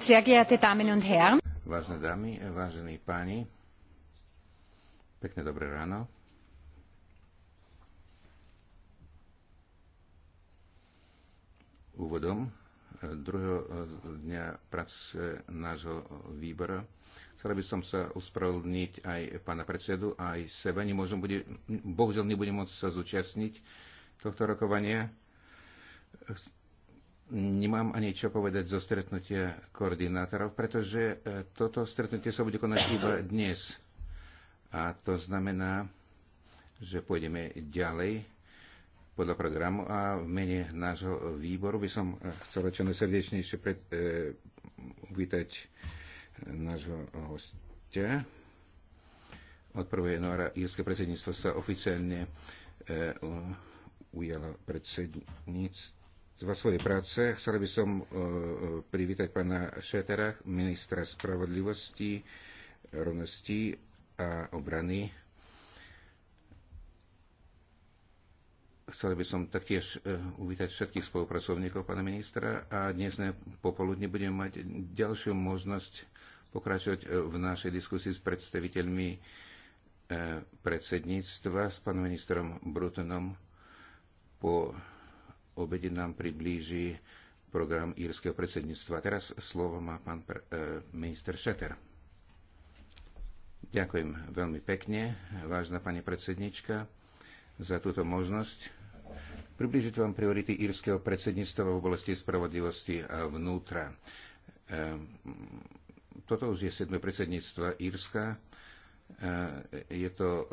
Sehr geehrte Damen und Herren. Vážne dámy, vážení páni, pekné dobré ráno. Úvodom eh, druhého eh, dňa práce nášho výbora. Chcel by som sa uspravedlniť aj pána predsedu, aj sebe. Nemôžem, bude, bohužiaľ nebudem môcť sa zúčastniť tohto rokovania Nemám ani čo povedať zo stretnutia koordinátorov, pretože e, toto stretnutie sa bude konať iba dnes. A to znamená, že pôjdeme ďalej podľa programu a v mene nášho výboru by som e, chcel čo najsrdečnejšie e, uvítať e, nášho hostia. Od 1. januára írske predsedníctvo sa oficiálne e, ujalo predsedníctvo vo svojej práce. Chcel by som e, e, privítať pána Šetera, ministra spravodlivosti, rovnosti a obrany. Chcel by som taktiež e, uvítať všetkých spolupracovníkov pána ministra a dnes popoludne budeme mať ďalšiu možnosť pokračovať v našej diskusii s predstaviteľmi predsedníctva, s pánom ministrom Brutonom po obede nám priblíži program írskeho predsedníctva. Teraz slovo má pán e, minister Šeter. Ďakujem veľmi pekne, vážna pani predsednička, za túto možnosť priblížiť vám priority írskeho predsedníctva v oblasti spravodlivosti a vnútra. E, toto už je 7. predsedníctva Írska. E, je to e,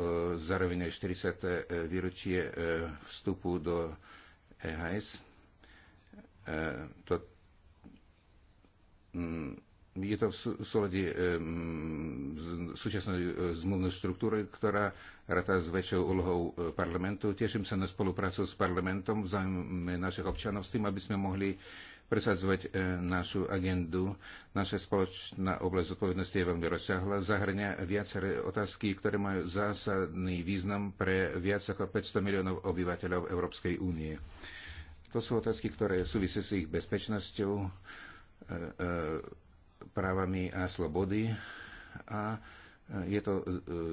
zároveň 40. výročie vstupu do äh, e dort, e, To, mm, je to v súlade s e, mm, súčasnou zmluvnou štruktúrou, ktorá rata s väčšou úlohou parlamentu. Teším sa na spoluprácu s parlamentom v našich občanov s tým, aby sme mohli uh, presadzovať e, našu agendu. Naša spoločná oblasť zodpovednosti je veľmi rozsiahla, zahrňa viaceré otázky, ktoré majú zásadný význam pre viac ako 500 miliónov obyvateľov Európskej únie. To sú otázky, ktoré súvisia s ich bezpečnosťou, e, e, právami a slobody a je to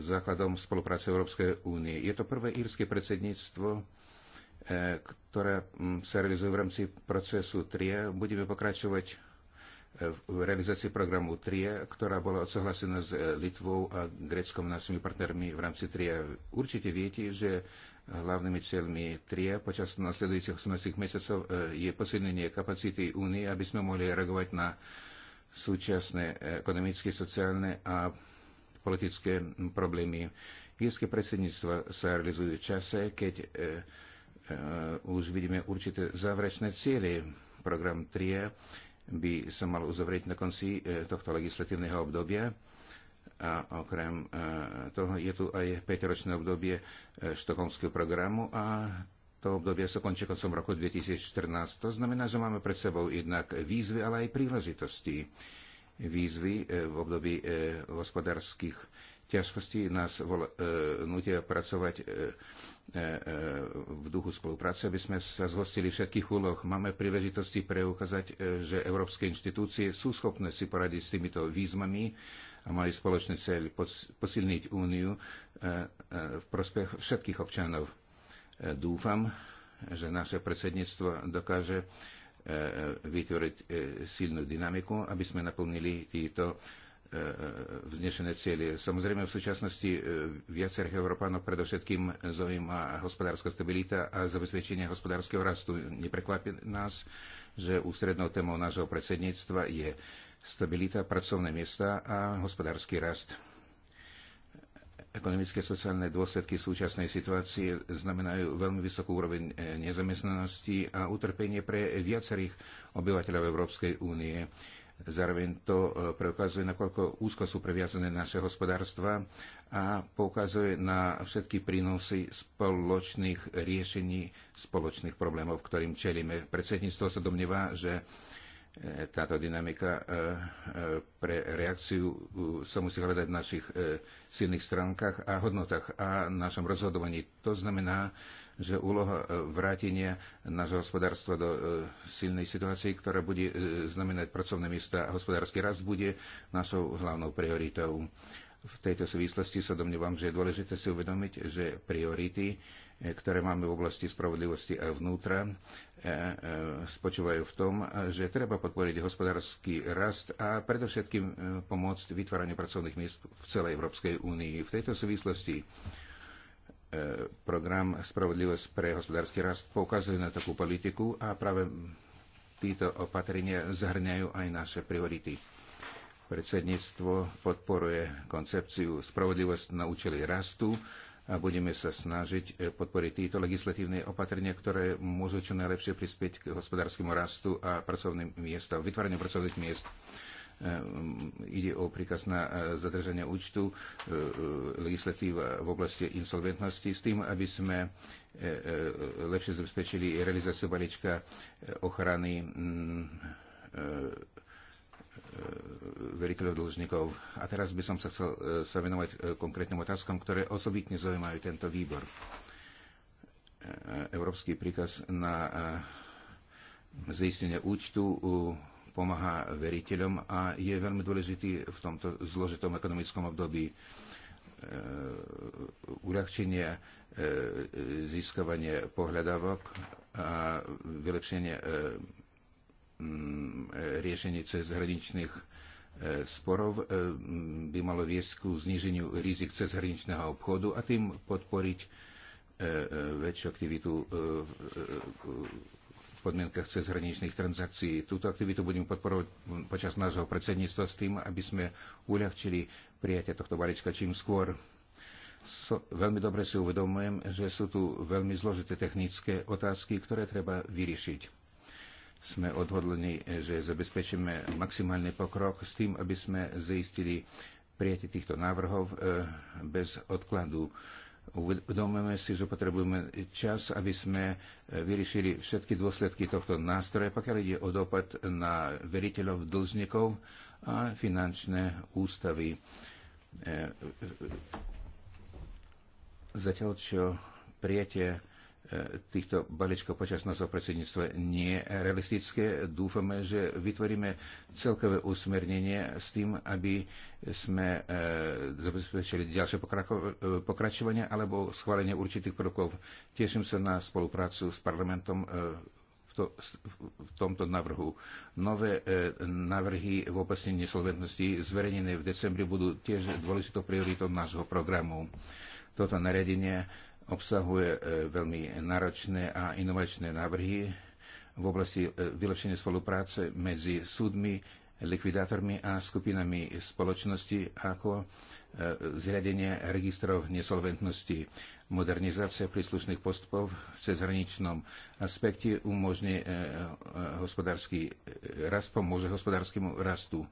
základom spolupráce Európskej únie. Je to prvé írske predsedníctvo E, ktoré mm, sa realizujú v rámci procesu TRIE. Budeme pokračovať e, v realizácii programu TRIE, ktorá bola odsohlasená s e, Litvou a Greckom našimi partnermi v rámci TRIE. Určite viete, že hlavnými cieľmi TRIE počas nasledujúcich 18 mesiacov je posilnenie kapacity únie, aby sme mohli reagovať na súčasné ekonomické, sociálne a politické problémy. Írske predsedníctvo sa realizujú v čase, keď e, Eh, už vidíme určité záverečné cieľe. Program 3 by sa mal uzavrieť na konci eh, tohto legislatívneho obdobia a okrem eh, toho je tu aj 5-ročné obdobie štokholmského programu a to obdobie sa končí koncom roku 2014. To znamená, že máme pred sebou jednak výzvy, ale aj príležitosti. Výzvy v období hospodárskych ťažkosti nás vol, e, nutia pracovať e, e, e, v duchu spolupráce, aby sme sa zhostili všetkých úloh. Máme príležitosti preukázať, e, že európske inštitúcie sú schopné si poradiť s týmito výzvami a majú spoločný cieľ posilniť úniu e, e, v prospech všetkých občanov. E, dúfam, že naše predsedníctvo dokáže e, e vytvoriť e, silnú dynamiku, aby sme naplnili tieto E, e, vznešené cieľe. Samozrejme, v súčasnosti e, viacerých Európanov predovšetkým zaujíma hospodárska stabilita a zabezpečenie hospodárskeho rastu. Neprekvapí nás, že ústrednou témou nášho predsedníctva je stabilita, pracovné miesta a hospodársky rast. Ekonomické a sociálne dôsledky súčasnej situácie znamenajú veľmi vysokú úroveň nezamestnanosti a utrpenie pre viacerých obyvateľov Európskej únie. Zároveň to e, preukazuje, nakoľko úzko sú previazané naše hospodárstva a poukazuje na všetky prínosy spoločných riešení spoločných problémov, ktorým čelíme. Predsedníctvo sa domnieva, že e, táto dynamika e, pre reakciu sa musí hľadať v našich silných stránkach a hodnotách a našom rozhodovaní. To znamená, že úloha e, vrátenia nášho hospodárstva do e, silnej situácie, ktorá bude e, znamenať pracovné miesta a hospodársky rast, bude našou hlavnou prioritou. V tejto súvislosti sa domnievam, že je dôležité si uvedomiť, že priority, ktoré máme v oblasti spravodlivosti a vnútra, spočívajú v tom, že treba podporiť hospodársky rast a predovšetkým pomôcť vytváraniu pracovných miest v celej Európskej únii. V tejto súvislosti E, program Spravodlivosť pre hospodársky rast poukazuje na takú politiku a práve títo opatrenia zhrňajú aj naše priority. Predsedníctvo podporuje koncepciu Spravodlivosť na účely rastu a budeme sa snažiť e, podporiť títo legislatívne opatrenia, ktoré môžu čo najlepšie prispieť k hospodárskemu rastu a pracovným miestam, vytváraniu pracovných miest. Ide o príkaz na e, zadržanie účtu e, e, legislatív v oblasti insolventnosti s tým, aby sme lepšie zabezpečili realizáciu balíčka ochrany mm, veriteľov dlžníkov. A teraz by som sa chcel sa venovať konkrétnym otázkam, ktoré osobitne zaujímajú tento výbor. Európsky príkaz na zistenie účtu pomáha veriteľom a je veľmi dôležitý v tomto zložitom ekonomickom období e, uľahčenie e, získavanie pohľadávok a vylepšenie e, riešenie cez hraničných sporov by malo viesť ku zniženiu rizik cez hraničného obchodu a tým podporiť väčšiu aktivitu podmienkach cezhraničných transakcií. Túto aktivitu budeme podporovať počas nášho predsedníctva s tým, aby sme uľahčili prijatie tohto balíčka čím skôr. So, veľmi dobre si uvedomujem, že sú tu veľmi zložité technické otázky, ktoré treba vyriešiť. Sme odhodlení, že zabezpečíme maximálny pokrok s tým, aby sme zaistili prijatie týchto návrhov eh, bez odkladu. Uvedomujeme si, že potrebujeme čas, aby sme e, vyriešili všetky dôsledky tohto nástroja, pokiaľ ide o dopad na veriteľov, dlžníkov a finančné ústavy. E, e, zatiaľ, čo prijete E, týchto balíčkov počas nášho predsedníctva nie realistické. Dúfame, že vytvoríme celkové usmernenie s tým, aby sme e, zabezpečili ďalšie e, pokračovanie alebo schválenie určitých prvkov. Teším sa na spoluprácu s parlamentom v, to, v tomto návrhu. Nové návrhy v oblasti nesolventnosti zverejnené v decembri budú tiež dôležitou prioritou nášho programu. Toto nariadenie obsahuje e, veľmi náročné a inovačné návrhy v oblasti e, vylepšenia spolupráce medzi súdmi, likvidátormi a skupinami spoločnosti ako e, zriadenie registrov nesolventnosti. Modernizácia príslušných postupov v cezhraničnom aspekte umožní hospodársky rast, pomôže hospodárskému rastu.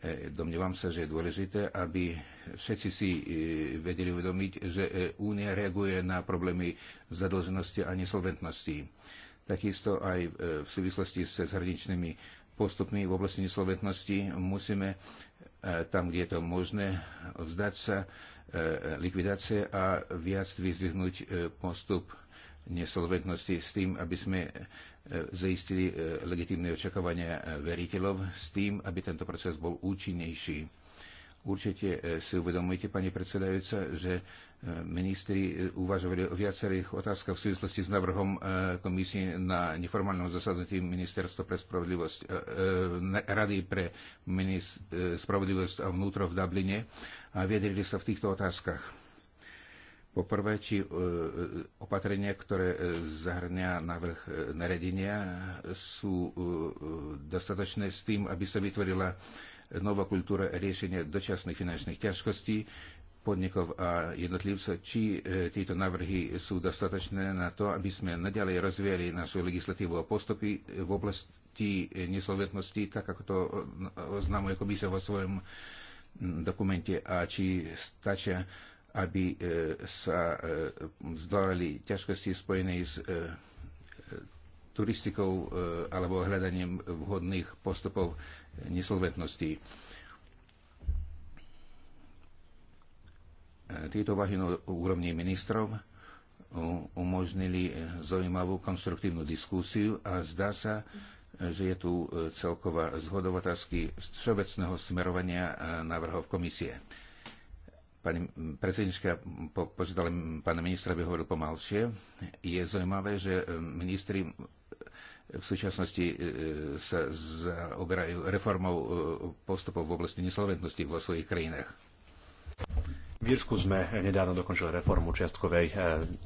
E, domnievam sa, že je dôležité, aby všetci si e, vedeli uvedomiť, že e, Únia reaguje na problémy zadlženosti a nesolventnosti. Takisto aj v súvislosti s zahraničnými postupmi v oblasti nesolventnosti musíme tam, kde je to možné, vzdať sa likvidácie a viac vyzvihnúť postup nesolventnosti s tým, aby sme zaistili e, legitímne očakávania e, veriteľov s tým, aby tento proces bol účinnejší. Určite e, si uvedomujete, pani predsedajúca, že ministri uvažovali o viacerých otázkach v súvislosti s návrhom komisie na neformálnom zasadnutí Ministerstva pre spravodlivosť, Rady pre spravodlivosť a vnútro v Dubline a viedrili sa v týchto otázkach Poprvé, či e, e, opatrenia, ktoré e, zahrňa návrh naredenia, sú dostatočné s tým, aby sa vytvorila nová kultúra riešenia dočasných finančných ťažkostí podnikov a jednotlivcov, či tieto návrhy sú dostatočné na to, aby sme nadalej rozvíjali našu legislatívu a postupy v oblasti nesolventnosti, tak ako to oznamuje komisia vo svojom dokumente, a či stačia aby e, sa e, zdali ťažkosti spojené s e, turistikou alebo hľadaním vhodných postupov nesolventnosti. Tieto váhy na úrovni ministrov umožnili zaujímavú konstruktívnu diskusiu a zdá sa, že je tu celková zhoda všeobecného smerovania návrhov komisie. Pani predsednička požiadala pána ministra, aby hovoril pomalšie. Je zaujímavé, že e, ministri e, v súčasnosti e, sa zaoberajú reformou postupov v oblasti nesolventnosti vo svojich krajinách. V Írsku sme nedávno dokončili reformu čiastkovej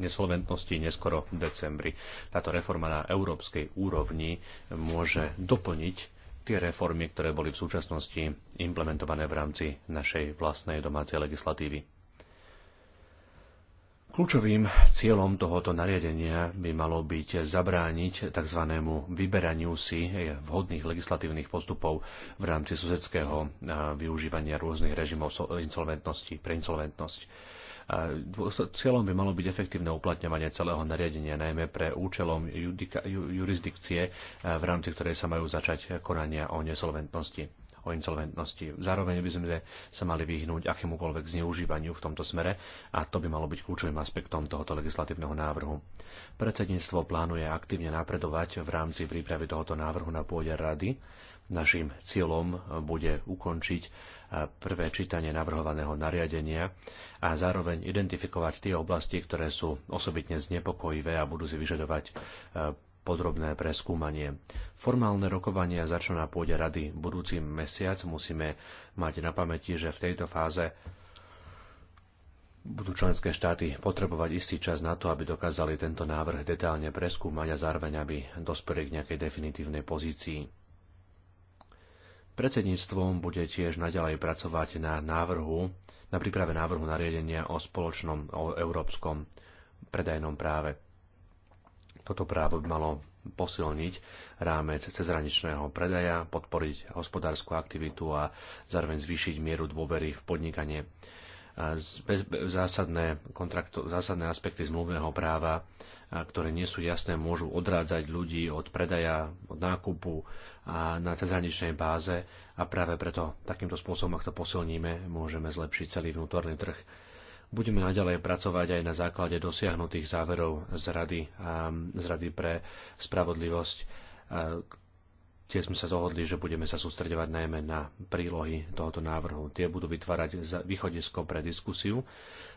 nesolventnosti neskoro v decembri. Táto reforma na európskej úrovni môže doplniť tie reformy, ktoré boli v súčasnosti implementované v rámci našej vlastnej domácej legislatívy. Kľúčovým cieľom tohoto nariadenia by malo byť zabrániť tzv. vyberaniu si vhodných legislatívnych postupov v rámci susedského využívania rôznych režimov insolventnosti pre insolventnosť Cieľom by malo byť efektívne uplatňovanie celého nariadenia, najmä pre účelom judika, jurisdikcie, v rámci ktorej sa majú začať konania o nesolventnosti o insolventnosti. Zároveň by sme sa mali vyhnúť akémukoľvek zneužívaniu v tomto smere a to by malo byť kľúčovým aspektom tohoto legislatívneho návrhu. Predsedníctvo plánuje aktívne napredovať v rámci prípravy tohoto návrhu na pôde rady. Naším cieľom bude ukončiť prvé čítanie navrhovaného nariadenia a zároveň identifikovať tie oblasti, ktoré sú osobitne znepokojivé a budú si vyžadovať e, podrobné preskúmanie. Formálne rokovania začnú na pôde rady budúci mesiac. Musíme mať na pamäti, že v tejto fáze budú členské štáty potrebovať istý čas na to, aby dokázali tento návrh detálne preskúmať a zároveň aby dospeli k nejakej definitívnej pozícii. Predsedníctvom bude tiež naďalej pracovať na návrhu, na príprave návrhu nariadenia o spoločnom o európskom predajnom práve. Toto právo by malo posilniť rámec cezhraničného predaja, podporiť hospodárskú aktivitu a zároveň zvýšiť mieru dôvery v podnikanie zásadné, kontrakto, zásadné aspekty zmluvného práva, ktoré nie sú jasné, môžu odrádzať ľudí od predaja, od nákupu a na cezhraničnej báze a práve preto takýmto spôsobom, ak to posilníme, môžeme zlepšiť celý vnútorný trh. Budeme naďalej pracovať aj na základe dosiahnutých záverov z Rady, z rady pre spravodlivosť, Tie sme sa zohodli, že budeme sa sústredovať najmä na prílohy tohoto návrhu. Tie budú vytvárať východisko pre diskusiu,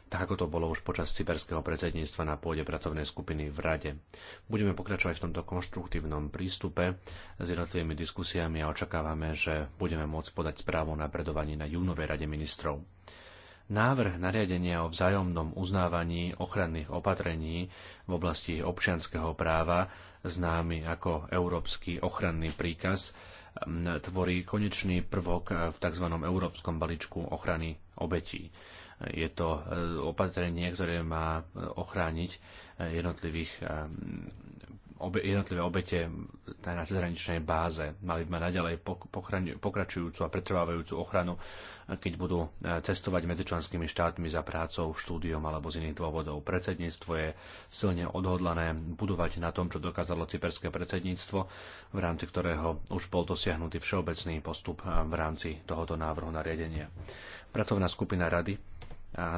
tak ako to bolo už počas cyberského predsedníctva na pôde pracovnej skupiny v Rade. Budeme pokračovať v tomto konštruktívnom prístupe s jednotlivými diskusiami a očakávame, že budeme môcť podať správu o napredovaní na júnovej Rade ministrov. Návrh nariadenia o vzájomnom uznávaní ochranných opatrení v oblasti občianského práva známy ako Európsky ochranný príkaz, tvorí konečný prvok v tzv. Európskom balíčku ochrany obetí. Je to e, opatrenie, ktoré má e, ochrániť e, jednotlivých obe, jednotlivé obete na cezhraničnej báze. Mali by mať naďalej pokračujúcu a pretrvávajúcu ochranu keď budú e, cestovať medzi členskými štátmi za prácou, štúdiom alebo z iných dôvodov. Predsedníctvo je silne odhodlané budovať na tom, čo dokázalo cyperské predsedníctvo, v rámci ktorého už bol dosiahnutý všeobecný postup e, v rámci tohoto návrhu nariadenia. Pracovná skupina rady e,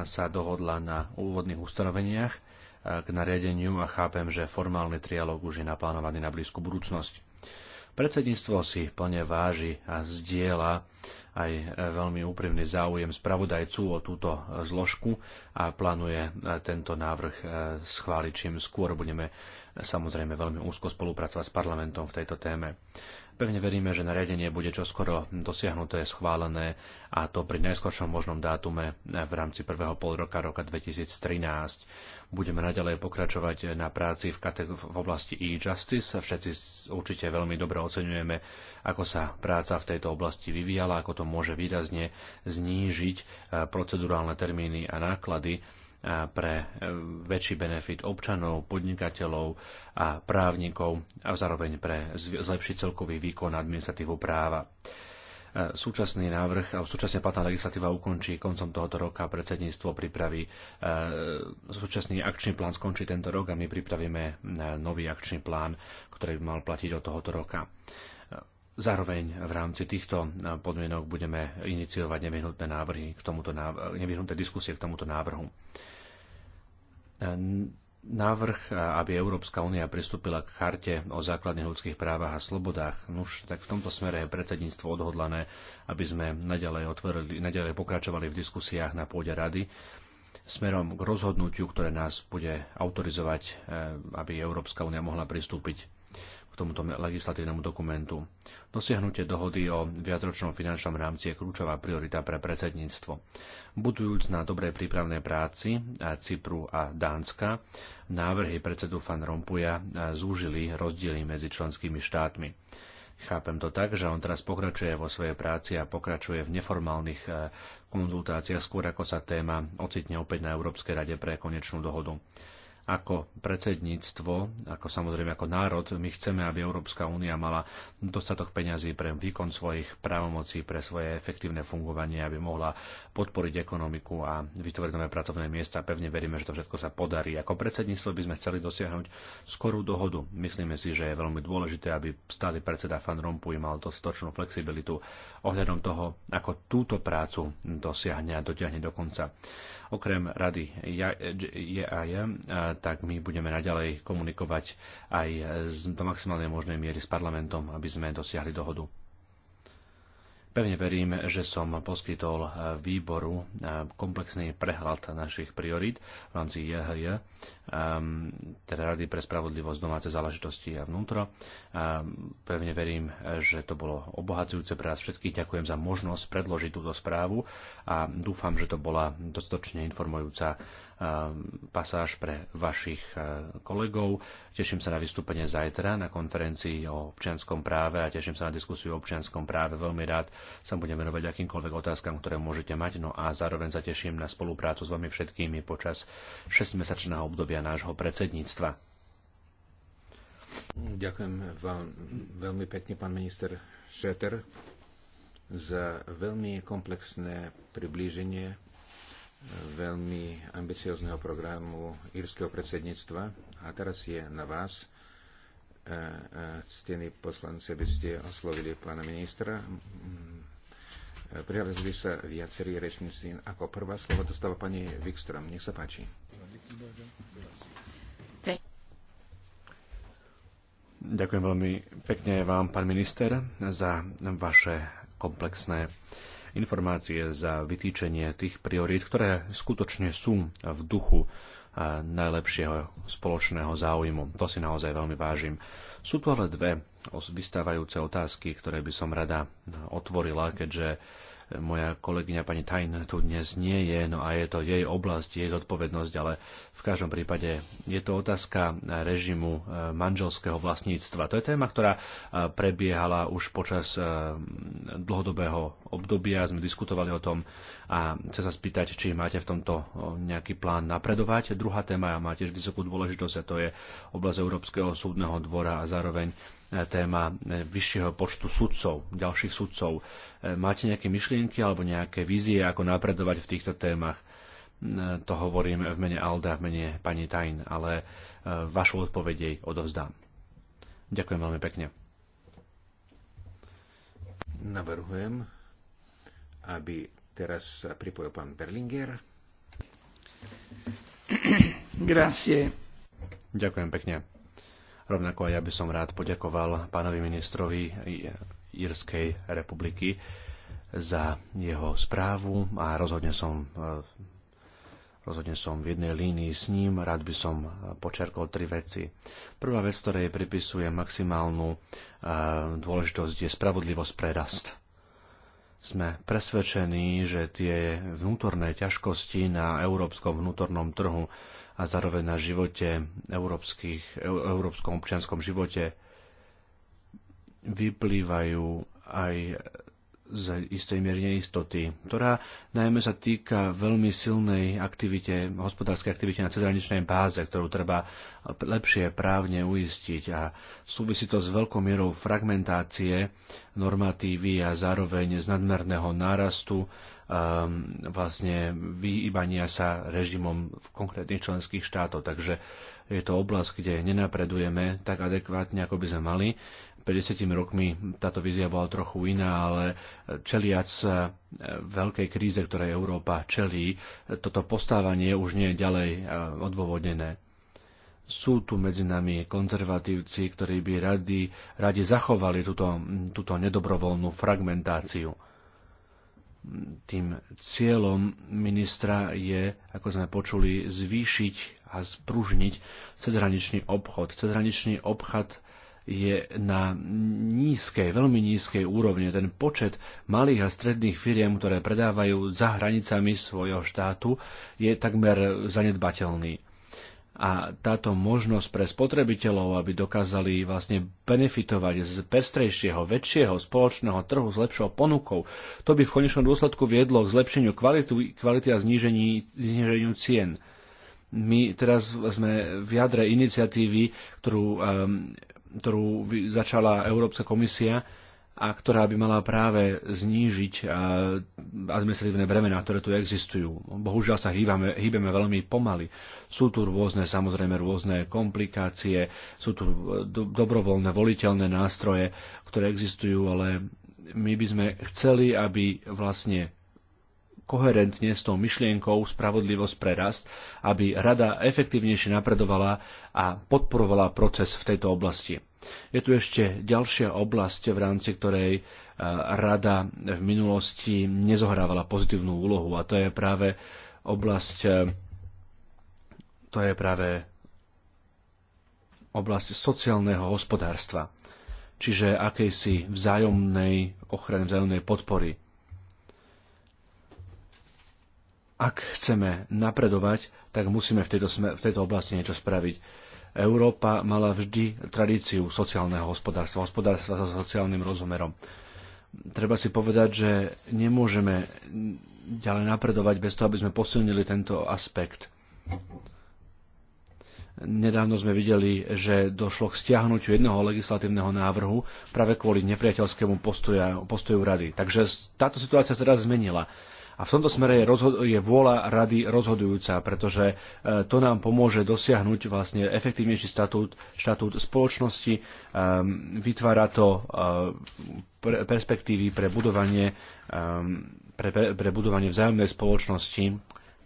sa dohodla na úvodných ustanoveniach k nariadeniu a chápem, že formálny trialog už je naplánovaný na blízku budúcnosť. Predsedníctvo si plne váži a zdieľa aj e, veľmi úprimný záujem spravodajcu o túto e, zložku a plánuje e, tento návrh schváliť čím skôr. Budeme samozrejme veľmi úzko spolupracovať s parlamentom v tejto téme. Pevne veríme, že nariadenie bude čoskoro dosiahnuté, schválené a to pri najskoršom možnom dátume v rámci prvého pol roka roka 2013. Budeme naďalej pokračovať na práci v, v oblasti e-justice. Všetci určite veľmi dobre oceňujeme, ako sa práca v tejto oblasti vyvíjala, ako to môže výrazne znížiť e, procedurálne termíny a náklady e, pre e, väčší benefit občanov, podnikateľov a právnikov a zároveň pre zlepšiť celkový výkon administratívu práva. Súčasný návrh, súčasne platná legislatíva ukončí koncom tohoto roka. Predsedníctvo pripraví e, súčasný akčný plán skončí tento rok a my pripravíme e, nový akčný plán, ktorý by mal platiť od tohoto roka. Zároveň v rámci týchto e, podmienok budeme iniciovať nevyhnutné návrhy k tomuto návrhu, nevyhnuté diskusie k tomuto návrhu návrh, aby Európska únia pristúpila k charte o základných ľudských právach a slobodách. Nuž, tak v tomto smere je predsedníctvo odhodlané, aby sme naďalej, otvorili, naďalej pokračovali v diskusiách na pôde rady smerom k rozhodnutiu, ktoré nás bude autorizovať, e, aby Európska únia mohla pristúpiť k tomuto legislatívnemu dokumentu. Dosiahnutie dohody o viacročnom finančnom rámci je kľúčová priorita pre predsedníctvo. Budujúc na dobrej prípravnej práci Cypru a Dánska, návrhy predsedu Van Rompuja eh, zúžili rozdiely medzi členskými štátmi. Chápem to tak, že on teraz pokračuje vo svojej práci a pokračuje v neformálnych eh, konzultáciách skôr ako sa téma ocitne opäť na Európskej rade pre konečnú dohodu ako predsedníctvo, ako samozrejme ako národ, my chceme, aby Európska únia mala dostatok peňazí pre výkon svojich právomocí, pre svoje efektívne fungovanie, aby mohla podporiť ekonomiku a vytvoriť nové pracovné miesta. Pevne veríme, že to všetko sa podarí. Ako predsedníctvo by sme chceli dosiahnuť skorú dohodu. Myslíme si, že je veľmi dôležité, aby stály predseda Fan Rompuy mal dostatočnú flexibilitu ohľadom toho, ako túto prácu dosiahne a dotiahne do konca. Okrem rady JAJ, tak my budeme naďalej komunikovať aj do maximálnej možnej miery s parlamentom, aby sme dosiahli dohodu. Pevne verím, že som poskytol eh, výboru eh, komplexný prehľad našich priorít v rámci JHJ, ehm, teda Rady pre spravodlivosť domáce záležitosti a vnútro. Ehm, pevne verím, eh, že to bolo obohacujúce pre nás všetkých. Ďakujem za možnosť predložiť túto správu a dúfam, že to bola dostatočne informujúca Um, pasáž pre vašich uh, kolegov. Teším sa na vystúpenie zajtra na konferencii o občianskom práve a teším sa na diskusiu o občianskom práve. Veľmi rád sa budem venovať akýmkoľvek otázkam, ktoré môžete mať. No a zároveň sa teším na spoluprácu s vami všetkými počas 6-mesačného obdobia nášho predsedníctva. Ďakujem vám veľmi pekne, pán minister Šeter, za veľmi komplexné priblíženie veľmi ambiciozného programu írskeho predsedníctva a teraz je na vás, e, e, ctení poslanci, aby ste oslovili pána ministra. E, prihlásili sa viacerí rečníci. Ako prvá slova dostáva pani Wikström. Nech sa páči. Ďakujem veľmi pekne vám, pán minister, za vaše komplexné informácie, za vytýčenie tých priorít, ktoré skutočne sú v duchu najlepšieho spoločného záujmu. To si naozaj veľmi vážim. Sú tu ale dve vystávajúce otázky, ktoré by som rada otvorila, keďže moja kolegyňa pani Tajn tu dnes nie je, no a je to jej oblasť, jej zodpovednosť, ale v každom prípade je to otázka režimu e, manželského vlastníctva. To je téma, ktorá e, prebiehala už počas e, dlhodobého obdobia. Sme diskutovali o tom a chcem sa spýtať, či máte v tomto nejaký plán napredovať. Druhá téma má tiež vysokú dôležitosť a to je oblasť Európskeho súdneho dvora a zároveň E, téma e, vyššieho počtu sudcov, ďalších sudcov. E, máte nejaké myšlienky alebo nejaké vízie, ako napredovať v týchto témach? To hovorím v mene Alda, v mene pani Tajn, ale vašu odpoveď jej odovzdám. Ďakujem veľmi pekne. Navrhujem, aby teraz sa pripojil pán Berlinger. Grazie. Ďakujem pekne. Rovnako aj ja by som rád poďakoval pánovi ministrovi Írskej republiky za jeho správu a rozhodne som e, Rozhodne som v jednej línii s ním, rád by som počerkol tri veci. Prvá vec, ktorej pripisuje maximálnu e, dôležitosť, je spravodlivosť pre rast. Sme presvedčení, že tie vnútorné ťažkosti na európskom vnútornom trhu a zároveň na živote európskych, európskom občianskom živote vyplývajú aj z istej miery neistoty, ktorá najmä sa týka veľmi silnej aktivite, hospodárskej aktivite na cezhraničnej báze, ktorú treba lepšie právne uistiť a súvisí to s veľkou mierou fragmentácie normatívy a zároveň z nadmerného nárastu Ehm, vlastne vyhýbania sa režimom v konkrétnych členských štátoch. Takže je to oblasť, kde nenapredujeme tak adekvátne, ako by sme mali. 50 rokmi táto vízia bola trochu iná, ale čeliac e, veľkej kríze, ktorej Európa čelí, toto postávanie už nie je ďalej e, odôvodnené. Sú tu medzi nami konzervatívci, ktorí by radi, radi zachovali túto, túto nedobrovoľnú fragmentáciu tým cieľom ministra je, ako sme počuli, zvýšiť a spružniť cezhraničný obchod. Cezhraničný obchod je na nízkej, veľmi nízkej úrovne. Ten počet malých a stredných firiem, ktoré predávajú za hranicami svojho štátu, je takmer zanedbateľný a táto možnosť pre spotrebiteľov, aby dokázali vlastne benefitovať z pestrejšieho, väčšieho spoločného trhu s lepšou ponukou, to by v konečnom dôsledku viedlo k zlepšeniu kvality, kvality a zníženiu, zníženiu cien. My teraz sme v jadre iniciatívy, ktorú, um, ktorú začala Európska komisia, a ktorá by mala práve znížiť eh, administratívne bremená, ktoré tu existujú. Bohužiaľ sa hýbame, hýbeme veľmi pomaly. Sú tu rôzne, samozrejme, rôzne komplikácie, sú tu eh, do, dobrovoľné, voliteľné nástroje, ktoré existujú, ale my by sme chceli, aby vlastne koherentne s tou myšlienkou Spravodlivosť pre rast, aby rada efektívnejšie napredovala a podporovala proces v tejto oblasti. Je tu ešte ďalšia oblasť, v rámci ktorej e, rada v minulosti nezohrávala pozitívnu úlohu a to je práve oblasť e, to je práve oblasť sociálneho hospodárstva, čiže akejsi vzájomnej ochrany, vzájomnej podpory. ak chceme napredovať, tak musíme v tejto, v tejto oblasti niečo spraviť. Európa mala vždy tradíciu sociálneho hospodárstva, hospodárstva so sociálnym rozumerom. Treba si povedať, že nemôžeme ďalej napredovať bez toho, aby sme posilnili tento aspekt. Nedávno sme videli, že došlo k stiahnutiu jedného legislatívneho návrhu práve kvôli nepriateľskému postoju, postoju rady. Takže táto situácia sa teraz zmenila a v tomto smere je, je vôľa rady rozhodujúca, pretože e, to nám pomôže dosiahnuť vlastne efektívnejší štatút, štatút spoločnosti, ehm, vytvára to e, perspektívy pre budovanie, ehm, pre, pre budovanie vzájomnej spoločnosti,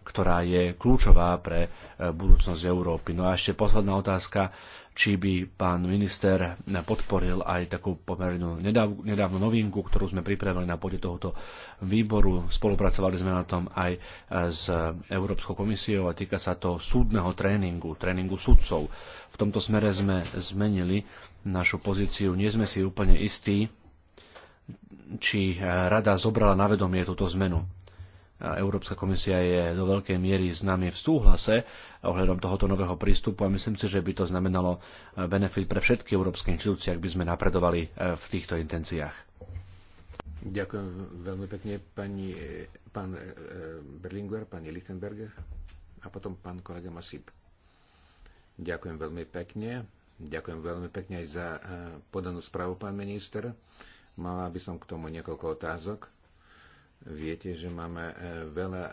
ktorá je kľúčová pre e, budúcnosť Európy. No a ešte posledná otázka či by pán minister podporil aj takú pomernú nedávnu novinku, ktorú sme pripravili na pôde tohoto výboru. Spolupracovali sme na tom aj e, s Európskou komisiou a týka sa to súdneho tréningu, tréningu sudcov. V tomto smere sme zmenili našu pozíciu. Nie sme si úplne istí, či e, rada zobrala na vedomie túto zmenu. Európska komisia je do veľkej miery s nami v súhlase ohľadom tohoto nového prístupu a myslím si, že by to znamenalo eh, benefit pre všetky európske inštitúcie, ak by sme napredovali eh, v týchto intenciách. Ďakujem veľmi pekne pani, eh, pán Berlinguer, pani Lichtenberger a potom pán kolega Masip. Ďakujem veľmi pekne. Ďakujem veľmi pekne aj za podanú správu, pán minister. Mala by som k tomu niekoľko otázok. Viete, že máme e, veľa, e,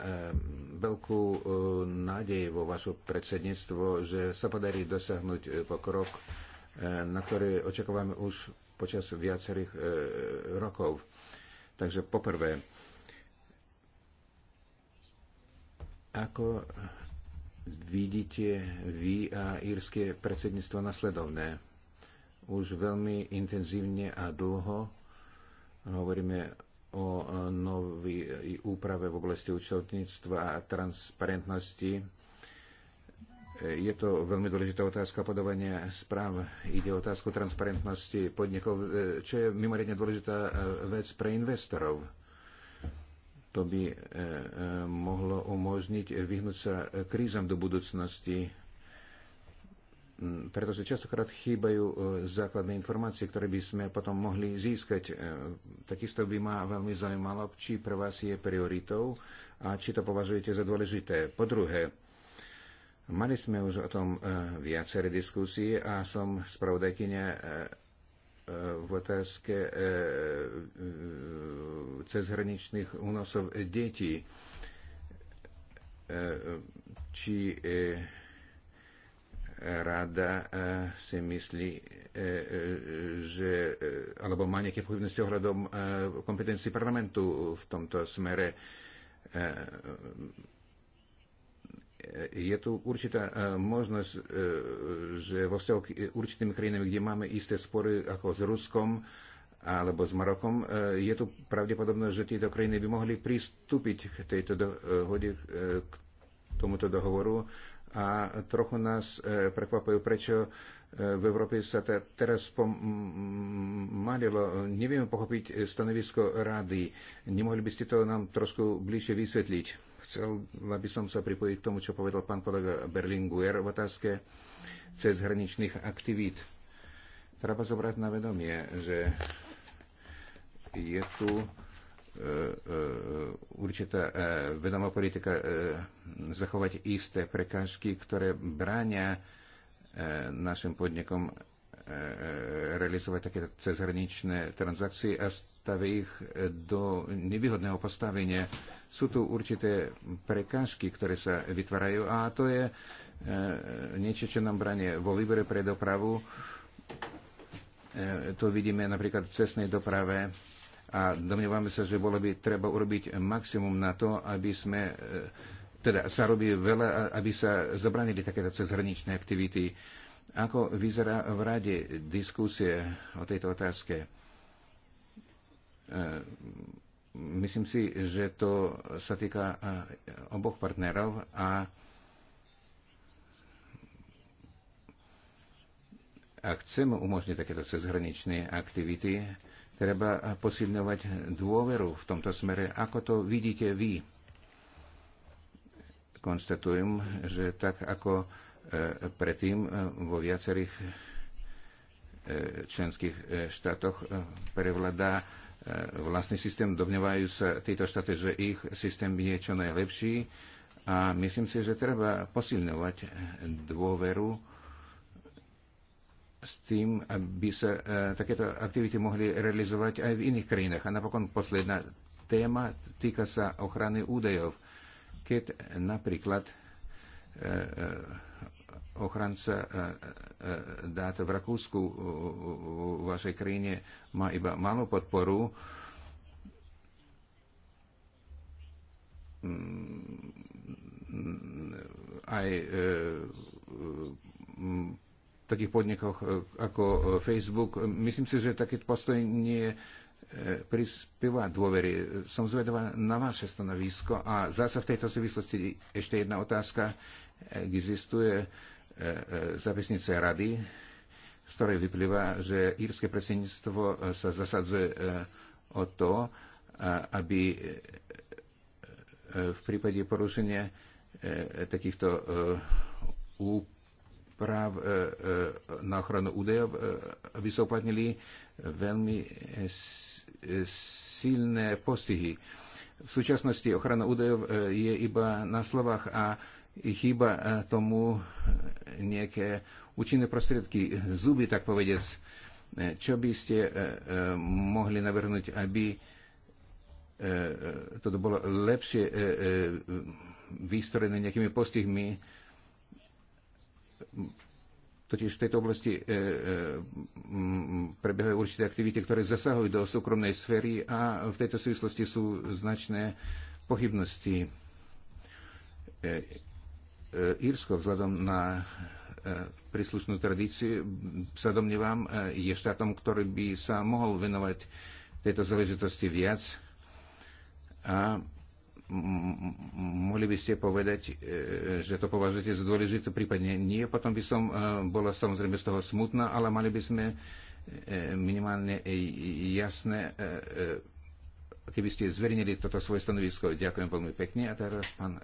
veľkú e, nádej vo vaše predsedníctvo, že sa podarí dosiahnuť pokrok, na ktorý očakávame už počas viacerých rokov. Takže poprvé, ako vidíte vy a írske predsedníctvo nasledovné? Už veľmi intenzívne a dlho hovoríme o novej úprave v oblasti účtovníctva a transparentnosti. Je to veľmi dôležitá otázka podávania správ. Ide o otázku transparentnosti podnikov, čo je mimoriadne dôležitá e, vec pre investorov. To by e, e, mohlo umožniť vyhnúť sa krízam do budúcnosti Mm, pretože častokrát chýbajú e, základné informácie, ktoré by sme potom mohli získať. E, takisto by ma veľmi zaujímalo, či pre vás je prioritou a či to považujete za dôležité. Po druhé, mali sme už o tom e, viaceré diskusie a som spravodajkynia v otázke cezhraničných únosov detí. Či rada e, si myslí, e, e, že, alebo má nejaké pochybnosti ohľadom kompetencií parlamentu v tomto smere. Je tu určitá možnosť, že vo vzťahu k určitým krajinami, kde máme isté spory ako s Ruskom alebo s Marokom, je tu pravdepodobnosť, že tieto krajiny by mohli pristúpiť k tejto dohode, k tomuto dohovoru a trochu nás e, prekvapujú, prečo e, v Európe sa te, teraz pomalilo. Nevieme pochopiť e, stanovisko rady. Nemohli by ste to nám trošku bližšie vysvetliť? Chcela by som sa pripojiť k tomu, čo povedal pán kolega Berlinguer v otázke hraničných aktivít. Treba zobrať na vedomie, že je tu E, e, určitá e, vedomá politika zachovať isté prekážky, ktoré bráňa našim podnikom realizovať takéto cezhraničné transakcie a staví ich do nevýhodného postavenia. Sú tu určité prekážky, ktoré sa vytvárajú a to je niečo, čo nám branie vo výbere pre dopravu. To vidíme napríklad v cestnej doprave a domnievame sa, že bolo by treba urobiť maximum na to, aby sme, e, teda sa robí veľa, aby sa zabranili takéto cezhraničné aktivity. Ako vyzerá v rade diskusie o tejto otázke? E, myslím si, že to sa týka e, oboch partnerov a ak chceme umožniť takéto cezhraničné aktivity, Treba posilňovať dôveru v tomto smere. Ako to vidíte vy? Konštatujem, že tak ako e, predtým e, vo viacerých e, členských štátoch prevladá vlastný systém. Dovnevajú sa tieto štáty, že ich systém je čo najlepší a myslím si, že treba posilňovať dôveru s tým, aby sa e, takéto aktivity mohli realizovať aj v iných krajinách. A napokon posledná téma týka sa ochrany údajov. Keď napríklad e, e, ochranca dát v Rakúsku v vašej krajine má iba malú podporu, mm, mm, aj e, takých podnikoch e, ako e, Facebook. Myslím si, že taký postoj nie e, prispieva dôvery. Som zvedová na vaše stanovisko a zase v tejto súvislosti ešte jedna otázka. Existuje zapisnice rady, z ktorej vyplýva, že írske predsedníctvo sa zasadzuje o to, aby v prípade porušenia takýchto práv e, e, na ochranu údajov e, vysoplatnili veľmi silné postihy. V súčasnosti ochrana údajov je iba na slovách a chýba tomu nejaké účinné prostriedky, zuby, tak povedec. Čo by ste mohli navrhnúť, aby toto bolo lepšie vystrojené nejakými postihmi, Totiž v tejto oblasti e, e, prebiehajú určité aktivity, ktoré zasahujú do súkromnej sféry a v tejto súvislosti sú značné pochybnosti. E, e, Írsko vzhľadom na e, príslušnú tradíciu sa domnievam, e, je štátom, ktorý by sa mohol venovať tejto záležitosti viac a mohli by ste povedať, e, že to považujete za dôležité, prípadne nie, potom by som e, bola samozrejme z toho smutná, ale mali by sme e, minimálne jasné, keby ste zverejnili toto svoje stanovisko. Ďakujem veľmi pekne. A teraz pán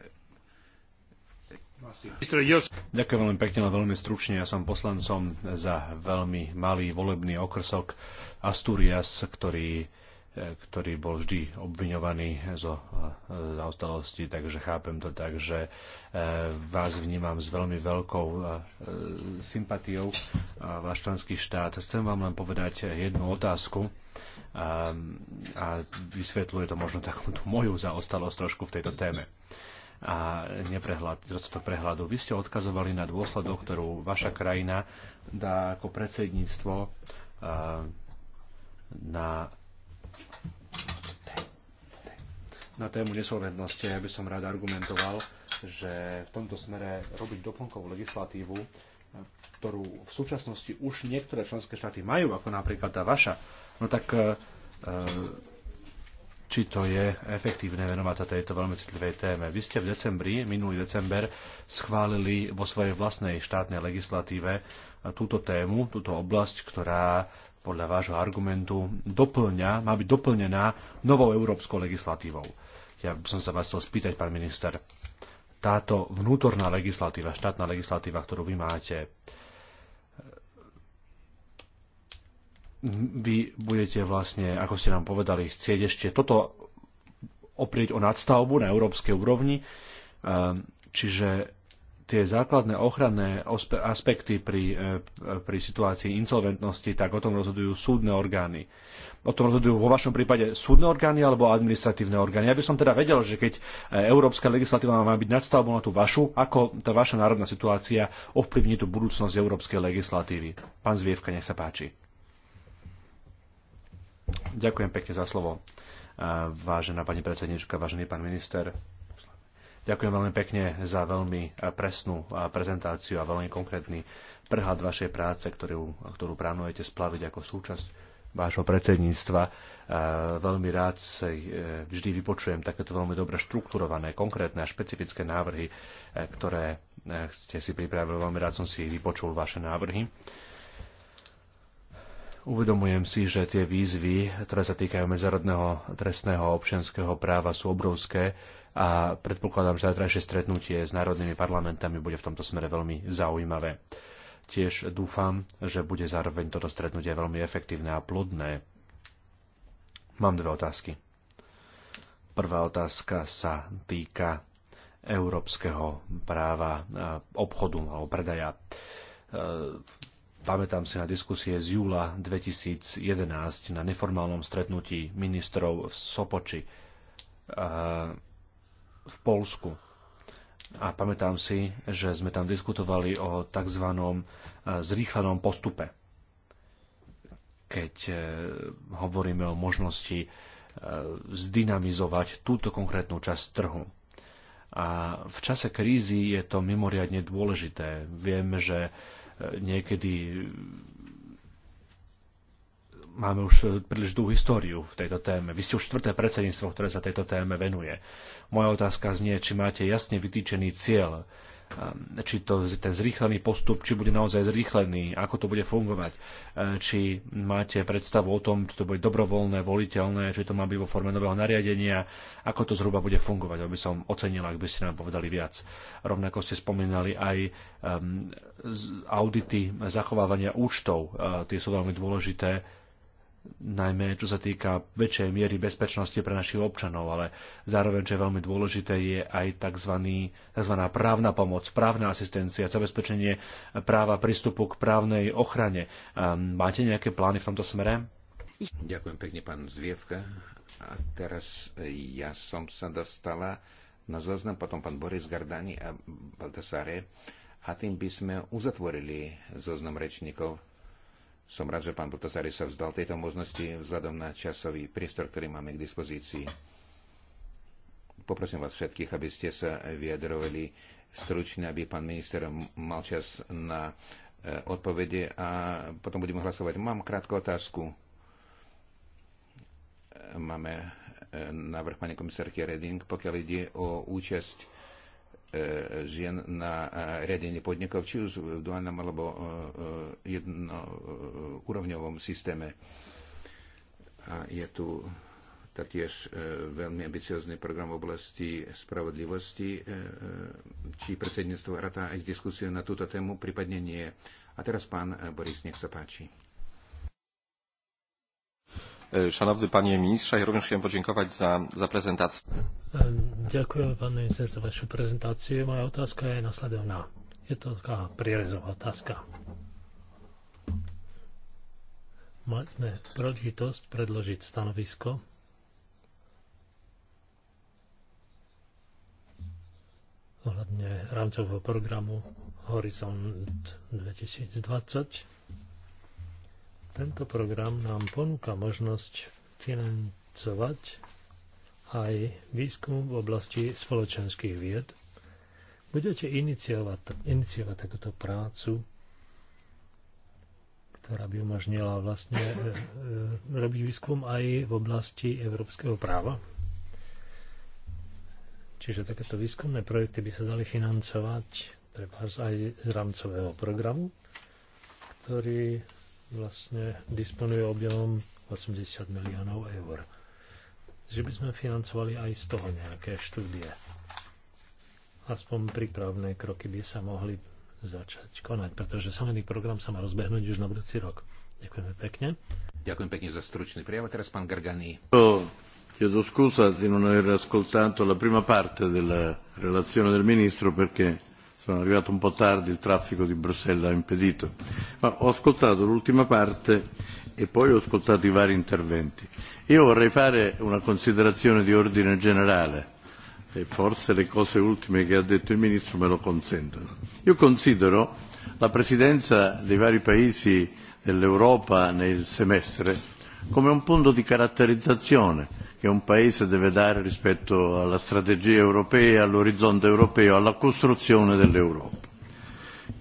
Ďakujem veľmi pekne, ale veľmi stručne. Ja som poslancom za veľmi malý volebný okrsok Asturias, ktorý E, ktorý bol vždy obviňovaný zo e, zaostalosti, takže chápem to tak, že e, vás vnímam s veľmi veľkou sympatiou váš členský štát. Chcem vám len povedať jednu otázku a, a vysvetľuje to možno takú tú moju zaostalosť trošku v tejto téme a neprehľad, to prehľadu. Vy ste odkazovali na dôsledok, ktorú vaša krajina dá ako predsedníctvo na na tému nesolventnosti, ja by som rád argumentoval, že v tomto smere robiť doplnkovú legislatívu, ktorú v súčasnosti už niektoré členské štáty majú, ako napríklad tá vaša, no tak e, či to je efektívne venovať sa tejto veľmi citlivej téme. Vy ste v decembri, minulý december, schválili vo svojej vlastnej štátnej legislatíve túto tému, túto oblasť, ktorá podľa vášho argumentu doplňa, má byť doplnená novou európskou legislatívou. Ja by som sa vás chcel spýtať, pán minister, táto vnútorná legislatíva, štátna legislatíva, ktorú vy máte, vy budete vlastne, ako ste nám povedali, chcieť ešte toto oprieť o nadstavbu na európskej úrovni, ehm, čiže tie základné ochranné aspekty pri, e, pri situácii insolventnosti, tak o tom rozhodujú súdne orgány. O tom rozhodujú vo vašom prípade súdne orgány alebo administratívne orgány. Ja by som teda vedel, že keď e, európska legislatíva má byť nadstavbou na tú vašu, ako tá vaša národná situácia ovplyvní tú budúcnosť európskej legislatívy. Pán Zvievka, nech sa páči. Ďakujem pekne za slovo. E, vážená pani predsednička, vážený pán minister. Ďakujem veľmi pekne za veľmi eh, presnú eh, prezentáciu a veľmi konkrétny prhľad vašej práce, ktorú, ktorú plánujete splaviť ako súčasť vášho predsedníctva. Eh, veľmi rád sa vždy vypočujem takéto veľmi dobre štrukturované, konkrétne a špecifické návrhy, ktoré ste si pripravili. Veľmi rád som si vypočul vaše návrhy. Uvedomujem si, že tie výzvy, ktoré sa týkajú medzárodného trestného občianského práva, sú obrovské a predpokladám, že zajtrajšie stretnutie s národnými parlamentami bude v tomto smere veľmi zaujímavé. Tiež dúfam, že bude zároveň toto stretnutie veľmi efektívne a plodné. Mám dve otázky. Prvá otázka sa týka európskeho práva e, obchodu alebo predaja. E, pamätám si na diskusie z júla 2011 na neformálnom stretnutí ministrov v Sopoči. E, v Polsku. A pamätám si, že sme tam diskutovali o tzv. E, zrýchlenom postupe. Keď e, hovoríme o možnosti e, zdynamizovať túto konkrétnu časť trhu. A v čase krízy je to mimoriadne dôležité. Viem, že niekedy máme už eh, príliš dlhú históriu v tejto téme. Vy ste už štvrté predsedníctvo, ktoré sa tejto téme venuje. Moja otázka znie, či máte jasne vytýčený cieľ, eh, či to, ten zrýchlený postup, či bude naozaj zrýchlený, ako to bude fungovať, eh, či máte predstavu o tom, či to bude dobrovoľné, voliteľné, či to má byť vo forme nového nariadenia, ako to zhruba bude fungovať, aby som ocenil, ak by ste nám povedali viac. Rovnako ste spomínali aj ehm, audity zachovávania účtov, tie sú veľmi dôležité najmä čo sa týka väčšej miery bezpečnosti pre našich občanov, ale zároveň, čo je veľmi dôležité, je aj tzv. tzv. právna pomoc, právna asistencia, zabezpečenie práva prístupu k právnej ochrane. Ehm, máte nejaké plány v tomto smere? Ďakujem pekne, pán Zvievka. A teraz eh, ja som sa dostala na zoznam, potom pán Boris Gardani a Baltasare. A tým by sme uzatvorili zoznam rečníkov som rád, že pán Baltazari sa vzdal tejto možnosti vzhľadom na časový priestor, ktorý máme k dispozícii. Poprosím vás všetkých, aby ste sa vyjadrovali stručne, aby pán minister mal čas na eh, odpovede a potom budeme hlasovať. Mám krátku otázku. Máme eh, návrh pani komisárky Reding, pokiaľ ide o účasť E, žien na e, riadenie podnikov, či už v duálnom alebo e, jednoúrovňovom systéme. A je tu taktiež veľmi ambiciózny program v oblasti spravodlivosti, či predsedníctvo rata aj s diskusiou na túto tému, prípadne nie. A teraz pán Boris, nech sa páči. E, Szanowny panie ministrze, ja również chciałem podziękować za, za prezentację. Ďakujem, e, pán minister, za vašu prezentáciu. Moja otázka je nasledovná. Je to taká prierezová otázka. Mali sme prožitosť predložiť stanovisko ohľadne rámcového programu Horizont 2020 tento program nám ponúka možnosť financovať aj výskum v oblasti spoločenských vied. Budete iniciovať, iniciovať takúto prácu, ktorá by umožnila vlastne e, e, robiť výskum aj v oblasti európskeho práva. Čiže takéto výskumné projekty by sa dali financovať treba aj z rámcového programu, ktorý vlastne disponuje objemom 80 miliónov eur. Že by sme financovali aj z toho nejaké štúdie. Aspoň prípravné kroky by sa mohli začať konať, pretože samotný program sa má rozbehnúť už na budúci rok. Ďakujeme pekne. Ďakujem pekne za stručný prijav. teraz pán Gargani. Chiedo scusa di non aver ascoltato la prima parte della relazione del ministro perché sono arrivato un po' tardi, il traffico di Bruxelles ha impedito, ma ho ascoltato l'ultima parte e poi ho ascoltato i vari interventi. Io vorrei fare una considerazione di ordine generale e forse le cose ultime che ha detto il Ministro me lo consentono. Io considero la Presidenza dei vari Paesi dell'Europa nel semestre come un punto di caratterizzazione che un Paese deve dare rispetto alla strategia europea, e all'orizzonte europeo, alla costruzione dell'Europa.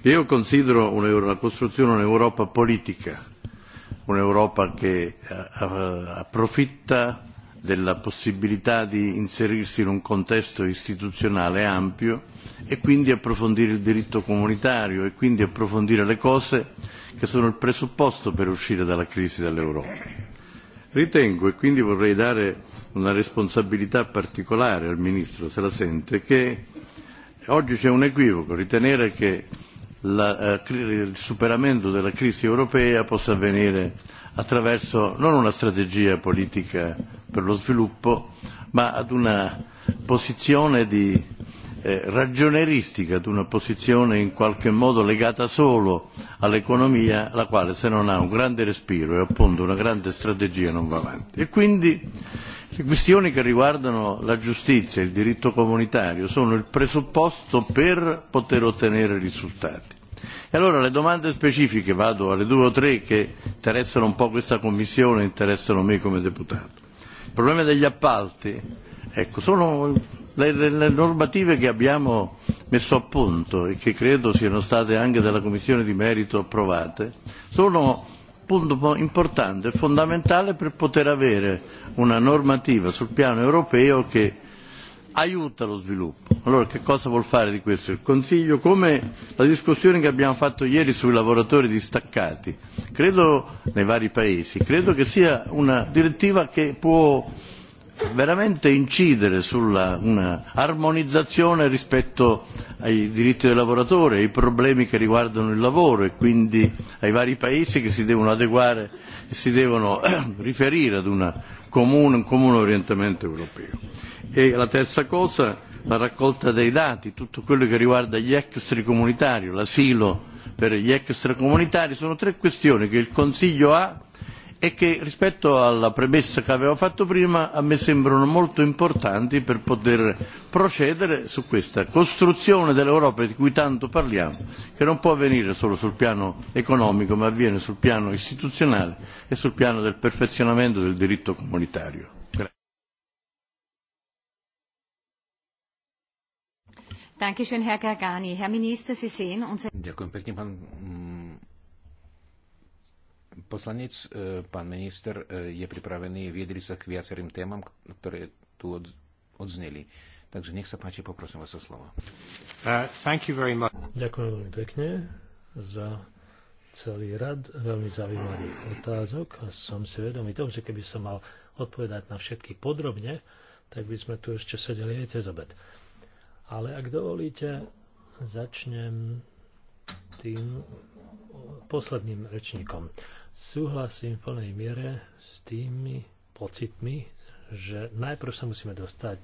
Io considero la costruzione di un'Europa politica, un'Europa che eh, eh, approfitta della possibilità di inserirsi in un contesto istituzionale ampio e quindi approfondire il diritto comunitario e quindi approfondire le cose che sono il presupposto per uscire dalla crisi dell'Europa Ritengo, e quindi vorrei dare una responsabilità particolare al Ministro, se la sente, che oggi c'è un equivoco, ritenere che la, eh, il superamento della crisi europea possa avvenire attraverso non una strategia politica per lo sviluppo, ma ad una posizione di eh, ragioneristica di una posizione in qualche modo legata solo all'economia, la quale se non ha un grande respiro e appunto una grande strategia non va avanti. E quindi le questioni che riguardano la giustizia e il diritto comunitario sono il presupposto per poter ottenere risultati. E allora le domande specifiche, vado alle due o tre che interessano un po' questa Commissione e interessano me come deputato. Il problema degli appalti Ecco, sono le, le, le normative che abbiamo messo a punto e che credo siano state anche dalla Commissione di merito approvate, sono un punto importante e fondamentale per poter avere una normativa sul piano europeo che aiuta lo sviluppo. Allora che cosa vuol fare di questo il Consiglio? Come la discussione che abbiamo fatto ieri sui lavoratori distaccati, credo nei vari paesi, credo che sia una direttiva che può veramente incidere su un'armonizzazione rispetto ai diritti del lavoratore, ai problemi che riguardano il lavoro e quindi ai vari paesi che si devono adeguare e si devono riferire ad una comune, un comune orientamento europeo. E la terza cosa, la raccolta dei dati, tutto quello che riguarda gli extracomunitari, l'asilo per gli extracomunitari, sono tre questioni che il Consiglio ha e che rispetto alla premessa che avevo fatto prima a me sembrano molto importanti per poter procedere su questa costruzione dell'Europa di cui tanto parliamo, che non può avvenire solo sul piano economico, ma avviene sul piano istituzionale e sul piano del perfezionamento del diritto comunitario. Dankeschön, Herr Gargani. Herr Minister, Sie sehen unser... Ďakujem pekne, pán poslanec, e, pán minister e, je pripravený viedriť sa k viacerým témam, ktoré tu odzneli. Takže nech sa páči, poprosím vás o slovo. Uh, Ďakujem veľmi pekne za celý rad veľmi zaujímavých otázok a som si vedomý toho, že keby som mal odpovedať na všetky podrobne, tak by sme tu ešte sedeli aj cez obed. Ale ak dovolíte, začnem tým posledným rečníkom. Súhlasím v plnej miere s tými pocitmi, že najprv sa musíme dostať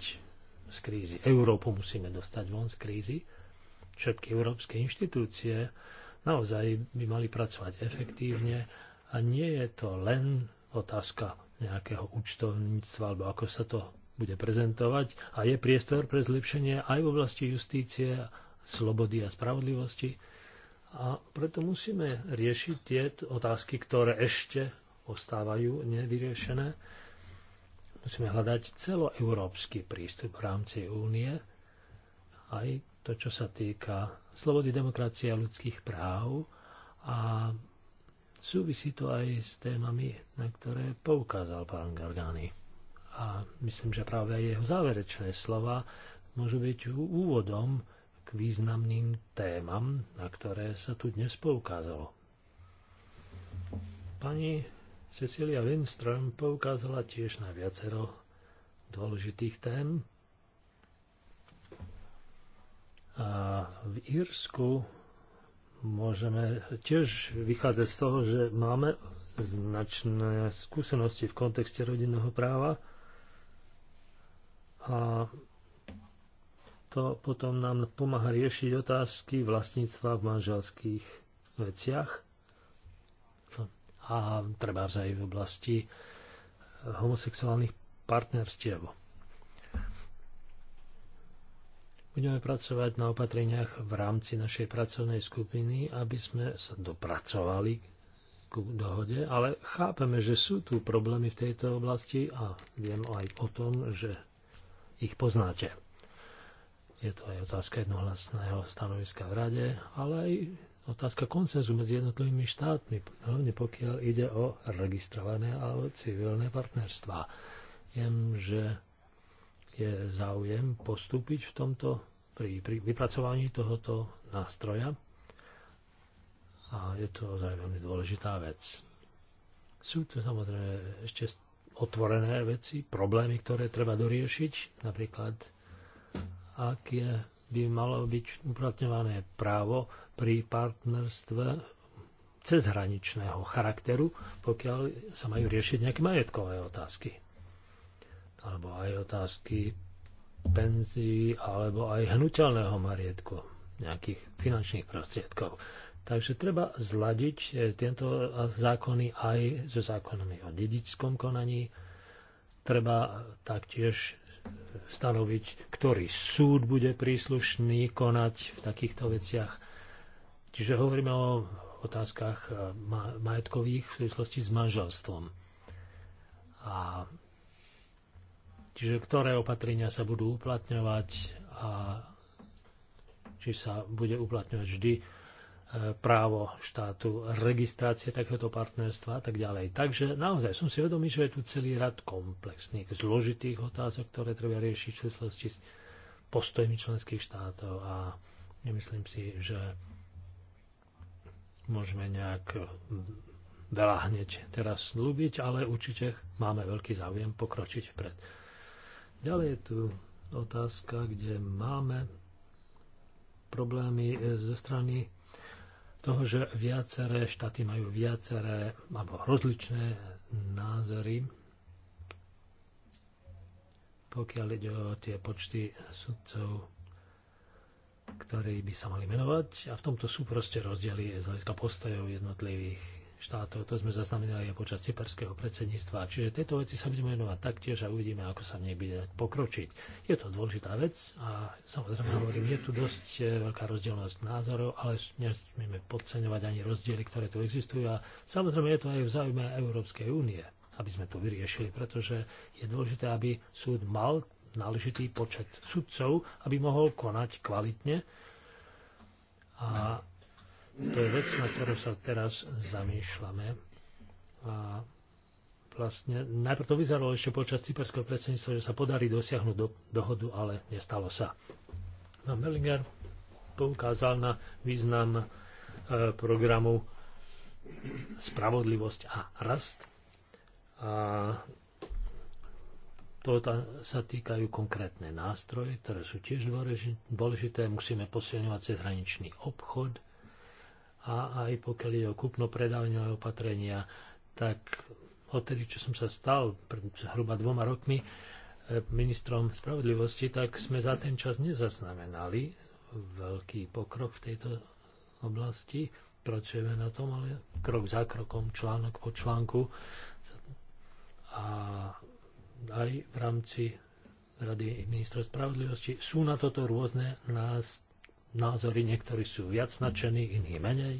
z krízy. Európu musíme dostať von z krízy. Všetky európske inštitúcie naozaj by mali pracovať efektívne a nie je to len otázka nejakého účtovníctva alebo ako sa to bude prezentovať a je priestor pre zlepšenie aj v oblasti justície, slobody a spravodlivosti a preto musíme riešiť tie otázky, ktoré ešte ostávajú nevyriešené. Musíme hľadať celoeurópsky prístup v rámci únie, aj to, čo sa týka slobody, demokracie a ľudských práv. A súvisí to aj s témami, na ktoré poukázal pán Gargani. A myslím, že práve jeho záverečné slova môžu byť úvodom významným témam, na ktoré sa tu dnes poukázalo. Pani Cecilia Lindström poukázala tiež na viacero dôležitých tém. A v Írsku môžeme tiež vychádzať z toho, že máme značné skúsenosti v kontexte rodinného práva a to potom nám pomáha riešiť otázky vlastníctva v manželských veciach a treba aj v oblasti eh, homosexuálnych partnerstiev. Budeme pracovať na opatreniach v rámci našej pracovnej skupiny, aby sme sa dopracovali k dohode, ale chápeme, že sú tu problémy v tejto oblasti a viem aj o tom, že ich poznáte. Je to aj otázka jednohlasného stanoviska v rade, ale aj otázka koncenzu medzi jednotlivými štátmi, hlavne pokiaľ ide o registrované alebo civilné partnerstvá. Viem, že je záujem postúpiť v tomto pri, pri vypracovaní tohoto nástroja a je to ozaj veľmi dôležitá vec. Sú tu samozrejme ešte otvorené veci, problémy, ktoré treba doriešiť, napríklad aké by malo byť uplatňované právo pri partnerstve cezhraničného charakteru, pokiaľ sa majú riešiť nejaké majetkové otázky. Alebo aj otázky penzií, alebo aj hnutelného marietku, nejakých finančných prostriedkov. Takže treba zladiť e, tieto zákony aj so zákonami o dedičskom konaní. Treba taktiež stanoviť, ktorý súd bude príslušný konať v takýchto veciach. Čiže hovoríme o otázkach eh, majetkových v súvislosti s manželstvom. A čiže ktoré opatrenia sa budú uplatňovať a či sa bude uplatňovať vždy E, právo štátu, registrácie takéhoto partnerstva a tak ďalej. Takže naozaj som si vedomý, že je tu celý rad komplexných, zložitých otázok, ktoré treba riešiť v súvislosti s postojmi členských štátov a nemyslím si, že môžeme nejak veľa hneď teraz slúbiť, ale určite máme veľký záujem pokročiť vpred. Ďalej je tu otázka, kde máme problémy zo strany toho, že viaceré štáty majú viaceré alebo rozličné názory, pokiaľ ide o tie počty sudcov, ktorí by sa mali menovať. A v tomto sú proste rozdiely z hľadiska postojov jednotlivých štátov. To sme zaznamenali aj počas cyperského predsedníctva. Čiže tieto veci sa budeme venovať taktiež a uvidíme, ako sa v nej bude pokročiť. Je to dôležitá vec a samozrejme hovorím, je tu dosť e, veľká rozdielnosť názorov, ale nesmieme podceňovať ani rozdiely, ktoré tu existujú. A samozrejme je to aj v záujme Európskej únie, aby sme to vyriešili, pretože je dôležité, aby súd mal náležitý počet sudcov, aby mohol konať kvalitne a to je vec, na ktorú sa teraz zamýšľame. A vlastne najprv to vyzeralo ešte počas cyperského predsedníctva, že sa podarí dosiahnuť do, dohodu, ale nestalo sa. Pán Mellinger poukázal na význam e, programu Spravodlivosť a rast. A to sa týkajú konkrétne nástroje, ktoré sú tiež dôležité. Musíme posilňovať cezhraničný obchod, a aj pokiaľ je o kúpno predávne opatrenia, tak odtedy, čo som sa stal pred hruba dvoma rokmi eh, ministrom spravodlivosti, tak sme za ten čas nezaznamenali veľký pokrok v tejto oblasti. Pracujeme na tom, ale krok za krokom, článok po článku. A aj v rámci Rady ministra spravodlivosti sú na toto rôzne nás, názory, niektorí sú viac nadšení, iní menej.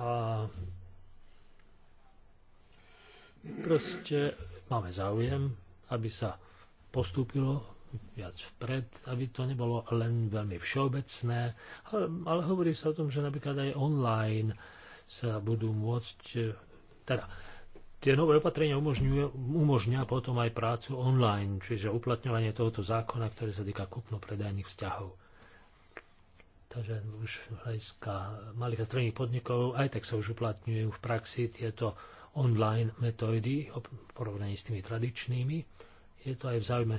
A proste máme záujem, aby sa postúpilo viac vpred, aby to nebolo len veľmi všeobecné, ale, ale hovorí sa o tom, že napríklad aj online sa budú môcť, teda tie nové opatrenia umožňujú, potom aj prácu online, čiže uplatňovanie tohoto zákona, ktorý sa týka kupno-predajných vzťahov. Takže už hľadiska malých a stredných podnikov aj tak sa už uplatňujú v praxi tieto online metódy v porovnaní s tými tradičnými. Je to aj v záujme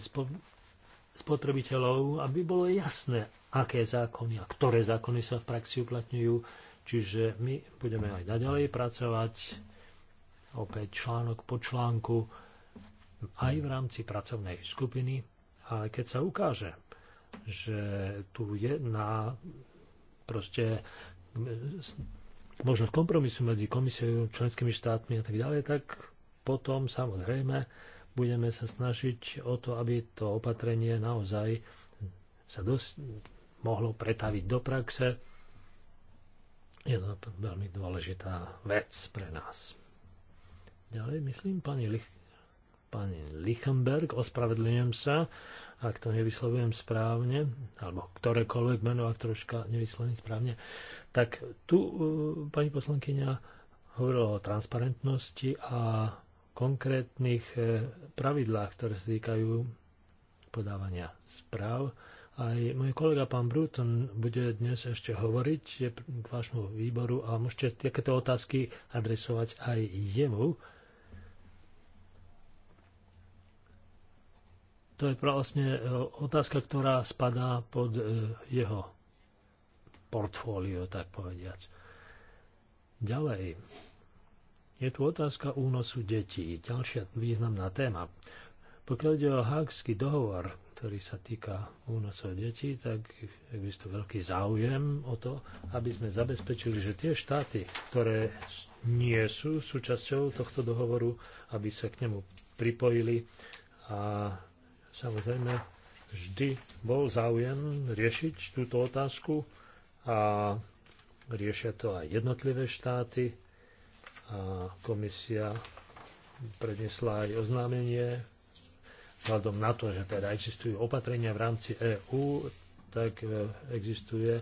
spotrebiteľov, aby bolo jasné, aké zákony a ktoré zákony sa v praxi uplatňujú. Čiže my budeme aj naďalej pracovať, opäť článok po článku, aj v rámci pracovnej skupiny. A keď sa ukáže, že tu je na proste možnosť kompromisu medzi komisiou, členskými štátmi a tak ďalej, tak potom samozrejme budeme sa snažiť o to, aby to opatrenie naozaj sa dosť mohlo pretaviť do praxe. Je to veľmi dôležitá vec pre nás. Ďalej, myslím, pani Lich pani Lichtenberg, ospravedlňujem sa, ak to nevyslovujem správne, alebo ktorékoľvek meno, ak troška nevyslovím správne, tak tu uh, pani poslankyňa hovorila o transparentnosti a konkrétnych eh, pravidlách, ktoré sa týkajú podávania správ. Aj môj kolega pán Bruton bude dnes ešte hovoriť k vášmu výboru a môžete takéto otázky adresovať aj jemu. To je vlastne e, otázka, ktorá spadá pod e, jeho portfólio, tak povediac. Ďalej, je tu otázka únosu detí, ďalšia významná téma. Pokiaľ ide o hákský dohovor, ktorý sa týka únosov detí, tak existuje veľký záujem o to, aby sme zabezpečili, že tie štáty, ktoré nie sú súčasťou tohto dohovoru, aby sa k nemu pripojili a Samozrejme, vždy bol záujem riešiť túto otázku a riešia to aj jednotlivé štáty a komisia prednesla aj oznámenie vzhľadom na to, že teda existujú opatrenia v rámci EÚ, tak e, existuje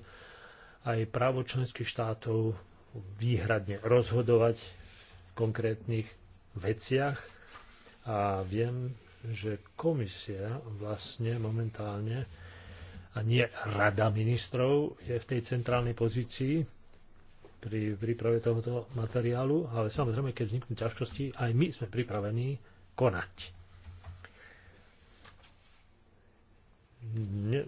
aj právo členských štátov výhradne rozhodovať v konkrétnych veciach. A viem, že komisia vlastne momentálne a nie rada ministrov je v tej centrálnej pozícii pri príprave tohoto materiálu, ale samozrejme, keď vzniknú ťažkosti, aj my sme pripravení konať. Ne,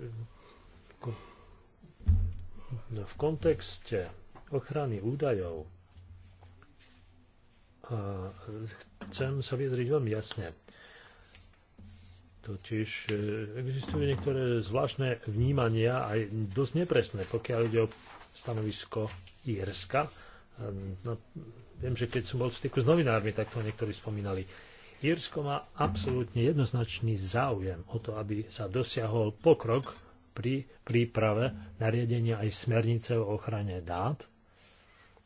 no, v kontexte ochrany údajov chcem sa vyjadriť veľmi jasne. Totiž e, existujú niektoré zvláštne vnímania, aj dosť nepresné, pokiaľ ide o stanovisko Írska. Ehm, no, viem, že keď som bol v styku s novinármi, tak to niektorí spomínali. Írsko má absolútne jednoznačný záujem o to, aby sa dosiahol pokrok pri príprave nariadenia aj smernice o ochrane dát.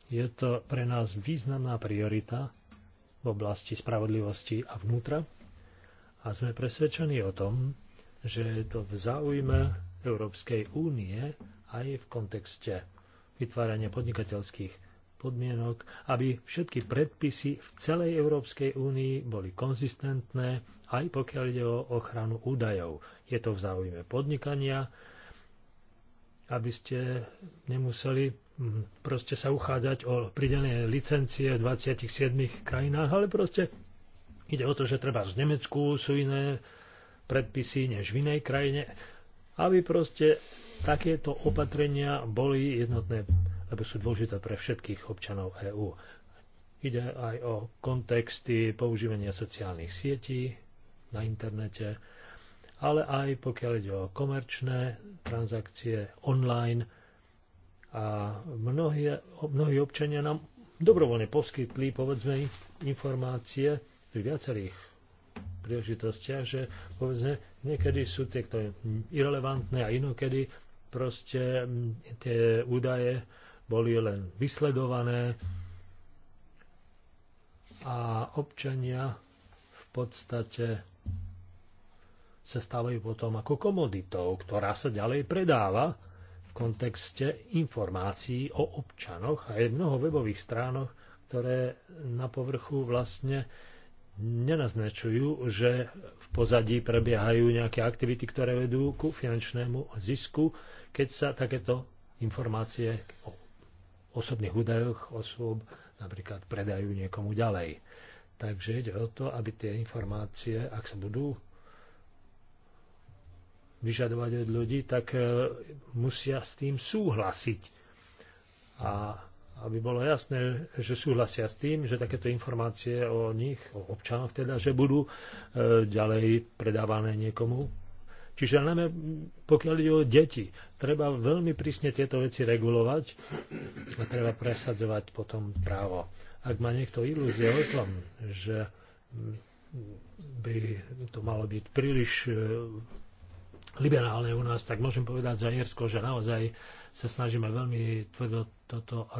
Je to pre nás významná priorita v oblasti spravodlivosti a vnútra a sme presvedčení o tom, že je to v záujme Európskej únie aj v kontexte vytvárania podnikateľských podmienok, aby všetky predpisy v celej Európskej únii boli konzistentné, aj pokiaľ ide o ochranu údajov. Je to v záujme podnikania, aby ste nemuseli mm, proste sa uchádzať o pridelené licencie v 27 krajinách, ale proste Ide o to, že treba v Nemecku sú iné predpisy než v inej krajine, aby proste takéto opatrenia boli jednotné, lebo sú dôležité pre všetkých občanov EÚ. Ide aj o kontexty používania sociálnych sietí na internete, ale aj pokiaľ ide o komerčné transakcie online. A mnohí, mnohí občania nám dobrovoľne poskytli, povedzme, informácie, pri viacerých príležitostiach, že povedzme, niekedy sú tie, ktoré irrelevantné a inokedy proste tie údaje boli len vysledované a občania v podstate sa stávajú potom ako komoditou, ktorá sa ďalej predáva v kontexte informácií o občanoch a je mnoho webových stránok, ktoré na povrchu vlastne nenaznačujú, že v pozadí prebiehajú nejaké aktivity, ktoré vedú ku finančnému zisku, keď sa takéto informácie o osobných údajoch osôb napríklad predajú niekomu ďalej. Takže ide o to, aby tie informácie, ak sa budú vyžadovať od ľudí, tak e, musia s tým súhlasiť. A aby bolo jasné, že súhlasia s tým, že takéto informácie o nich, o občanoch teda, že budú e, ďalej predávané niekomu. Čiže najmä pokiaľ ide o deti, treba veľmi prísne tieto veci regulovať a treba presadzovať potom právo. Ak má niekto ilúzie o tom, že by to malo byť príliš e, liberálne u nás, tak môžem povedať za Jersko, že naozaj sa snažíme veľmi tvrdo toto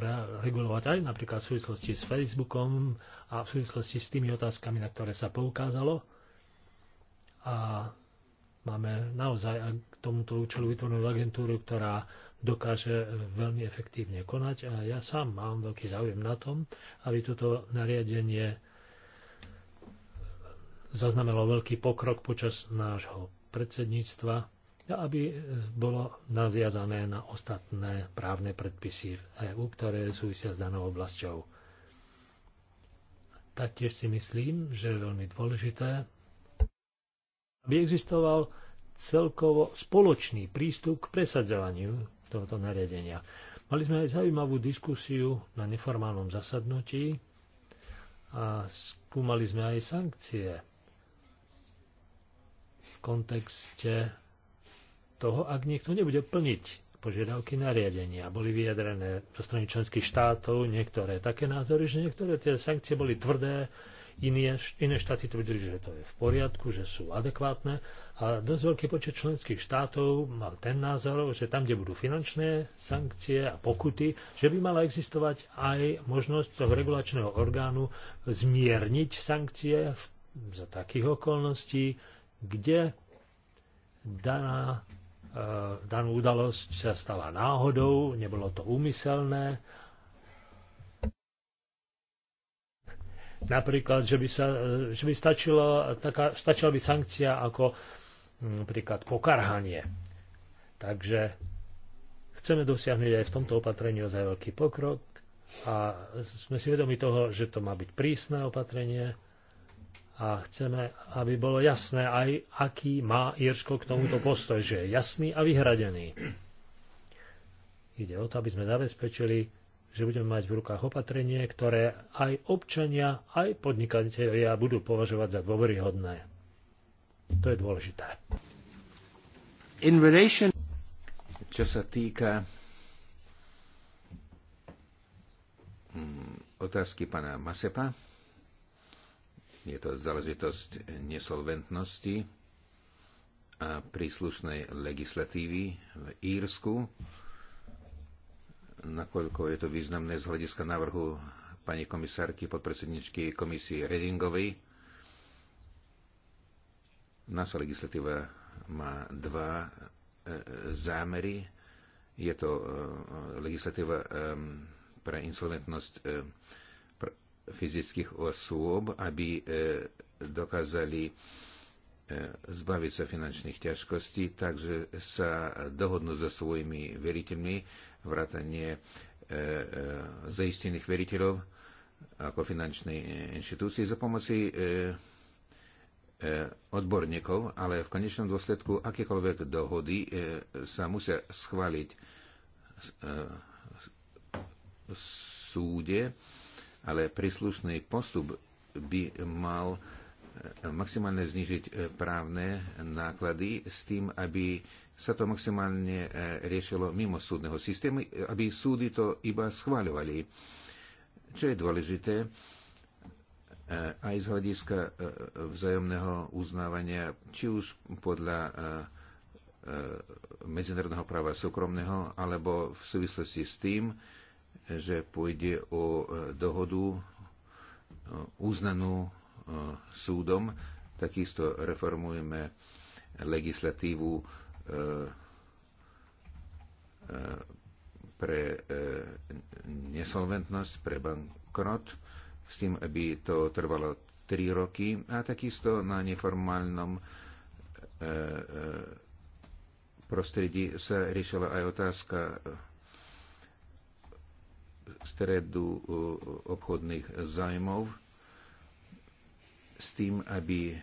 regulovať aj napríklad v súvislosti s Facebookom a v súvislosti s tými otázkami, na ktoré sa poukázalo. A máme naozaj k tomuto účelu vytvorenú agentúru, ktorá dokáže veľmi efektívne konať a ja sám mám veľký záujem na tom, aby toto nariadenie zaznamenalo veľký pokrok počas nášho predsedníctva aby bolo nadviazané na ostatné právne predpisy v EU, ktoré súvisia s danou oblasťou. Taktiež si myslím, že je veľmi dôležité, aby existoval celkovo spoločný prístup k presadzovaniu tohoto nariadenia. Mali sme aj zaujímavú diskusiu na neformálnom zasadnutí a skúmali sme aj sankcie v kontekste toho, ak niekto nebude plniť požiadavky nariadenia. Boli vyjadrené zo strany členských štátov niektoré také názory, že niektoré tie sankcie boli tvrdé, iné, iné štáty tvrdili, že to je v poriadku, že sú adekvátne. A dosť veľký počet členských štátov mal ten názor, že tam, kde budú finančné sankcie a pokuty, že by mala existovať aj možnosť toho regulačného orgánu zmierniť sankcie v, za takých okolností, kde daná Eh, danú udalosť sa stala náhodou, nebolo to úmyselné. Napríklad, že by, sa, eh, že by stačilo, taká, stačila by sankcia ako hm, napríklad pokarhanie. Takže chceme dosiahnuť aj v tomto opatrení ozaj veľký pokrok a sme si vedomi toho, že to má byť prísne opatrenie, a chceme, aby bolo jasné aj, aký má Irsko k tomuto postoj, že je jasný a vyhradený. Ide o to, aby sme zabezpečili, že budeme mať v rukách opatrenie, ktoré aj občania, aj podnikatelia budú považovať za dôveryhodné. To je dôležité. In relation... Čo sa týka mm, otázky pána Masepa, je to záležitosť nesolventnosti a príslušnej legislatívy v Írsku, nakoľko je to významné z hľadiska návrhu pani komisárky podpredsedničky komisie Redingovej. Naša legislatíva má dva e, zámery. Je to e, legislatíva e, pre insolventnosť fyzických osôb, aby e, dokázali e, zbaviť sa finančných ťažkostí, takže sa dohodnú so svojimi veriteľmi, vrátanie e, zaistených veriteľov ako finančnej inštitúcii za pomoci odborníkov, ale v konečnom dôsledku akékoľvek dohody sa musia schváliť súde ale príslušný postup by mal eh, maximálne znižiť eh, právne náklady s tým, aby sa to maximálne eh, riešilo mimo súdneho systému, aby súdy to iba schváľovali. Čo je dôležité, aj z hľadiska vzájomného uznávania, či už podľa medzinárodného práva súkromného, alebo v súvislosti s tým, že pôjde o e, dohodu e, uznanú e, súdom. Takisto reformujeme legislatívu pre nesolventnosť, pre bankrot, s tým, aby to trvalo 3 roky a takisto na neformálnom prostredí sa riešila aj otázka stredu e, obchodných zájmov s tým, aby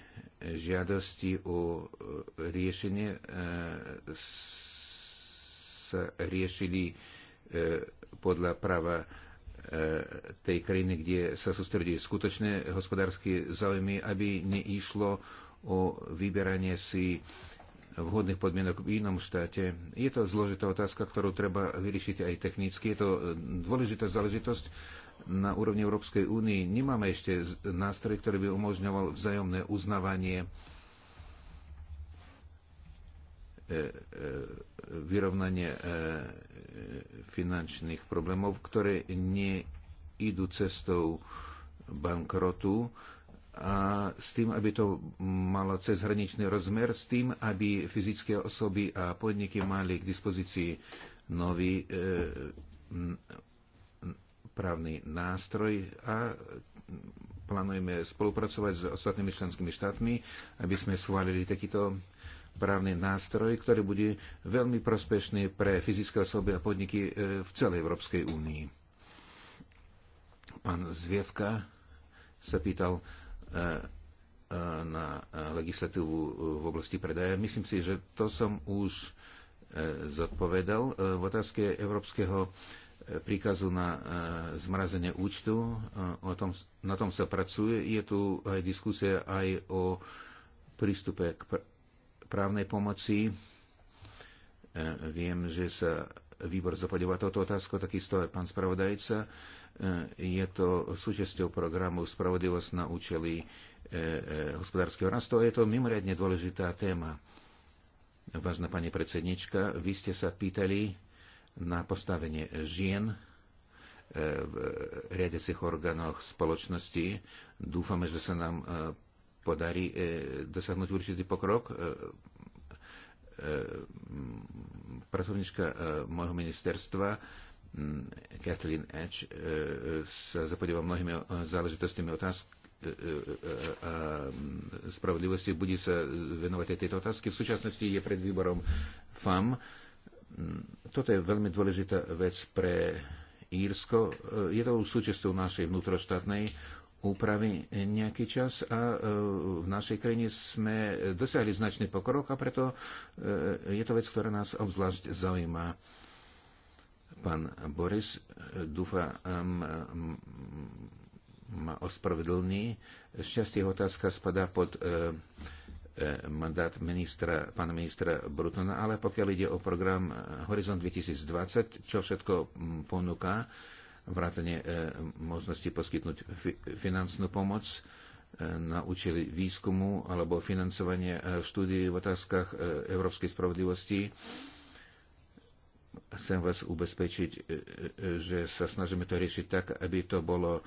žiadosti o e, riešenie e, sa riešili podľa práva tej krajiny, kde sa sústredí skutočné hospodárske záujmy, aby neišlo o vyberanie si vhodných podmienok v inom štáte. Je to zložitá otázka, ktorú treba vyriešiť aj technicky. Je to e, dôležitá záležitosť na úrovni Európskej únie. Nemáme ešte nástroj, ktorý by umožňoval vzájomné uznávanie e, e, vyrovnanie finančných problémov, ktoré nie idú cestou bankrotu, a s tým, aby to malo cezhraničný rozmer, s tým, aby fyzické osoby a podniky mali k dispozícii nový e, právny nástroj a plánujeme spolupracovať s ostatnými členskými štátmi, aby sme schválili takýto právny nástroj, ktorý bude veľmi prospešný pre fyzické osoby a podniky e, v celej Európskej únii. Pán Zvievka sa pýtal, E, e, na legislatívu v oblasti predaja. Myslím si, že to som už e, zodpovedal v otázke európskeho príkazu na zmrazenie účtu. O tom, na tom sa pracuje. Je tu aj diskusia aj o prístupe k právnej pomoci. Viem, že sa výbor zapodíva toto otázku, takisto aj pán spravodajca. E, je to súčasťou programu Spravodlivosť na účely e, e, hospodárskeho rastu a je to mimoriadne dôležitá téma. Vážna pani predsednička, vy ste sa pýtali na postavenie žien v riadiacich orgánoch spoločnosti. Dúfame, že sa nám podarí dosiahnuť určitý pokrok E, pracovnička e, môjho ministerstva e, Kathleen Edge sa zapodieva mnohými záležitostnými otázkami a spravodlivosti bude sa venovať aj tejto otázky. V súčasnosti je pred výborom FAM. Toto je veľmi dôležitá vec pre Írsko. Je to súčasťou našej vnútroštátnej úpravy nejaký čas a e, v našej krajine sme dosiahli značný pokrok a preto e, je to vec, ktorá nás obzvlášť zaujíma. Pán Boris, e, dúfam, ma ospravedlný. Šťastie otázka spadá pod mandát ministra, pána ministra Brutona, ale pokiaľ ide o program Horizont 2020, čo všetko ponúka, vrátane e, možnosti poskytnúť finančnú pomoc e, na účely výskumu alebo financovanie štúdií v otázkach e, európskej spravodlivosti. Chcem vás ubezpečiť, že sa snažíme to riešiť tak, aby to bolo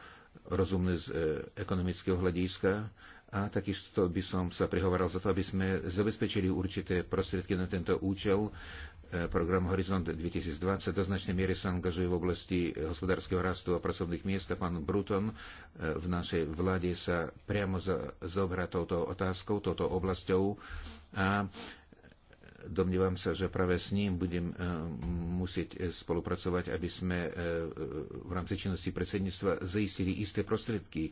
rozumné z ekonomického hľadiska a takisto by som sa prihovoril za to, aby sme zabezpečili určité prostriedky na tento účel E, program Horizont 2020 do značnej miery sa angažuje v oblasti e, hospodárskeho rastu a pracovných miest a pán Bruton e, v našej vláde sa priamo zobra touto otázkou, touto oblasťou a domnívam sa, že práve s ním budem musieť spolupracovať, aby sme v rámci činnosti predsedníctva zaistili isté prostriedky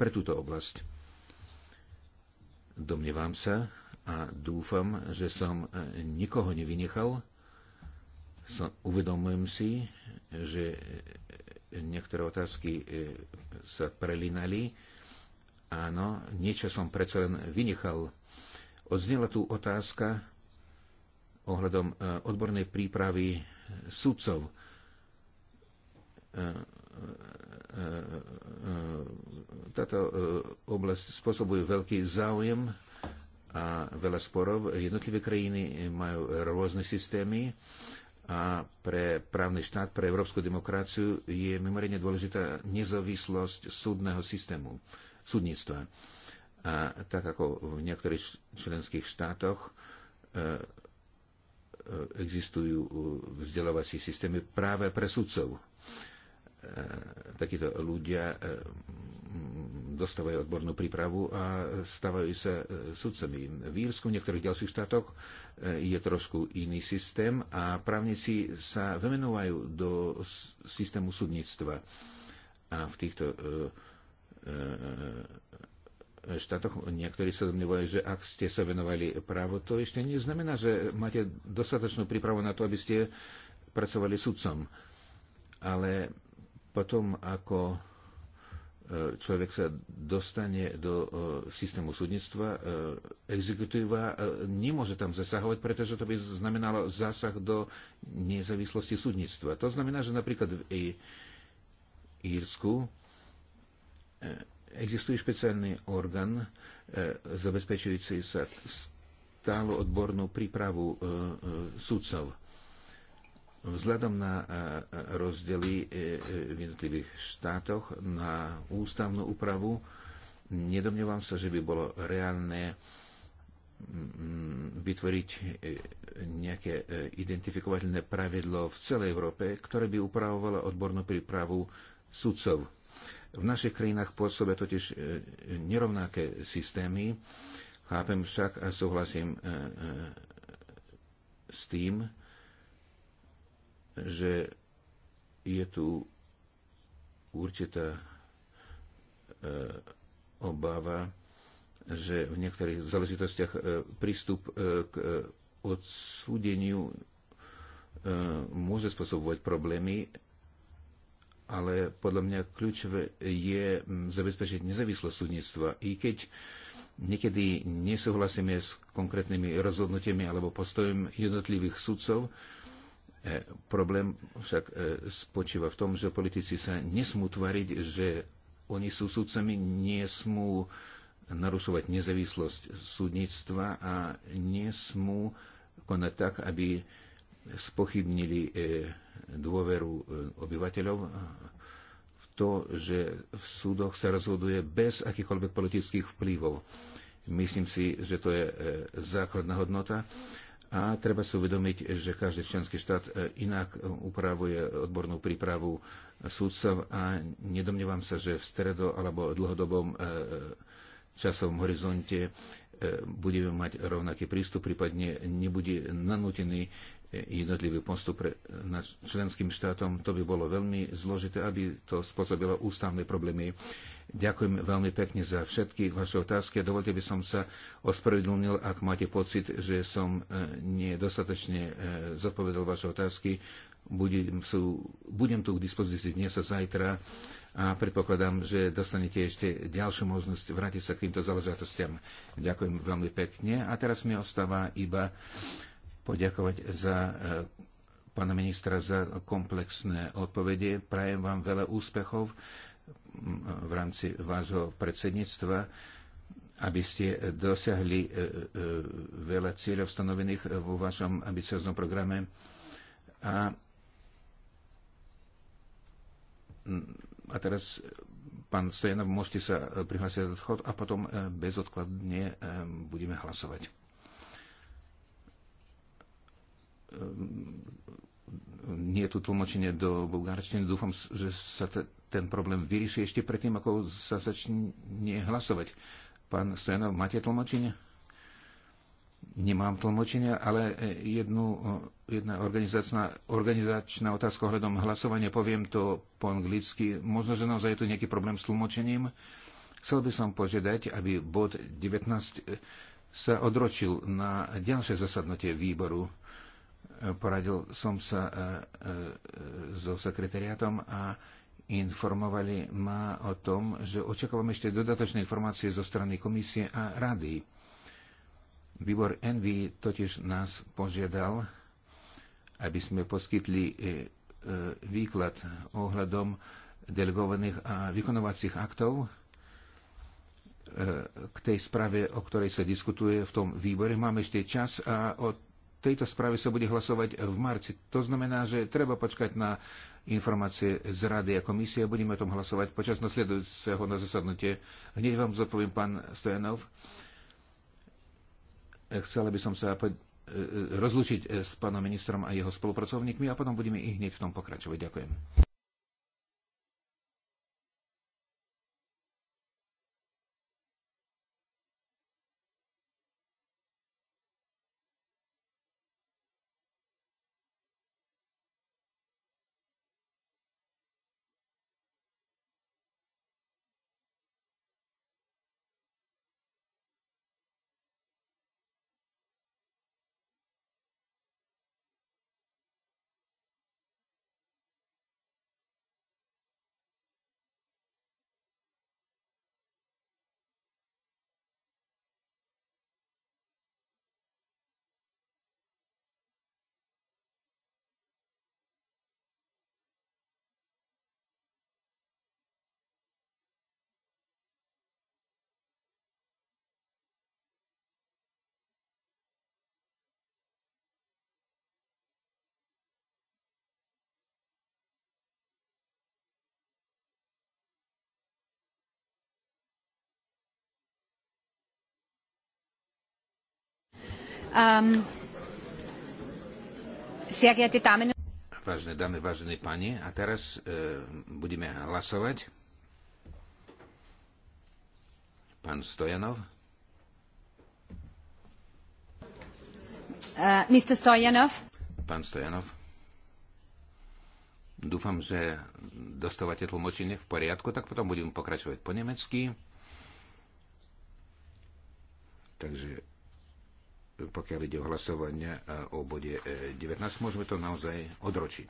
pre túto oblasť. Domnievam sa, a dúfam, že som nikoho nevynechal som, uvedomujem si, že e, niektoré otázky e, sa prelinali. Áno, niečo som predsa len vynechal. Odznela tu otázka ohľadom e, odbornej prípravy sudcov. Táto oblasť spôsobuje veľký záujem a veľa sporov. Jednotlivé krajiny majú rôzne systémy a pre právny štát, pre európsku demokraciu je mimoriadne dôležitá nezávislosť súdneho systému, súdnictva. A tak ako v niektorých členských štátoch e, e, existujú vzdelávací systémy práve pre sudcov. E, takíto ľudia dostávajú odbornú prípravu a stávajú sa e, sudcami. V Írsku, v niektorých ďalších štátoch e, je trošku iný systém a právnici sa vymenúvajú do systému súdnictva. A v týchto e, štátoch niektorí sa domnívajú, že ak ste sa venovali právo, to ešte neznamená, že máte dostatočnú prípravu na to, aby ste pracovali sudcom. Ale potom, ako E, človek sa dostane do e, systému súdnictva, e, exekutíva nemôže tam zasahovať, pretože to by znamenalo zásah do nezávislosti súdnictva. To znamená, že napríklad v Írsku existuje špeciálny orgán zabezpečujúci sa stálu odbornú prípravu súdcov Vzhľadom na e, e, rozdely e, v jednotlivých štátoch na ústavnú úpravu, nedomnievam sa, že by bolo reálne mm, vytvoriť nejaké identifikovateľné pravidlo v celej Európe, ktoré by upravovalo odbornú prípravu sudcov. V našich krajinách pôsobia totiž nerovnaké systémy. Chápem však a súhlasím s tým, že je tu určitá e, obava, že v niektorých záležitostiach e, prístup e, k odsúdeniu môže spôsobovať problémy, ale podľa mňa kľúčové je zabezpečiť nezávislosť súdnictva. I keď niekedy nesúhlasíme s konkrétnymi rozhodnutiami alebo postojom jednotlivých sudcov, E, problém však e, spočíva v tom, že politici sa nesmú tvariť, že oni sú súdcami, nesmú narušovať nezávislosť súdnictva a nesmú konať tak, aby spochybnili e, dôveru obyvateľov v to, že v súdoch sa rozhoduje bez akýchkoľvek politických vplyvov. Myslím si, že to je základná hodnota a treba si uvedomiť, že každý členský štát e, inak e, upravuje odbornú prípravu súdcov a nedomnievam sa, že v stredo alebo dlhodobom e, časovom horizonte budeme mať rovnaký prístup, prípadne nebude nanútený jednotlivý postup pre, na členským štátom, to by bolo veľmi zložité, aby to spôsobilo ústavné problémy. Ďakujem veľmi pekne za všetky vaše otázky a dovolte by som sa ospravedlnil, ak máte pocit, že som e, nedostatočne e, zodpovedal vaše otázky. Budem, sú, budem tu k dispozícii dnes a zajtra a predpokladám, že dostanete ešte ďalšiu možnosť vrátiť sa k týmto záležitostiam. Ďakujem veľmi pekne a teraz mi ostáva iba poďakovať za eh, pána ministra za komplexné odpovede. Prajem vám veľa úspechov mm, eh, v rámci vášho predsedníctva, aby ste dosiahli eh, veľa cieľov stanovených vo vašom ambicioznom programe a, mm, a teraz pán Stojanov, môžete sa prihlásiť odchod a potom bezodkladne budeme hlasovať. nie je tu tlmočenie do bulgárčtiny. Dúfam, že sa ten problém vyrieši ešte predtým, ako sa začne hlasovať. Pán Stojanov, máte tlmočenie? Nemám tlmočenia, ale jednu, jedna organizačná, organizačná otázka ohľadom hlasovania, poviem to po anglicky. Možno, že naozaj je tu nejaký problém s tlmočením. Chcel by som požiadať, aby bod 19 sa odročil na ďalšie zasadnutie výboru Poradil som sa e, e, so sekretariátom a informovali ma o tom, že očakávam ešte dodatočné informácie zo strany komisie a rady. Výbor NV totiž nás požiadal, aby sme poskytli e, výklad ohľadom delegovaných a vykonovacích aktov k tej sprave, o ktorej sa diskutuje v tom výbore. Máme ešte čas a od tejto správe sa bude hlasovať v marci. To znamená, že treba počkať na informácie z Rady a komisie. Budeme o tom hlasovať počas nasledujúceho na zasadnutie. Hneď vám zodpoviem, pán Stojanov. Chcela by som sa e, e, rozlučiť e, s pánom ministrom a jeho spolupracovníkmi a potom budeme i hneď v tom pokračovať. Ďakujem. Um, Vážené dámy, vážení páni, a teraz e, budeme hlasovať. Pán Stojanov. Uh, Mr. Stojanov. Pán Stojanov. Dúfam, že dostávate tlmočenie v poriadku, tak potom budem pokračovať po nemecky. Takže pokiaľ ide o hlasovanie e, o bode 19, e, môžeme to naozaj odročiť.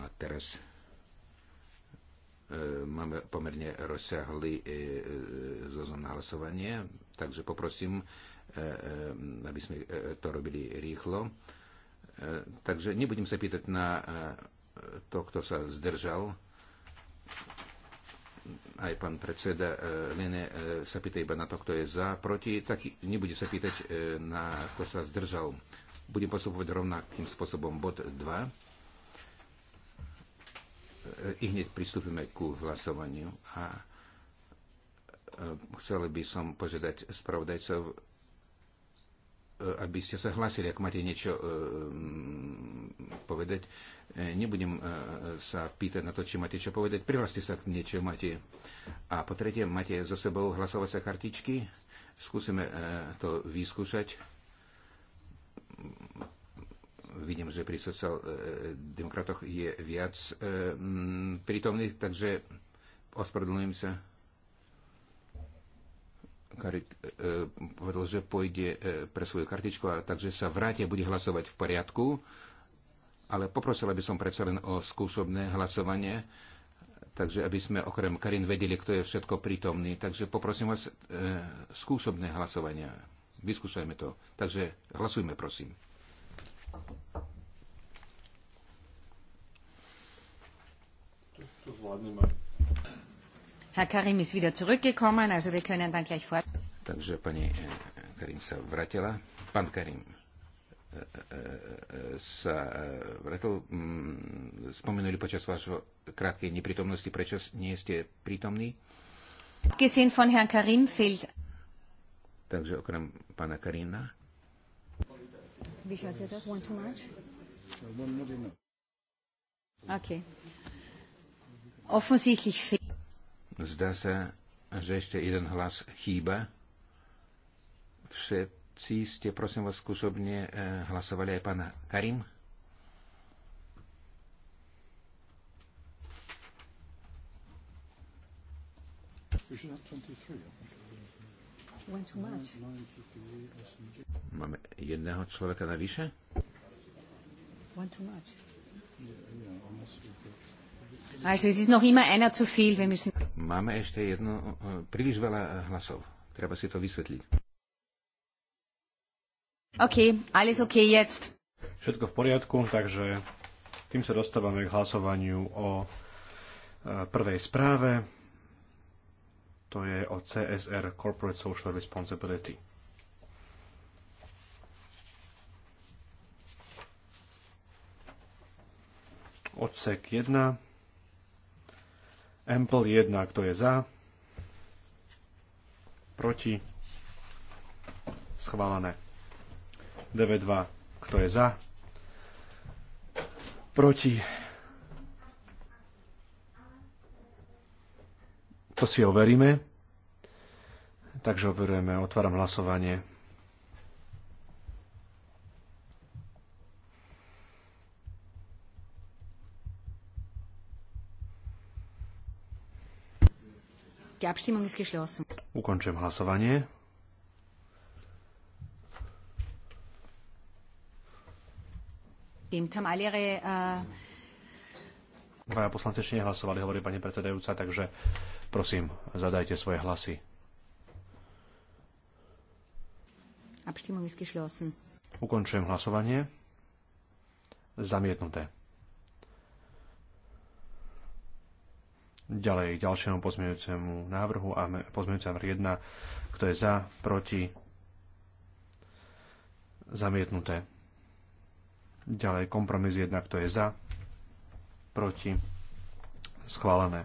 A teraz e, máme pomerne rozsiahly zoznam na hlasovanie, takže poprosím, aby sme to robili rýchlo. Takže nebudem sa pýtať na to, kto sa zdržal aj pán predseda e, Lene e, sa pýta iba na to, kto je za, proti, tak nebude sa pýtať e, na kto sa zdržal. Budem postupovať rovnakým spôsobom bod 2. I hneď pristúpime ku hlasovaniu a chcel by som požiadať spravodajcov, aby ste sa hlasili, ak máte niečo povedať E, nebudem e, sa pýtať na to, či máte čo povedať. Prihláste sa k niečo máte. A po tretie, máte so sebou hlasovacie kartičky? Skúsime e, to vyskúšať. Vidím, že pri sociál-demokratoch je viac prítomných, takže ospravedlňujem sa. Karik povedal, že pôjde pre svoju kartičku, a takže sa vráti a bude hlasovať v poriadku ale poprosila by som predsa len o skúsobné hlasovanie, takže aby sme okrem Karin vedeli, kto je všetko prítomný. Takže poprosím vás, e, skúsobné hlasovanie. Vyskúšajme to. Takže hlasujme, prosím. Herr Karim ist wieder zurückgekommen, also wir können dann gleich fort. Takže pani e, Karim sa vrátila. Pán Karim sa vretol, eh, mm, spomenuli počas vašho krátkej neprítomnosti, prečo nie ste prítomní? Gesehen von Herrn Karim fehlt. Takže okrem pána Karina. Okay. Offensichtlich fehlt. Zdá sa, že ešte jeden hlas chýba. Všet, si ste, prosím vás, skúšobne eh, hlasovali aj pána Karim? Máme jedného človeka navyše? Also Máme ešte jedno, eh, príliš veľa hlasov. Treba si to vysvetliť. OK, alles OK jetzt. Všetko v poriadku, takže tým sa dostávame k hlasovaniu o e, prvej správe. To je o CSR Corporate Social Responsibility. Odsek 1. Ample 1, kto je za? Proti? Schválené. DV2. Kto je za? Proti? To si overíme. Takže overujeme. Otváram hlasovanie. Ukončujem hlasovanie. tým. Tam alle ihre... Äh... Eh, Dvaja poslanci ešte nehlasovali, hovorí pani predsedajúca, takže prosím, zadajte svoje hlasy. Ukončujem hlasovanie. Zamietnuté. Ďalej k ďalšiemu pozmeňujúcemu návrhu a pozmeňujúcemu návrhu 1, kto je za, proti, zamietnuté. Ďalej kompromis 1, kto je za, proti, schválené.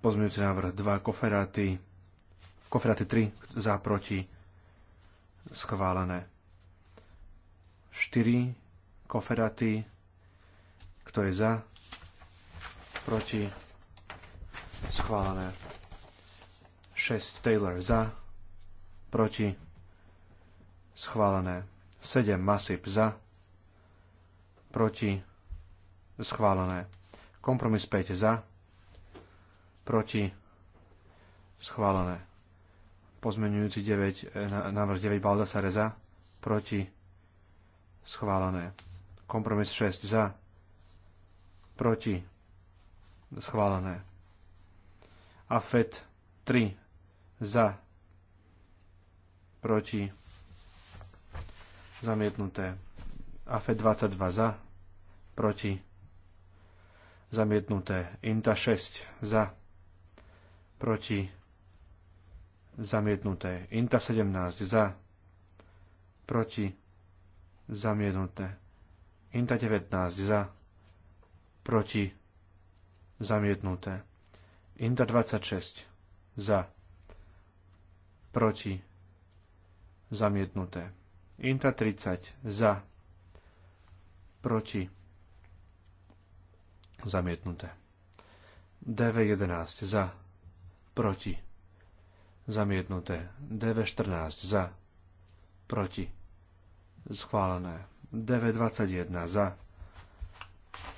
Pozmeňujúci návrh 2, koferáty, koferáty 3, za, proti, schválené. 4, koferáty, kto je za, proti, schválené. 6 Taylor za, proti, schválené. 7 Masip za, proti, schválené. Kompromis 5 za, proti, schválené. Pozmenujúci 9, e, návrh 9 Baldasare za, proti, schválené. Kompromis 6 za, proti, schválené. AFET 3 za, proti, zamietnuté. AFE 22 za, proti, zamietnuté. INTA 6 za, proti, zamietnuté. INTA 17 za, proti, zamietnuté. INTA 19 za, proti, zamietnuté. INTA 26 za, proti, zamietnuté. Inta 30 za, proti, zamietnuté. DV11 za, proti, zamietnuté. DV14 za, proti, schválené. DV21 za,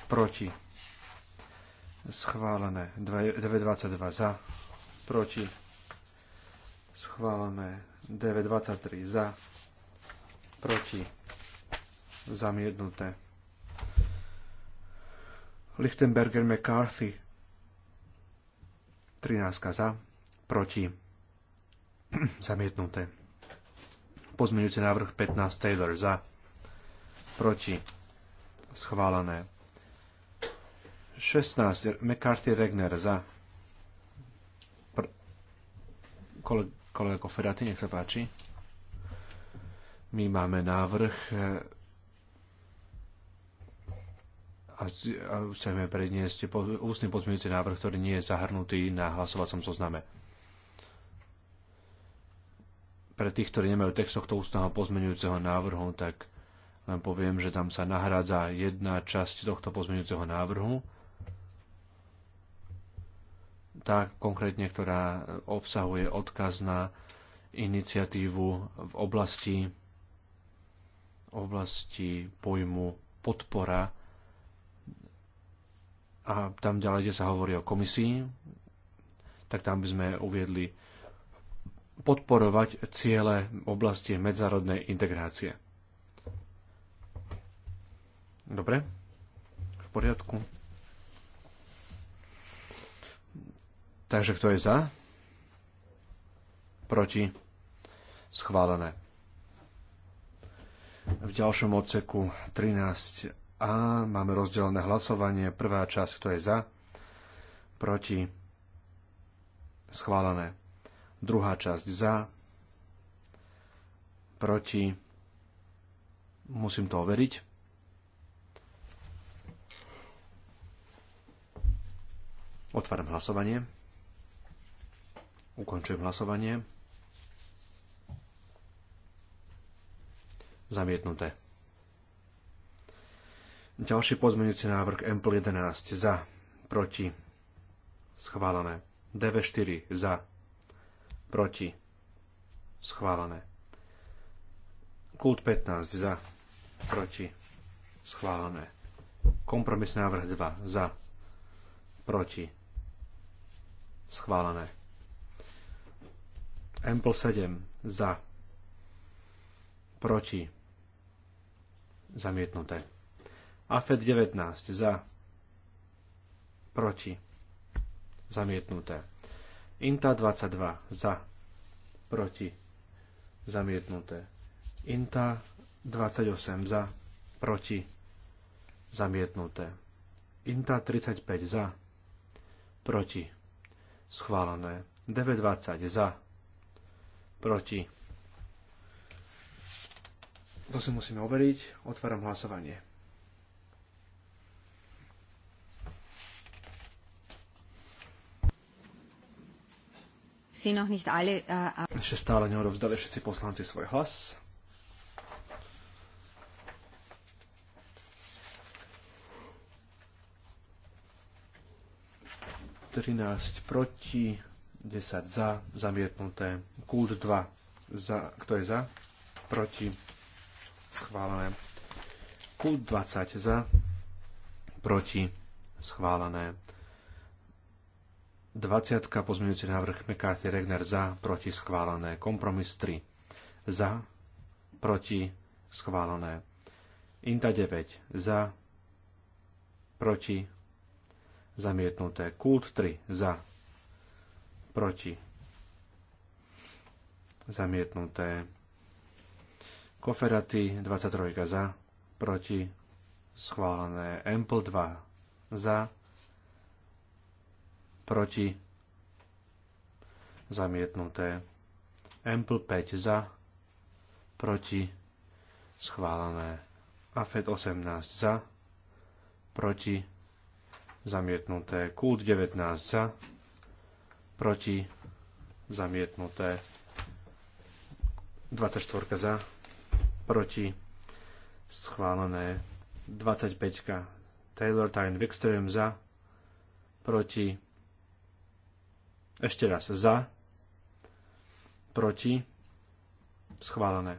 proti, schválené. DV22 za, proti, schválené 923 za, proti, zamiednuté. Lichtenberger McCarthy 13 za, proti, zamietnuté. Pozmeňujúci návrh 15 Taylor za, proti, schválené. 16 McCarthy Regner za, koleg- Kolega Koferaty, nech sa páči. My máme návrh eh, a chceme predniesť ústny pozmeňujúci návrh, ktorý nie je zahrnutý na hlasovacom zozname. Pre tých, ktorí nemajú text tohto ústneho pozmeňujúceho návrhu, tak len poviem, že tam sa nahrádza jedna časť tohto pozmeňujúceho návrhu tá konkrétne, ktorá obsahuje odkaz na iniciatívu v oblasti, oblasti pojmu podpora a tam ďalej, kde sa hovorí o komisii, tak tam by sme uviedli podporovať ciele v oblasti medzárodnej integrácie. Dobre? V poriadku. Takže kto je za? Proti? Schválené. V ďalšom odseku 13a máme rozdelené hlasovanie. Prvá časť, kto je za? Proti? Schválené. Druhá časť za? Proti? Musím to overiť. Otváram hlasovanie. Ukončujem hlasovanie. Zamietnuté. Ďalší pozmeňujúci návrh MPL 11 za, proti, schválené. DV4 za, proti, schválené. Kult 15 za, proti, schválené. Kompromis návrh 2 za, proti, schválené Ample 7 za. Proti. Zamietnuté. AFED 19 za. Proti. Zamietnuté. INTA 22 za. Proti. Zamietnuté. INTA 28 za. Proti. Zamietnuté. INTA 35 za. Proti. Schválené. DV20 za proti. To si musíme overiť. Otváram hlasovanie. Äh, Ešte stále neodovzdali všetci poslanci svoj hlas. Trinásť proti, 10 za, zamietnuté. Kult 2, za, kto je za? Proti, schválené. Kult 20 za, proti, schválené. 20. pozmeňujúci návrh McCarthy Regner za, proti, schválené. Kompromis 3 za, proti, schválené. Inta 9 za, proti, zamietnuté. Kult 3 za, proti, zamietnuté. Koferaty 23 za, proti, schválené. Ample 2 za, proti, zamietnuté. Ample 5 za, proti, schválené. AFED 18 za, proti, zamietnuté. Kult 19 za, proti, zamietnuté. 24 za, proti, schválené. 25 Taylor Tyne Wikström za, proti, ešte raz za, proti, schválené.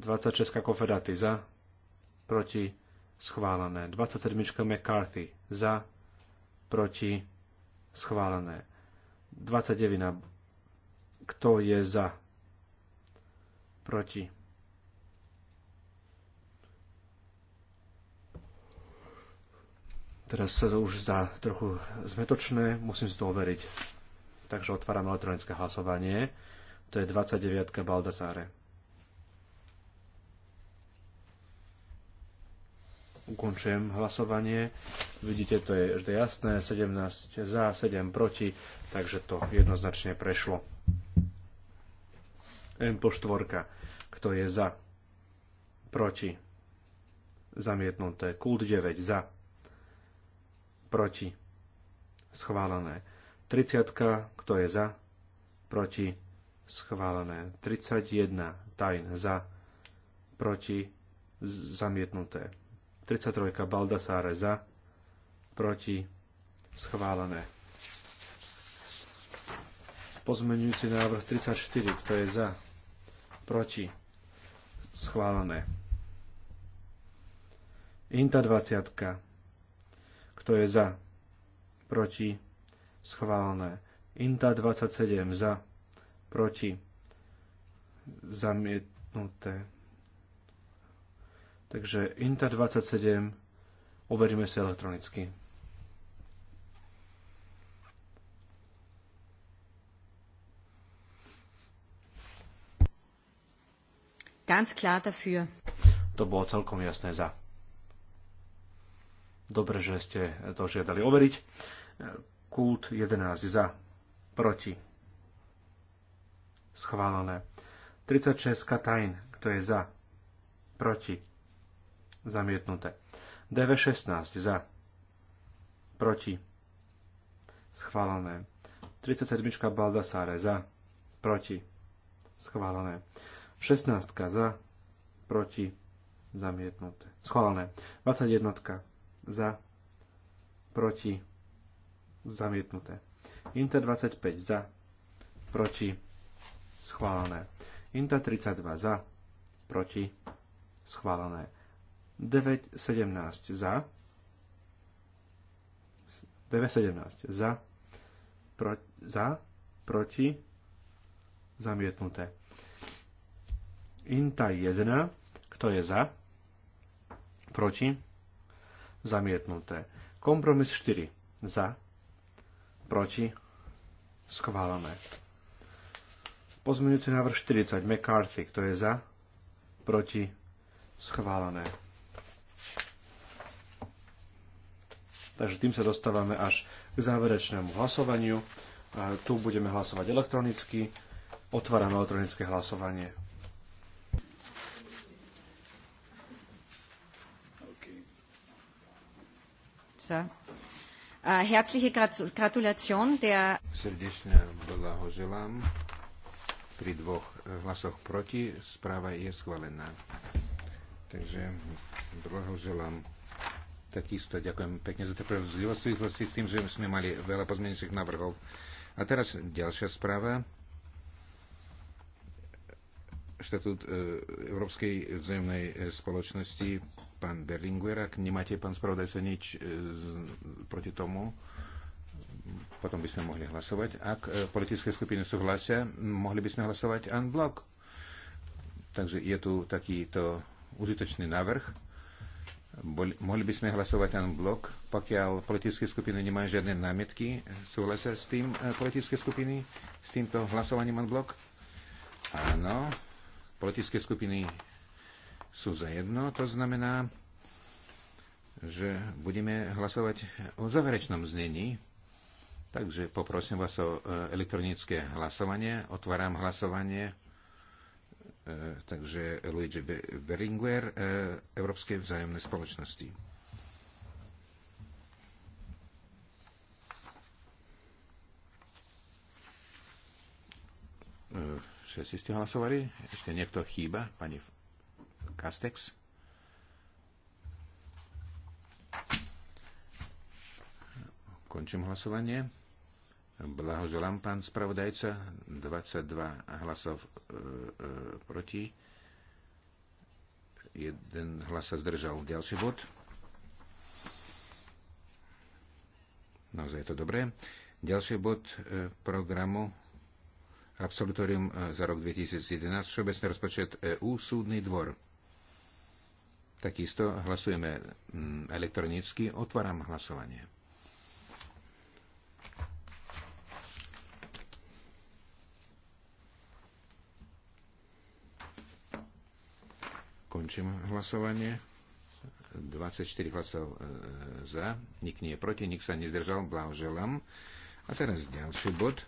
26 Koferaty za, proti, schválené. 27 McCarthy za, proti, schválené. 29. Kto je za? Proti. Teraz sa to už zdá trochu zmetočné, musím si to overiť. Takže otváram elektronické hlasovanie. To je 29. Baldasáre. Ukončujem hlasovanie. Vidíte, to je vždy jasné. 17 za, 7 proti, takže to jednoznačne prešlo. M po štvorka. Kto je za? Proti. Zamietnuté. Kult 9 za. Proti. Schválené. 30. Kto je za? Proti. Schválené. 31. Tajn za. Proti. Zamietnuté. 33. Baldasáre za, proti, schválené. Pozmenujúci návrh 34, kto je za, proti, schválené. Inta 20, kto je za, proti, schválené. Inta 27, za, proti, zamietnuté. Takže INTA 27 overíme si elektronicky. Ganz klar dafür. To bolo celkom jasné za. Dobre, že ste to žiadali overiť. Kult 11 za, proti. Schválené. 36 Katajn, kto je za, proti Zamietnuté. DV16 za. Proti. Schválené. 37. Baldasáre za. Proti. Schválené. 16. za. Proti. Zamietnuté. Schválené. 21. za. Proti. Zamietnuté. Inter 25 za. Proti. Schválené. Inter 32 za. Proti. Schválené. 9.17 za. 9.17 za. Pro, za. Proti. Zamietnuté. Inta 1. Kto je za? Proti. Zamietnuté. Kompromis 4. Za. Proti. Schválené. Pozmeňujúci návrh 40. McCarthy. Kto je za? Proti. Schválené Takže tým sa dostávame až k záverečnému hlasovaniu. Tu budeme hlasovať elektronicky. otvárame elektronické hlasovanie. Herzliche Gratulation der Srdečne blahoželám. Pri dvoch e, hlasoch proti správa je schválená. Takže blahoželám takisto ďakujem pekne za tie v súvislosti s tým, že sme mali veľa pozmeňujúcich návrhov. A teraz ďalšia správa. Štatút e, Európskej vzájomnej spoločnosti, pán Berlinguer, ak nemáte, pán spravodajca, nič e, proti tomu, potom by sme mohli hlasovať. Ak e, politické skupiny súhlasia, mohli by sme hlasovať en bloc. Takže je tu takýto užitočný návrh Mohli by sme hlasovať ten blok, pokiaľ politické skupiny nemajú žiadne námietky. Súhlasia s tým e, politické skupiny? S týmto hlasovaním on blok? Áno. Politické skupiny sú za jedno. To znamená, že budeme hlasovať o záverečnom znení. Takže poprosím vás o e, elektronické hlasovanie. Otváram hlasovanie. E, takže Luigi Beringuer, e, Európskej vzájomnej spoločnosti. E, všetci ste hlasovali? Ešte niekto chýba? Pani Kastex? Končím hlasovanie. Blahoželám, pán spravodajca. 22 hlasov e, e, proti. Jeden hlas sa zdržal. Ďalší bod. Naozaj je to dobré. Ďalší bod e, programu Absolutorium e, za rok 2011 Všeobecný rozpočet EU Súdny dvor. Takisto hlasujeme mm, elektronicky. Otváram hlasovanie. Končím hlasovanie. 24 hlasov e, za, nik nie je proti, nik sa nezdržal, blahoželám. A teraz ďalší bod.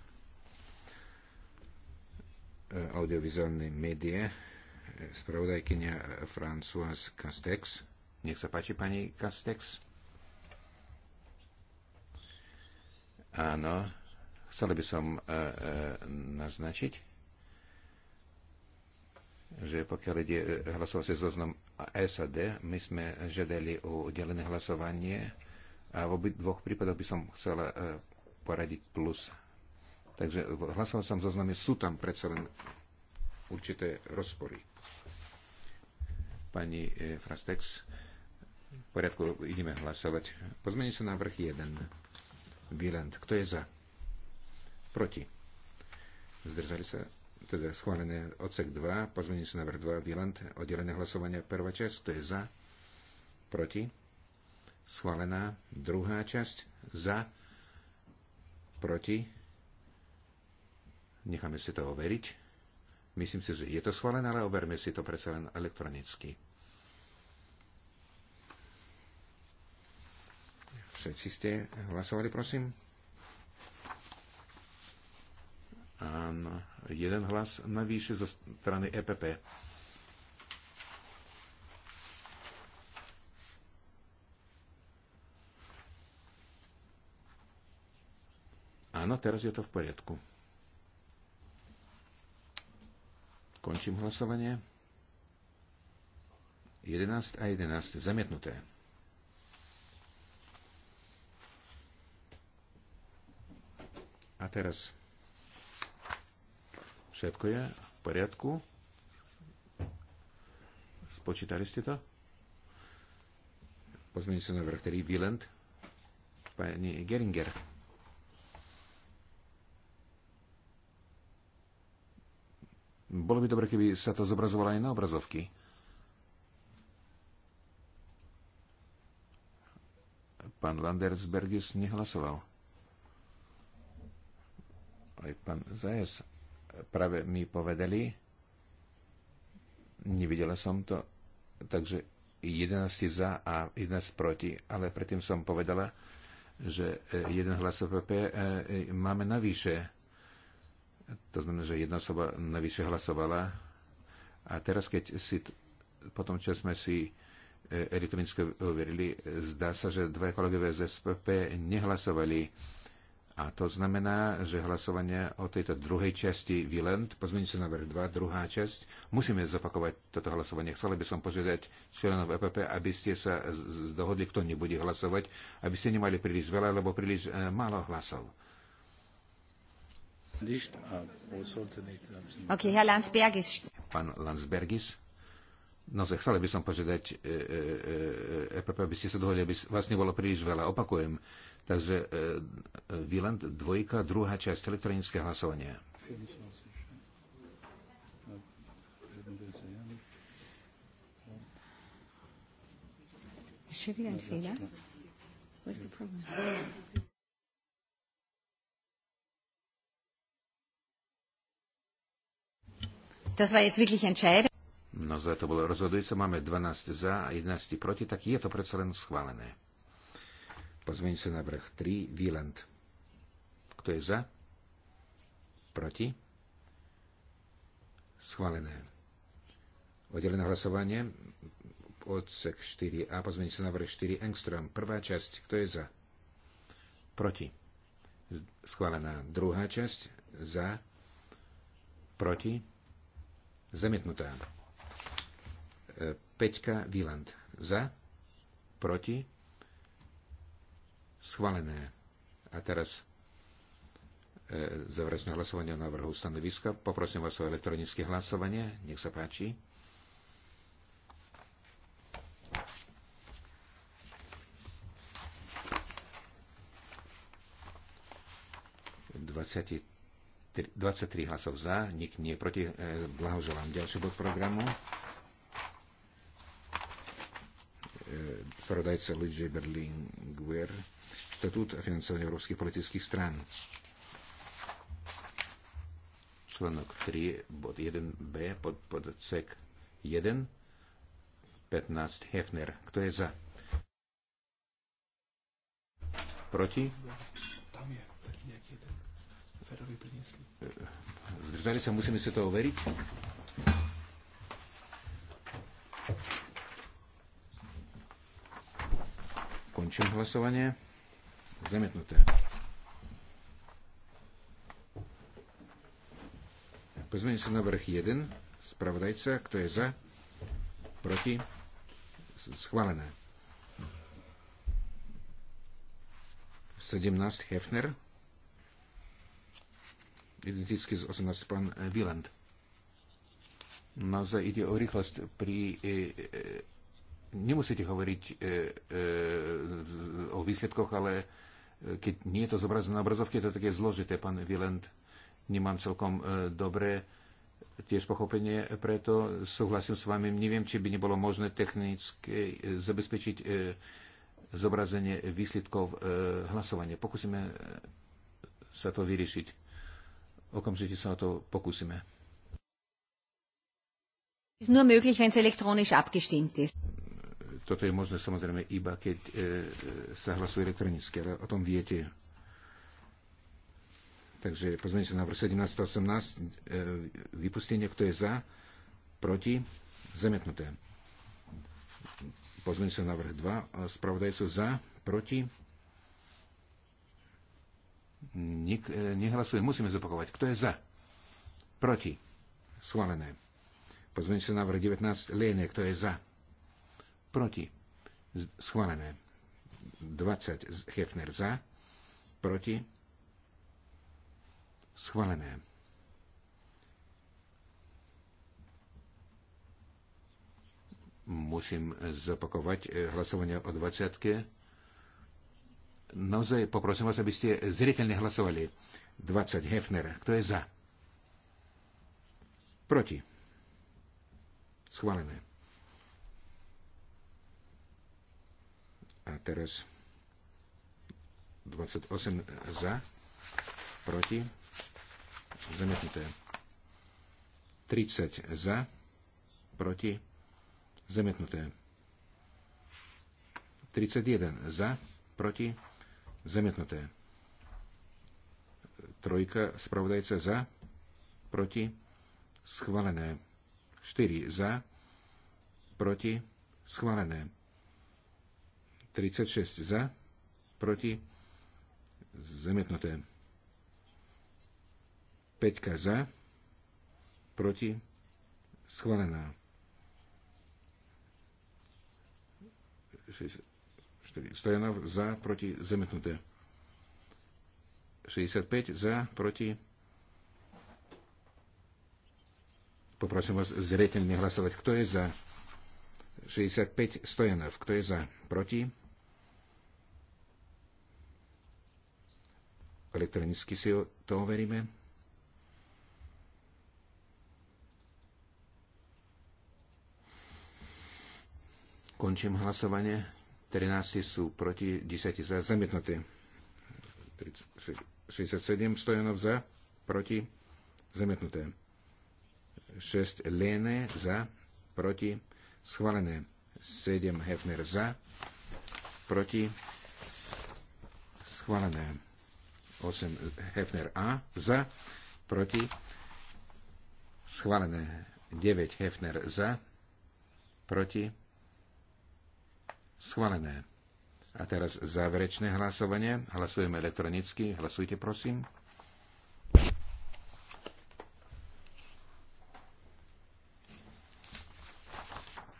E, audiovizuálne médie. E, spravodajkynia Françoise Castex. Nech sa páči, pani Castex. Áno, chcel by som e, e, naznačiť, že pokiaľ ide e, sa zoznam SAD, my sme žiadali o delené hlasovanie a v obi dvoch prípadoch by som chcela e, poradiť plus. Takže v hlasovacom zozname sú tam predsa len určité rozpory. Pani e, Frastex, v poriadku, ideme hlasovať. Pozmení sa návrh 1. Výland, kto je za? Proti. Zdržali sa teda schválené odsek 2, na návrh 2, výland, oddelené hlasovanie, prvá časť, to je za, proti, schválená, druhá časť, za, proti, necháme si to overiť. Myslím si, že je to schválené, ale overme si to predsa len elektronicky. Všetci ste hlasovali, prosím? Áno, jeden hlas navýše zo strany EPP. Áno, teraz je to v poriadku. Končím hlasovanie. 11 a 11 zamietnuté. A teraz Všetko je v poriadku? Spočítali ste to? na vrch, ktorý Wieland, pani Geringer. Bolo by dobre, keby sa to zobrazovalo aj na obrazovky. Pán Landersbergis nehlasoval. Aj pán Zajas práve mi povedali. Nevidela som to, takže 11 za a 11 proti, ale predtým som povedala, že e, jeden hlas PP e, e, máme navyše. To znamená, že jedna osoba navyše hlasovala. A teraz, keď si po tom, čo sme si elektronicky overili, zdá sa, že dva kolegové z SPP nehlasovali a to znamená, že hlasovanie o tejto druhej časti Vilent, pozmeňujúci návrh 2, druhá časť, musíme zopakovať toto hlasovanie. Chcel by som požiadať členov EPP, aby ste sa dohodli, kto nebude hlasovať, aby ste nemali príliš veľa, alebo príliš e, málo hlasov. Ok, Herr Landsbergis. Pán Landsbergis. No, chcel by som požiadať EPP, e, e, aby ste sa dohodli, aby vás nebolo príliš veľa. Opakujem Takže Wieland dvojka, druhá časť elektronické hlasovanie. No, das war jetzt wirklich entscheidend. No za to bolo rozhodujúce. Máme 12 za a 11 proti, tak je to predsa len schválené sa na vrch 3, Wieland. Kto je za? Proti? Schválené. Oddelené hlasovanie. Odsek 4a, sa na vrch 4, Engström. Prvá časť. Kto je za? Proti. Schválená. Druhá časť. Za. Proti. Zamietnutá. E, peťka Wieland. Za. Proti Schválené. A teraz e, záverečné hlasovanie o návrhu stanoviska. Poprosím vás o elektronické hlasovanie. Nech sa páči. Dvadsiatich 23 hlasov za, nik nie proti. E, blahoželám ďalší bod programu. spravodajca Berlin Berlinguer, štatút a financovanie európskych politických strán. Článok 3, bod 1b, pod, pod cek 1, 15, Hefner. Kto je za? Proti? Tam je nejaký jeden. Ferovi priniesli. Zdržali sa, musíme si to overiť. Končím hlasovanie. Zamietnuté. Pozmeň sa na vrch 1. Spravodajca, kto je za? Proti? Schválené. 17. Hefner. Identicky z 18. Pán Wieland. Naozaj ide o rýchlosť pri e, e, nemusíte hovoriť e, e, o výsledkoch, ale e, keď nie je to zobrazené na obrazovke, to je také zložité. Pán Vilent, nemám celkom e, dobré tiež pochopenie, preto súhlasím s vami. Neviem, či by nebolo možné technicky e, zabezpečiť e, zobrazenie výsledkov e, hlasovania. Pokúsime e, sa to vyriešiť. Okamžite sa o to pokúsime. Toto je možné samozrejme iba, keď e, sa hlasuje elektronicky, ale o tom viete. Takže pozmeňte sa návrh 17 18, e, vypustenie, kto je za, proti, zamietnuté. Pozmeňte sa návrh 2, spravodajcu za, proti, Nik, e, nehlasuje. Musíme zopakovať. Kto je za? Proti. Schválené. Pozmeňte sa návrh 19. Lene, Kto je za? proti, schválené. 20 Hefner za, proti, schválené. Musím zopakovať eh, hlasovanie o 20. Naozaj poprosím vás, aby ste zriteľne hlasovali. 20 Hefner. Kto je za? Proti. Schválené. A teraz 28 za, proti, zamietnuté. 30 za, proti, zamietnuté. 31 za, proti, zamietnuté. Trojka, spravodajca za, proti, schválené. 4 za, proti, schválené. 36 za, proti, zamietnuté. 5 za, proti, schválená. 64 Stojanov za, proti, zamietnuté. 65 za, proti. Poprosím vás zretelne hlasovať. Kto je za? 65 Stojanov. Kto je za? Proti? Elektronicky si to overíme. Končím hlasovanie. 13 sú proti, 10 za, zamietnuté. 67 stojanov za, proti, zamietnuté. 6 Lene za, proti, schválené. 7 Hefner za, proti, schválené. 8 Hefner A za, proti, schválené 9 Hefner za, proti, schválené. A teraz záverečné hlasovanie. Hlasujeme elektronicky. Hlasujte, prosím.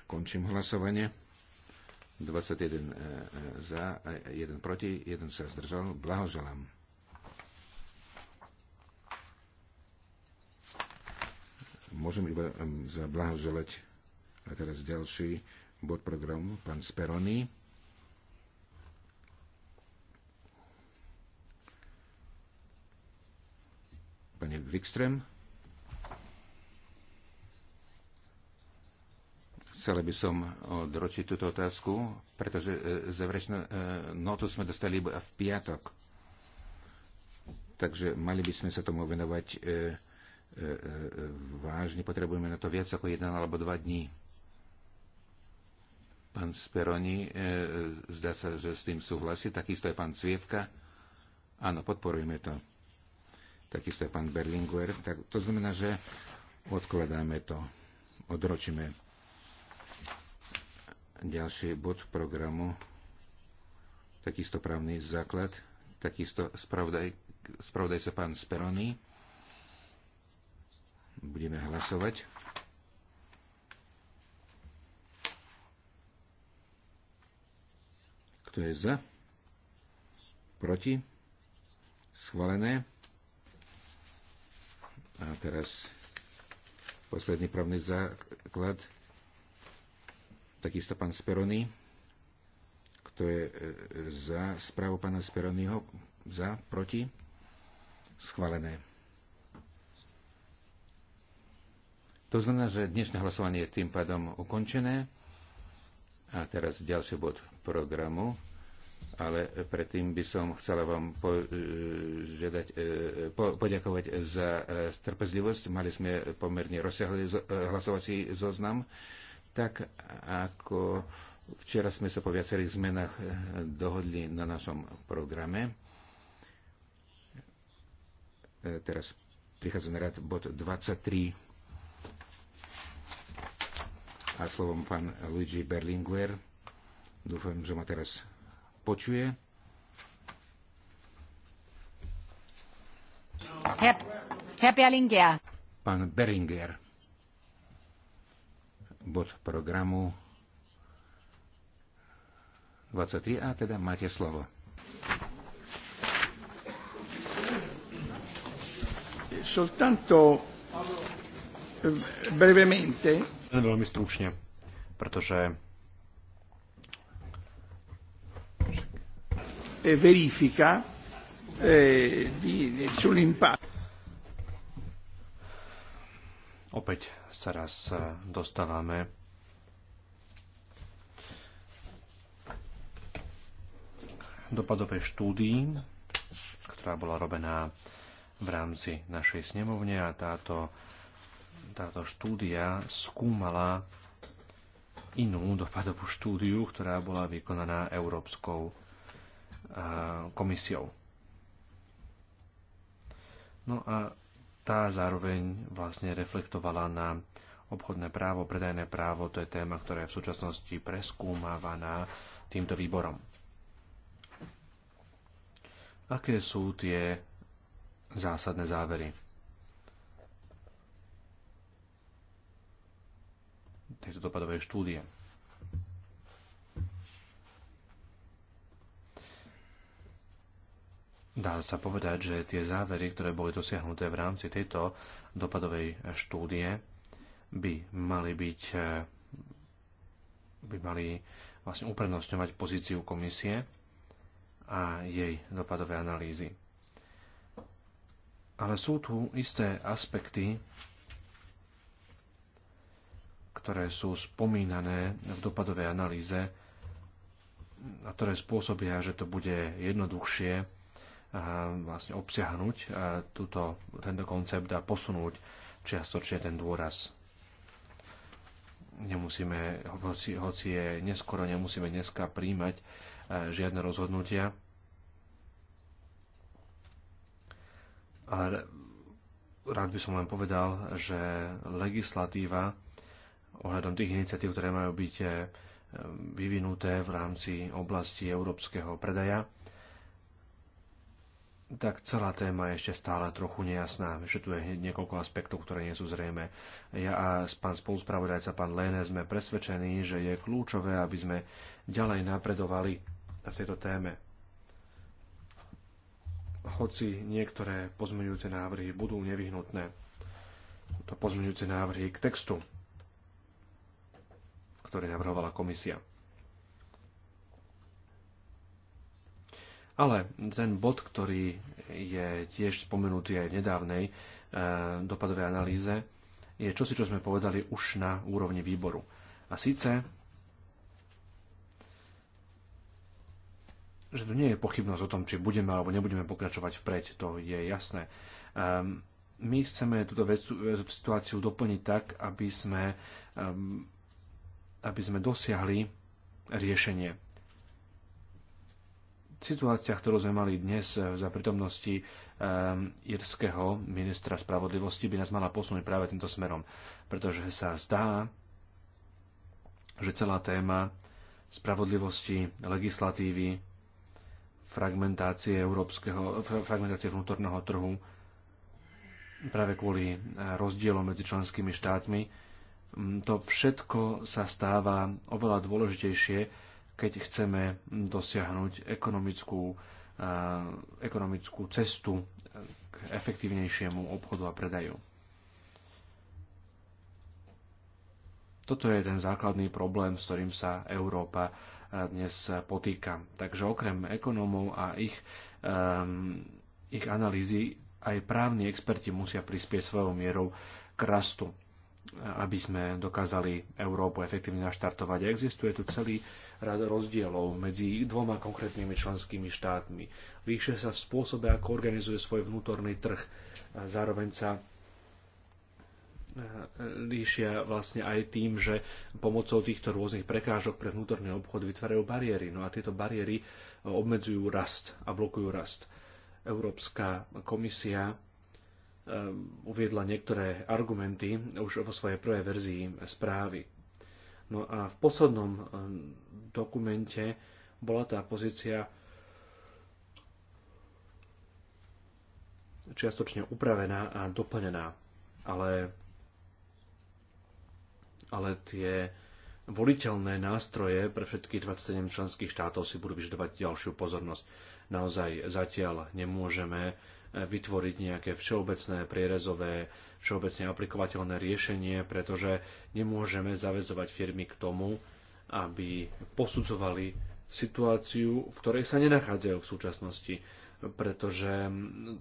Končím hlasovanie. 21 eh, eh, za, 1 proti, 1 sa zdržal. Blahoželám. Môžem iba zablahoželať. A teraz ďalší bod programu, pán Speroni. Pani Wikström. Chcela by som odročiť túto otázku, pretože e, záverečnú e, notu sme dostali iba v piatok. Takže mali by sme sa tomu venovať e, E, e, vážne potrebujeme na to viac ako jeden alebo dva dní. Pán Speroni, e, zdá sa, že s tým súhlasí, takisto je pán Cvievka. Áno, podporujeme to. Takisto je pán Berlinguer. Tak, to znamená, že odkladáme to, odročíme. Ďalší bod programu, takisto právny základ, takisto spravdaj spravdaj sa pán Speroni Budeme hlasovať. Kto je za? Proti? Schválené. A teraz posledný právny základ. Takisto pán Speroný. Kto je e, za správu pána Speronyho? Za? Proti? Schválené. To znamená, že dnešné hlasovanie je tým pádom ukončené. A teraz ďalší bod programu. Ale predtým by som chcela vám požiadať, e, po, poďakovať za e, strpezlivosť. Mali sme pomerne rozsiahly e, hlasovací zoznam. Tak ako včera sme sa po viacerých zmenách dohodli na našom programe. Teraz prichádza na rad bod 23 a slovom pán Luigi Berlinguer. Dúfam, že ma teraz počuje. Herr, Berlinguer. Pán Beringer. Bod programu 23 a teda máte slovo. Soltanto brevemente. Veľmi stručne, pretože e verifica eh, di, sull'impatto. Opäť sa raz e, dostávame dopadovej štúdii, ktorá bola robená v rámci našej snemovne a táto táto štúdia skúmala inú dopadovú štúdiu, ktorá bola vykonaná Európskou eh, komisiou. No a tá zároveň vlastne reflektovala na obchodné právo, predajné právo, to je téma, ktorá je v súčasnosti preskúmávaná týmto výborom. Aké sú tie zásadné závery? tejto dopadovej štúdie. Dá sa povedať, že tie závery, ktoré boli dosiahnuté v rámci tejto dopadovej štúdie, by mali byť eh, by mali vlastne uprednostňovať pozíciu komisie a jej dopadové analýzy. Ale sú tu isté aspekty, ktoré sú spomínané v dopadovej analýze a ktoré spôsobia, že to bude jednoduchšie vlastne obsiahnuť túto, tento koncept a posunúť čiastočne ten dôraz. Nemusíme, hoci, hoci je neskoro, nemusíme dneska príjmať žiadne rozhodnutia, ale rád by som len povedal, že legislatíva ohľadom tých iniciatív, ktoré majú byť eh, vyvinuté v rámci oblasti európskeho predaja, tak celá téma je ešte stále trochu nejasná. Ešte tu je niekoľko aspektov, ktoré nie sú zrejme. Ja a pán spoluspravodajca, pán Lene, sme presvedčení, že je kľúčové, aby sme ďalej napredovali v tejto téme. Hoci niektoré pozmeňujúce návrhy budú nevyhnutné, to pozmeňujúce návrhy k textu ktoré navrhovala komisia. Ale ten bod, ktorý je tiež spomenutý aj v nedávnej e, dopadovej analýze, je čosi, čo sme povedali už na úrovni výboru. A síce, že tu nie je pochybnosť o tom, či budeme alebo nebudeme pokračovať vpred, to je jasné. E, my chceme túto vec, situáciu doplniť tak, aby sme ehm, aby sme dosiahli riešenie. Situácia, ktorú sme mali dnes eh, za prítomnosti um, eh, írskeho ministra spravodlivosti, by nás mala posunúť práve týmto smerom, pretože sa zdá, že celá téma spravodlivosti, legislatívy, fragmentácie, európskeho, fragmentácie vnútorného trhu práve kvôli eh, rozdielom medzi členskými štátmi Mm, to všetko sa stáva oveľa dôležitejšie, keď chceme dosiahnuť ekonomickú, eh, ekonomickú cestu k efektívnejšiemu obchodu a predaju. Toto je ten základný problém, s ktorým sa Európa eh, dnes potýka. Takže okrem ekonómov a ich, um, ich analýzy, aj právni experti musia prispieť svojou mierou k rastu aby sme dokázali Európu efektívne naštartovať. A existuje tu celý rad rozdielov medzi dvoma konkrétnymi členskými štátmi. Líšia sa v spôsobe, ako organizuje svoj vnútorný trh. Zároveň sa e, líšia vlastne aj tým, že pomocou týchto rôznych prekážok pre vnútorný obchod vytvárajú bariéry. No a tieto bariéry obmedzujú rast a blokujú rast. Európska komisia Ehm, uviedla niektoré argumenty už vo svojej prvej verzii správy. No a v poslednom ehm, dokumente bola tá pozícia čiastočne upravená a doplnená, ale, ale tie voliteľné nástroje pre všetkých 27 členských štátov si budú vyžadovať ďalšiu pozornosť. Naozaj zatiaľ nemôžeme vytvoriť nejaké všeobecné prierezové, všeobecne aplikovateľné riešenie, pretože nemôžeme zavezovať firmy k tomu, aby posudzovali situáciu, v ktorej sa nenachádzajú v súčasnosti, pretože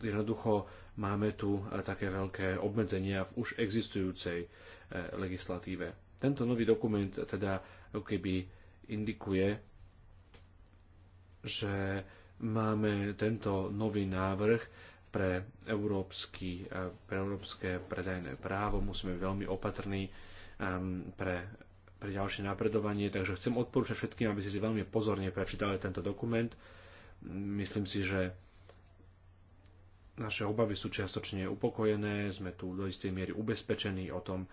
jednoducho máme tu také veľké obmedzenia v už existujúcej e, legislatíve. Tento nový dokument teda keby indikuje, že máme tento nový návrh pre, európsky, eh, pre európske predajné právo. Musíme byť veľmi opatrní ehm, pre, pre ďalšie napredovanie, takže chcem odporúčať všetkým, aby ste si veľmi pozorne prečítali tento dokument. Myslím si, že naše obavy sú čiastočne upokojené, sme tu do istej miery ubezpečení o tom,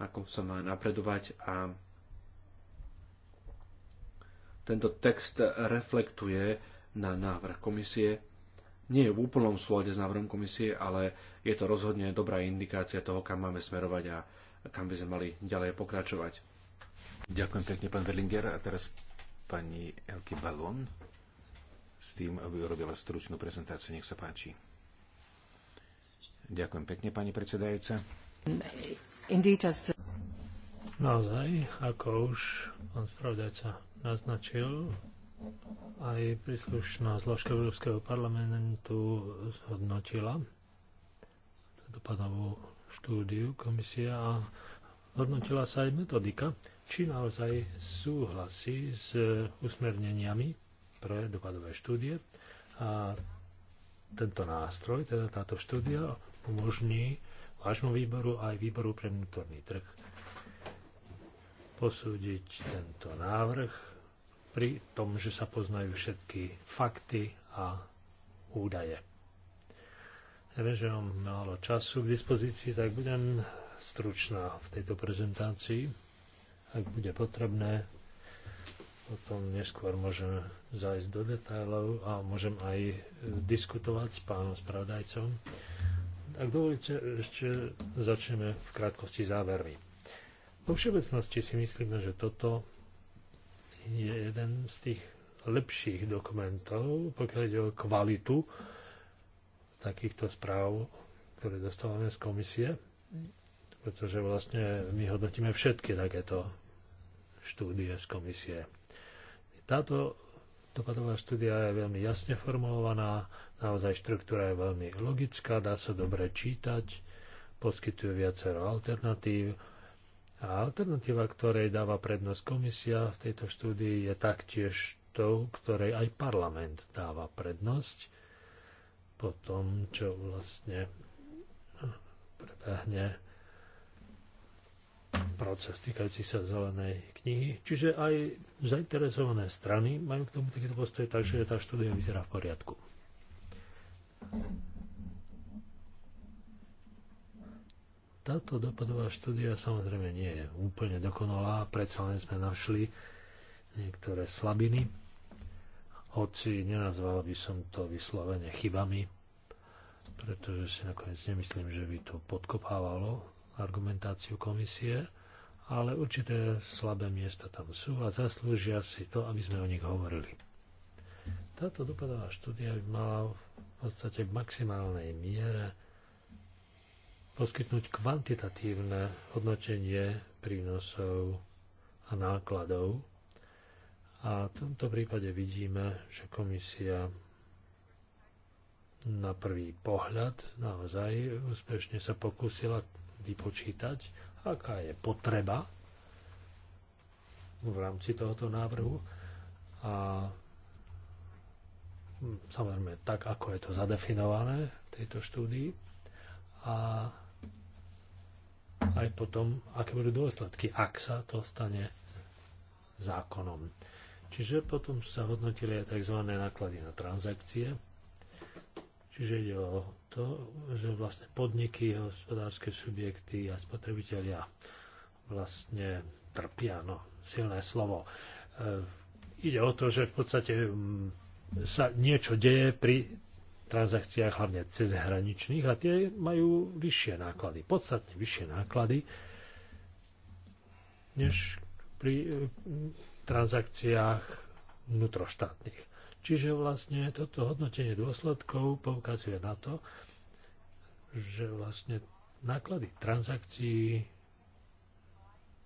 ako sa má napredovať a tento text reflektuje na návrh komisie nie je v úplnom súlade s návrhom komisie, ale je to rozhodne dobrá indikácia toho, kam máme smerovať a kam by sme mali ďalej pokračovať. Ďakujem pekne, pán Verlinger. A teraz pani Elke Balon s tým, aby urobila stručnú prezentáciu. Nech sa páči. Ďakujem pekne, pani predsedajúca. Naozaj, ako už pán spravodajca naznačil, aj príslušná zložka Európskeho parlamentu zhodnotila dopadovú štúdiu komisia a hodnotila sa aj metodika, či naozaj súhlasí s usmerneniami pre dopadové štúdie a tento nástroj, teda táto štúdia umožní vášmu výboru aj výboru pre vnútorný trh posúdiť tento návrh pri tom, že sa poznajú všetky fakty a údaje. Ja viem, že mám málo času k dispozícii, tak budem stručná v tejto prezentácii. Ak bude potrebné, potom neskôr môžem zájsť do detailov a môžem aj e, diskutovať s pánom spravodajcom. Ak dovolíte, ešte začneme v krátkosti závermi. Po všeobecnosti si myslíme, že toto je jeden z tých lepších dokumentov, pokiaľ ide o kvalitu takýchto správ, ktoré dostávame z komisie, pretože vlastne my hodnotíme všetky takéto štúdie z komisie. Táto dopadová štúdia je veľmi jasne formulovaná, naozaj štruktúra je veľmi logická, dá sa dobre čítať, poskytuje viacero alternatív, a alternatíva, ktorej dáva prednosť komisia v tejto štúdii, je taktiež tou, ktorej aj parlament dáva prednosť po tom, čo vlastne prebehne proces týkajúci sa zelenej knihy. Čiže aj zainteresované strany majú k tomu takýto postoj, takže tá štúdia vyzerá v poriadku. Táto dopadová štúdia samozrejme nie je úplne dokonalá, predsa len sme našli niektoré slabiny, hoci nenazval by som to vyslovene chybami, pretože si nakoniec nemyslím, že by to podkopávalo argumentáciu komisie, ale určité slabé miesta tam sú a zaslúžia si to, aby sme o nich hovorili. Táto dopadová štúdia by mala v podstate v maximálnej miere poskytnúť kvantitatívne hodnotenie prínosov a nákladov. A v tomto prípade vidíme, že komisia na prvý pohľad naozaj úspešne sa pokúsila vypočítať, aká je potreba v rámci tohoto návrhu a samozrejme tak, ako je to zadefinované v tejto štúdii a aj potom, aké budú dôsledky, ak sa to stane zákonom. Čiže potom sa hodnotili aj tzv. náklady na transakcie. Čiže ide o to, že vlastne podniky, hospodárske subjekty a spotrebitelia vlastne trpia, no, silné slovo. E, ide o to, že v podstate mm, sa niečo deje pri transakciách, hlavne cezhraničných, a tie majú vyššie náklady, podstatne vyššie náklady, než pri eh, transakciách vnútroštátnych. Čiže vlastne toto hodnotenie dôsledkov poukazuje na to, že vlastne náklady transakcií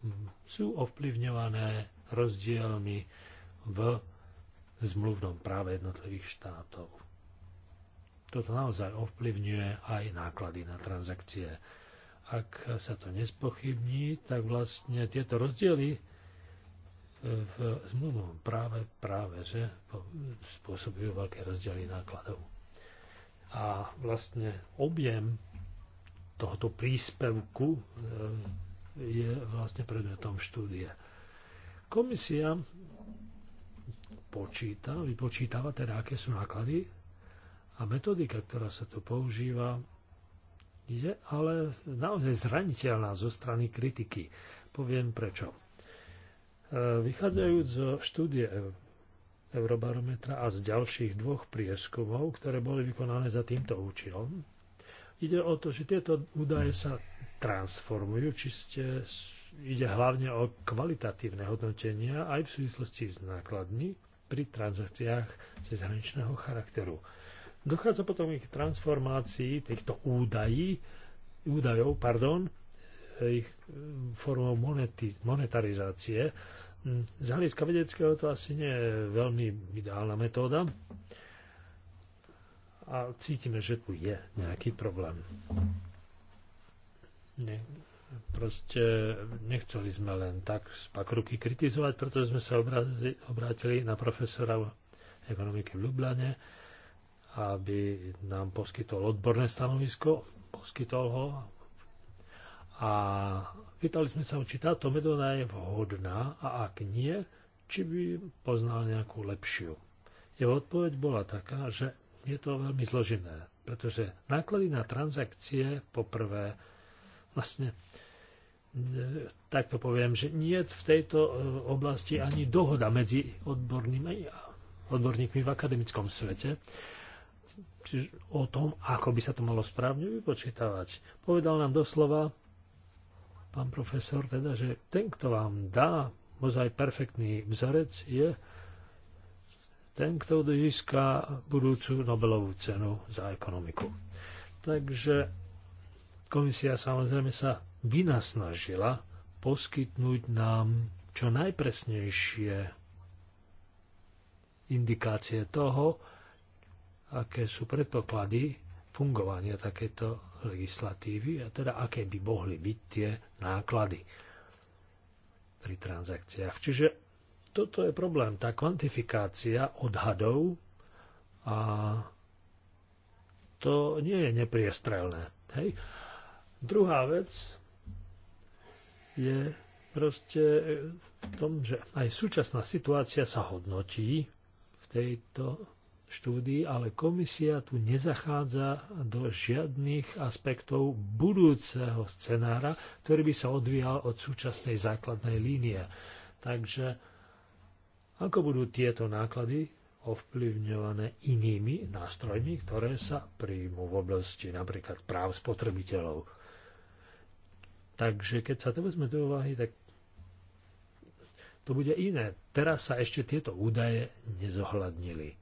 hm, sú ovplyvňované rozdielmi v zmluvnom práve jednotlivých štátov toto naozaj ovplyvňuje aj náklady na transakcie. Ak sa to nespochybní, tak vlastne tieto rozdiely e, v zmluvnom práve, práve, že spôsobujú veľké rozdiely nákladov. A vlastne objem tohoto príspevku e, je vlastne predmetom štúdie. Komisia počíta, vypočítava teda, aké sú náklady a metodika, ktorá sa tu používa, je ale naozaj zraniteľná zo strany kritiky. Poviem prečo. E, vychádzajúc zo štúdie Eurobarometra a z ďalších dvoch prieskumov, ktoré boli vykonané za týmto účelom, ide o to, že tieto údaje sa transformujú, čiste ide hlavne o kvalitatívne hodnotenia aj v súvislosti s nákladmi pri transakciách cezhraničného charakteru. Dochádza potom ich transformácii týchto údají, údajov, pardon, ich formou monety, monetarizácie. Z hľadiska vedeckého to asi nie je veľmi ideálna metóda a cítime, že tu je nejaký problém. Ne, proste nechceli sme len tak spak ruky kritizovať, pretože sme sa obrátili na profesora ekonomiky v Ljubljane, aby nám poskytol odborné stanovisko, poskytol ho a pýtali sme sa, či táto metóda je vhodná a ak nie, či by poznal nejakú lepšiu. Jeho odpoveď bola taká, že je to veľmi zložité, pretože náklady na transakcie poprvé vlastne tak to poviem, že nie v tejto e, oblasti ani dohoda medzi odbornými, odborníkmi v akademickom svete o tom, ako by sa to malo správne vypočítavať. Povedal nám doslova pán profesor, teda, že ten, kto vám dá ozaj perfektný vzorec, je ten, kto získa budúcu Nobelovú cenu za ekonomiku. Takže komisia samozrejme sa vynasnažila poskytnúť nám čo najpresnejšie indikácie toho, aké sú predpoklady fungovania takéto legislatívy a teda aké by mohli byť tie náklady pri transakciách. Čiže toto je problém, tá kvantifikácia odhadov a to nie je nepriestrelné. Hej. Druhá vec je proste v tom, že aj súčasná situácia sa hodnotí v tejto štúdii, ale komisia tu nezachádza do žiadnych aspektov budúceho scenára, ktorý by sa odvíjal od súčasnej základnej línie. Takže ako budú tieto náklady ovplyvňované inými nástrojmi, ktoré sa príjmú v oblasti napríklad práv spotrebiteľov. Takže keď sa to vezme do úvahy, tak to bude iné. Teraz sa ešte tieto údaje nezohľadnili.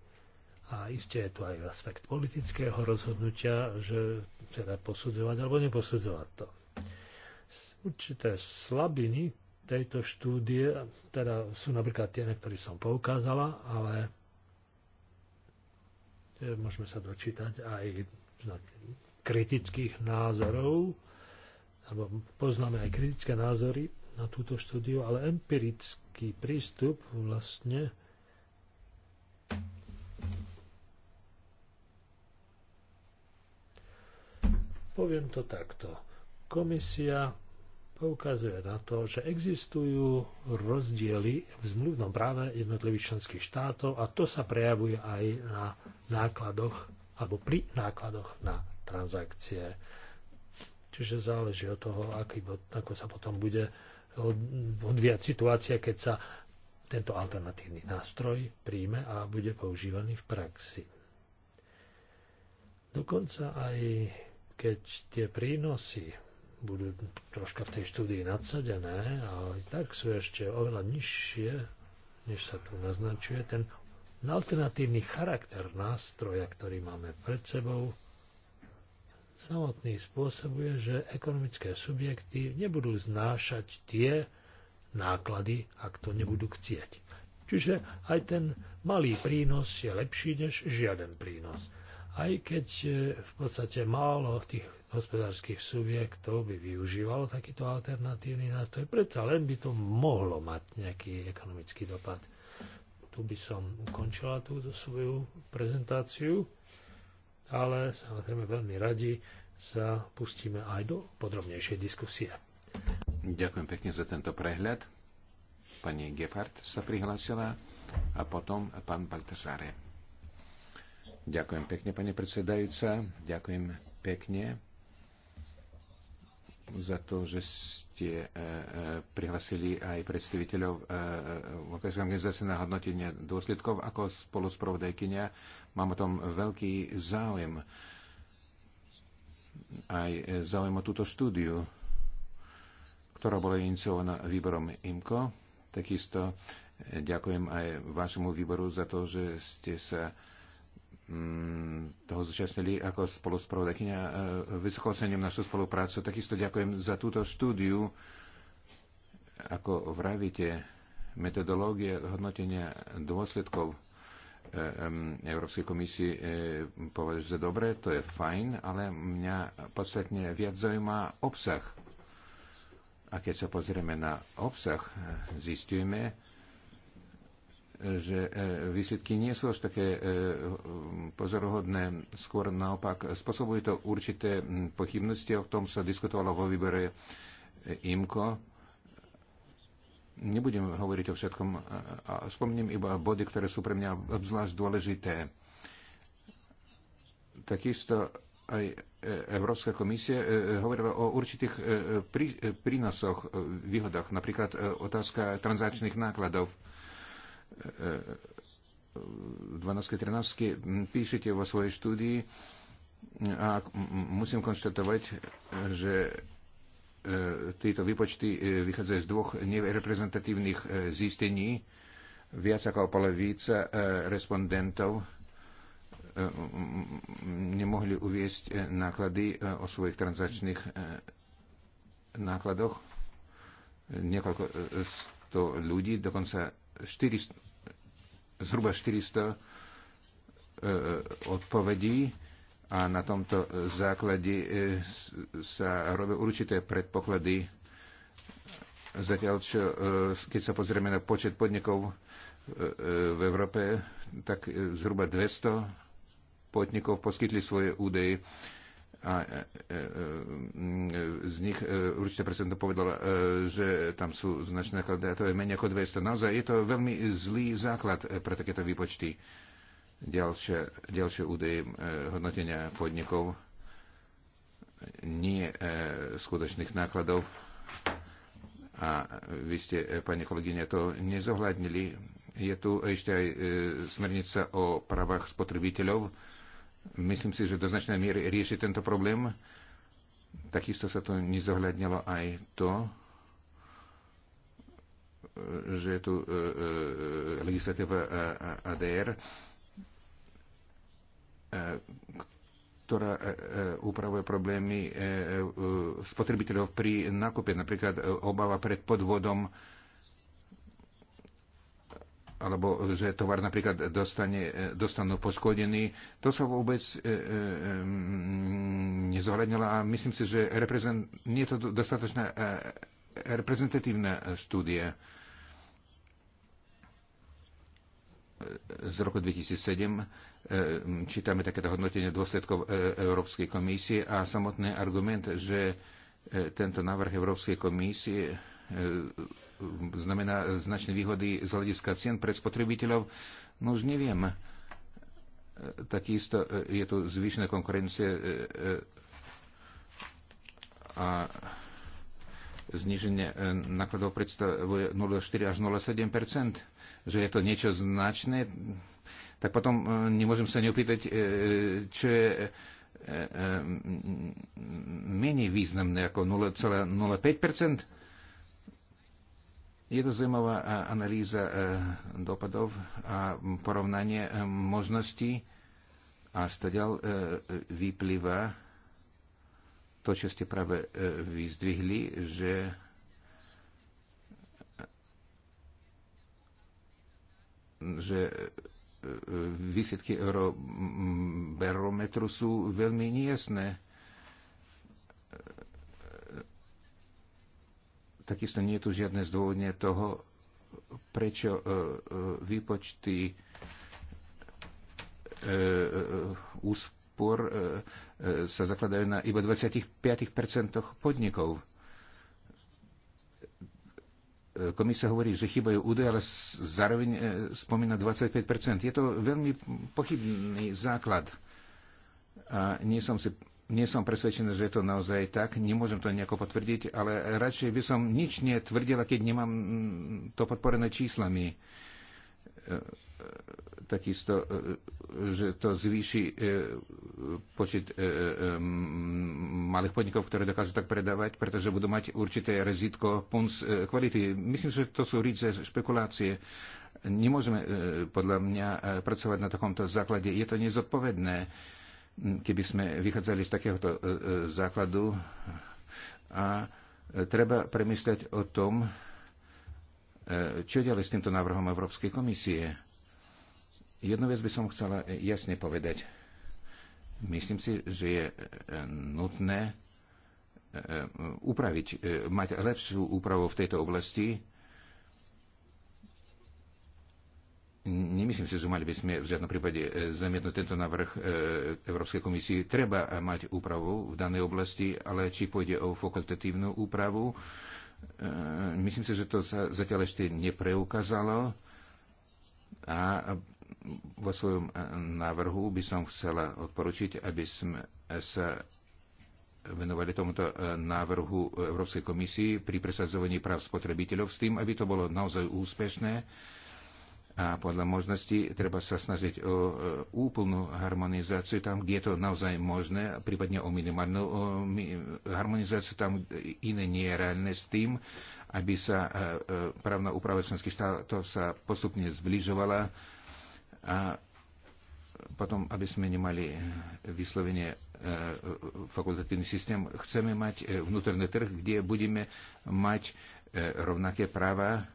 A isté je to aj aspekt politického rozhodnutia, že teda posudzovať alebo neposudzovať to. Určité slabiny tejto štúdie, teda sú napríklad tie, na ktoré som poukázala, ale e, môžeme sa dočítať aj kritických názorov, alebo poznáme aj kritické názory na túto štúdiu, ale empirický prístup vlastne Poviem to takto. Komisia poukazuje na to, že existujú rozdiely v zmluvnom práve jednotlivých členských štátov a to sa prejavuje aj na nákladoch alebo pri nákladoch na transakcie. Čiže záleží od toho, aký, ako sa potom bude odvíjať situácia, keď sa tento alternatívny nástroj príjme a bude používaný v praxi. Dokonca aj keď tie prínosy budú troška v tej štúdii nadsadené, ale tak sú ešte oveľa nižšie, než sa tu naznačuje, ten alternatívny charakter nástroja, ktorý máme pred sebou, samotný spôsobuje, že ekonomické subjekty nebudú znášať tie náklady, ak to nebudú chcieť. Čiže aj ten malý prínos je lepší než žiaden prínos aj keď e, v podstate málo tých hospodárskych subjektov by využívalo takýto alternatívny nástroj, predsa len by to mohlo mať nejaký ekonomický dopad. Tu by som ukončila túto svoju prezentáciu, ale samozrejme veľmi radi sa pustíme aj do podrobnejšej diskusie. Ďakujem pekne za tento prehľad. Pani Gefart sa prihlásila a potom pán Baltasáre. Ďakujem pekne, pani predsedajúca. Ďakujem pekne za to, že ste e, e, prihlasili aj predstaviteľov e, Lokajskej e, organizácie na hodnotenie dôsledkov ako spoluspravodajkynia. Mám o tom veľký záujem. Aj e, záujem o túto štúdiu, ktorá bola iniciovaná výborom IMCO. Takisto e, ďakujem aj vašemu výboru za to, že ste sa e, Mm, toho zúčastnili ako spoluspravodajkynia. E, vysoko ocením našu spoluprácu. Takisto ďakujem za túto štúdiu. Ako vravíte, metodológie hodnotenia dôsledkov e, Európskej komisie e, považujú za dobré, to je fajn, ale mňa podstatne viac zaujíma obsah. A keď sa pozrieme na obsah, zistujeme, že e, výsledky nie sú až také e, pozorohodné, skôr naopak spôsobuje to určité pochybnosti, o tom sa diskutovalo vo výbere e, IMCO. Nebudem hovoriť o všetkom, spomnem iba body, ktoré sú pre mňa obzvlášť dôležité. Takisto aj Európska komisia hovorila o určitých prínosoch, výhodách, napríklad otázka transakčných nákladov 12 13 píšete vo svojej štúdii a musím konštatovať, že e, tieto výpočty e, vychádzajú z dvoch nereprezentatívnych e, zistení. Viac ako polovica respondentov nemohli uviesť náklady o svojich transakčných nákladoch. Niekoľko sto ľudí, dokonca 400 zhruba 400 e, e, odpovedí a na tomto základe e, sa robia určité predpoklady. Zatiaľ, čo, keď sa pozrieme na počet podnikov v Európe, tak zhruba 200 podnikov poskytli svoje údaje a e, e, e, mm, z nich určite prezident povedal, že tam sú značné náklady a to je menej ako 200. Naozaj je to veľmi zlý základ pre takéto výpočty. Ďalšie, ďalšie údaje hodnotenia podnikov nie skutočných nákladov a vy ste, pani kolegyňa, to nezohľadnili. Je tu ešte aj smernica o pravách spotrebiteľov, myslím si, že do značnej miery rieši tento problém. Takisto sa to nezohľadnilo aj to, že je tu uh, uh, legislatíva e, ADR, uh, ktorá uh, upravuje problémy uh, uh, spotrebiteľov pri nákupe, napríklad obava pred podvodom uh, alebo že tovar napríklad dostane, dostanú poškodený. To sa vôbec e, e, mm, nezohľadnilo a myslím si, že nie je to dostatočná e, reprezentatívna štúdia e, z roku 2007 e, čítame takéto hodnotenie dôsledkov e, Európskej komisie a samotný argument, že tento návrh Európskej komisie znamená značné výhody z hľadiska cien pre spotrebiteľov? No už neviem. E, takisto e, je tu zvýšená konkurencia e, a zniženie nákladov predstavuje 0,4 až 0,7 že je to niečo značné, tak potom nemôžem sa neopýtať, čo je menej významné ako 0,05 je to zaujímavá e, analýza e, dopadov a porovnanie e, možností a stadial vyplýva to, čo ste práve vyzdvihli, že že výsledky eurobarometru sú veľmi nejasné takisto nie je tu žiadne zdôvodne toho, prečo e, e, výpočty e, úspor sa zakladajú na iba 25% podnikov. Komisia hovorí, že chýbajú údaje, ale zároveň spomína 25%. Je to veľmi pochybný základ. A nie som si nie som presvedčený, že je to naozaj tak, nemôžem to nejako potvrdiť, ale radšej by som nič netvrdila, keď nemám to podporené číslami. E, e, takisto, e, že to zvýši počet malých podnikov, ktoré dokážu tak predávať, pretože budú mať určité rezitko punc kvality. Myslím, že to sú ríce špekulácie. Nemôžeme podľa mňa pracovať na takomto základe. Je to nezodpovedné keby sme vychádzali z takéhoto e, e, základu a e, treba premyslieť o tom, čo ďalej s týmto návrhom Európskej komisie. Jednu vec by som chcela jasne povedať. Myslím si, že je nutné upraviť, mať lepšiu úpravu v tejto oblasti, Nemyslím si, že mali by sme v žiadnom prípade e, zamietnúť tento návrh e, Európskej komisii. Treba mať úpravu v danej oblasti, ale či pôjde o fakultatívnu úpravu, e, myslím si, že to sa zatiaľ ešte nepreukázalo. A vo svojom návrhu by som chcela odporučiť, aby sme sa venovali tomuto návrhu Európskej komisii pri presadzovaní práv spotrebiteľov s tým, aby to bolo naozaj úspešné a podľa možnosti treba sa snažiť o úplnú harmonizáciu tam, kde je to naozaj možné, prípadne o minimálnu harmonizáciu tam iné nie je reálne s tým, aby sa e, e, právna úprava členských štátov sa postupne zbližovala a potom, aby sme nemali vyslovene e, fakultatívny systém, chceme mať vnútorný trh, kde budeme mať rovnaké práva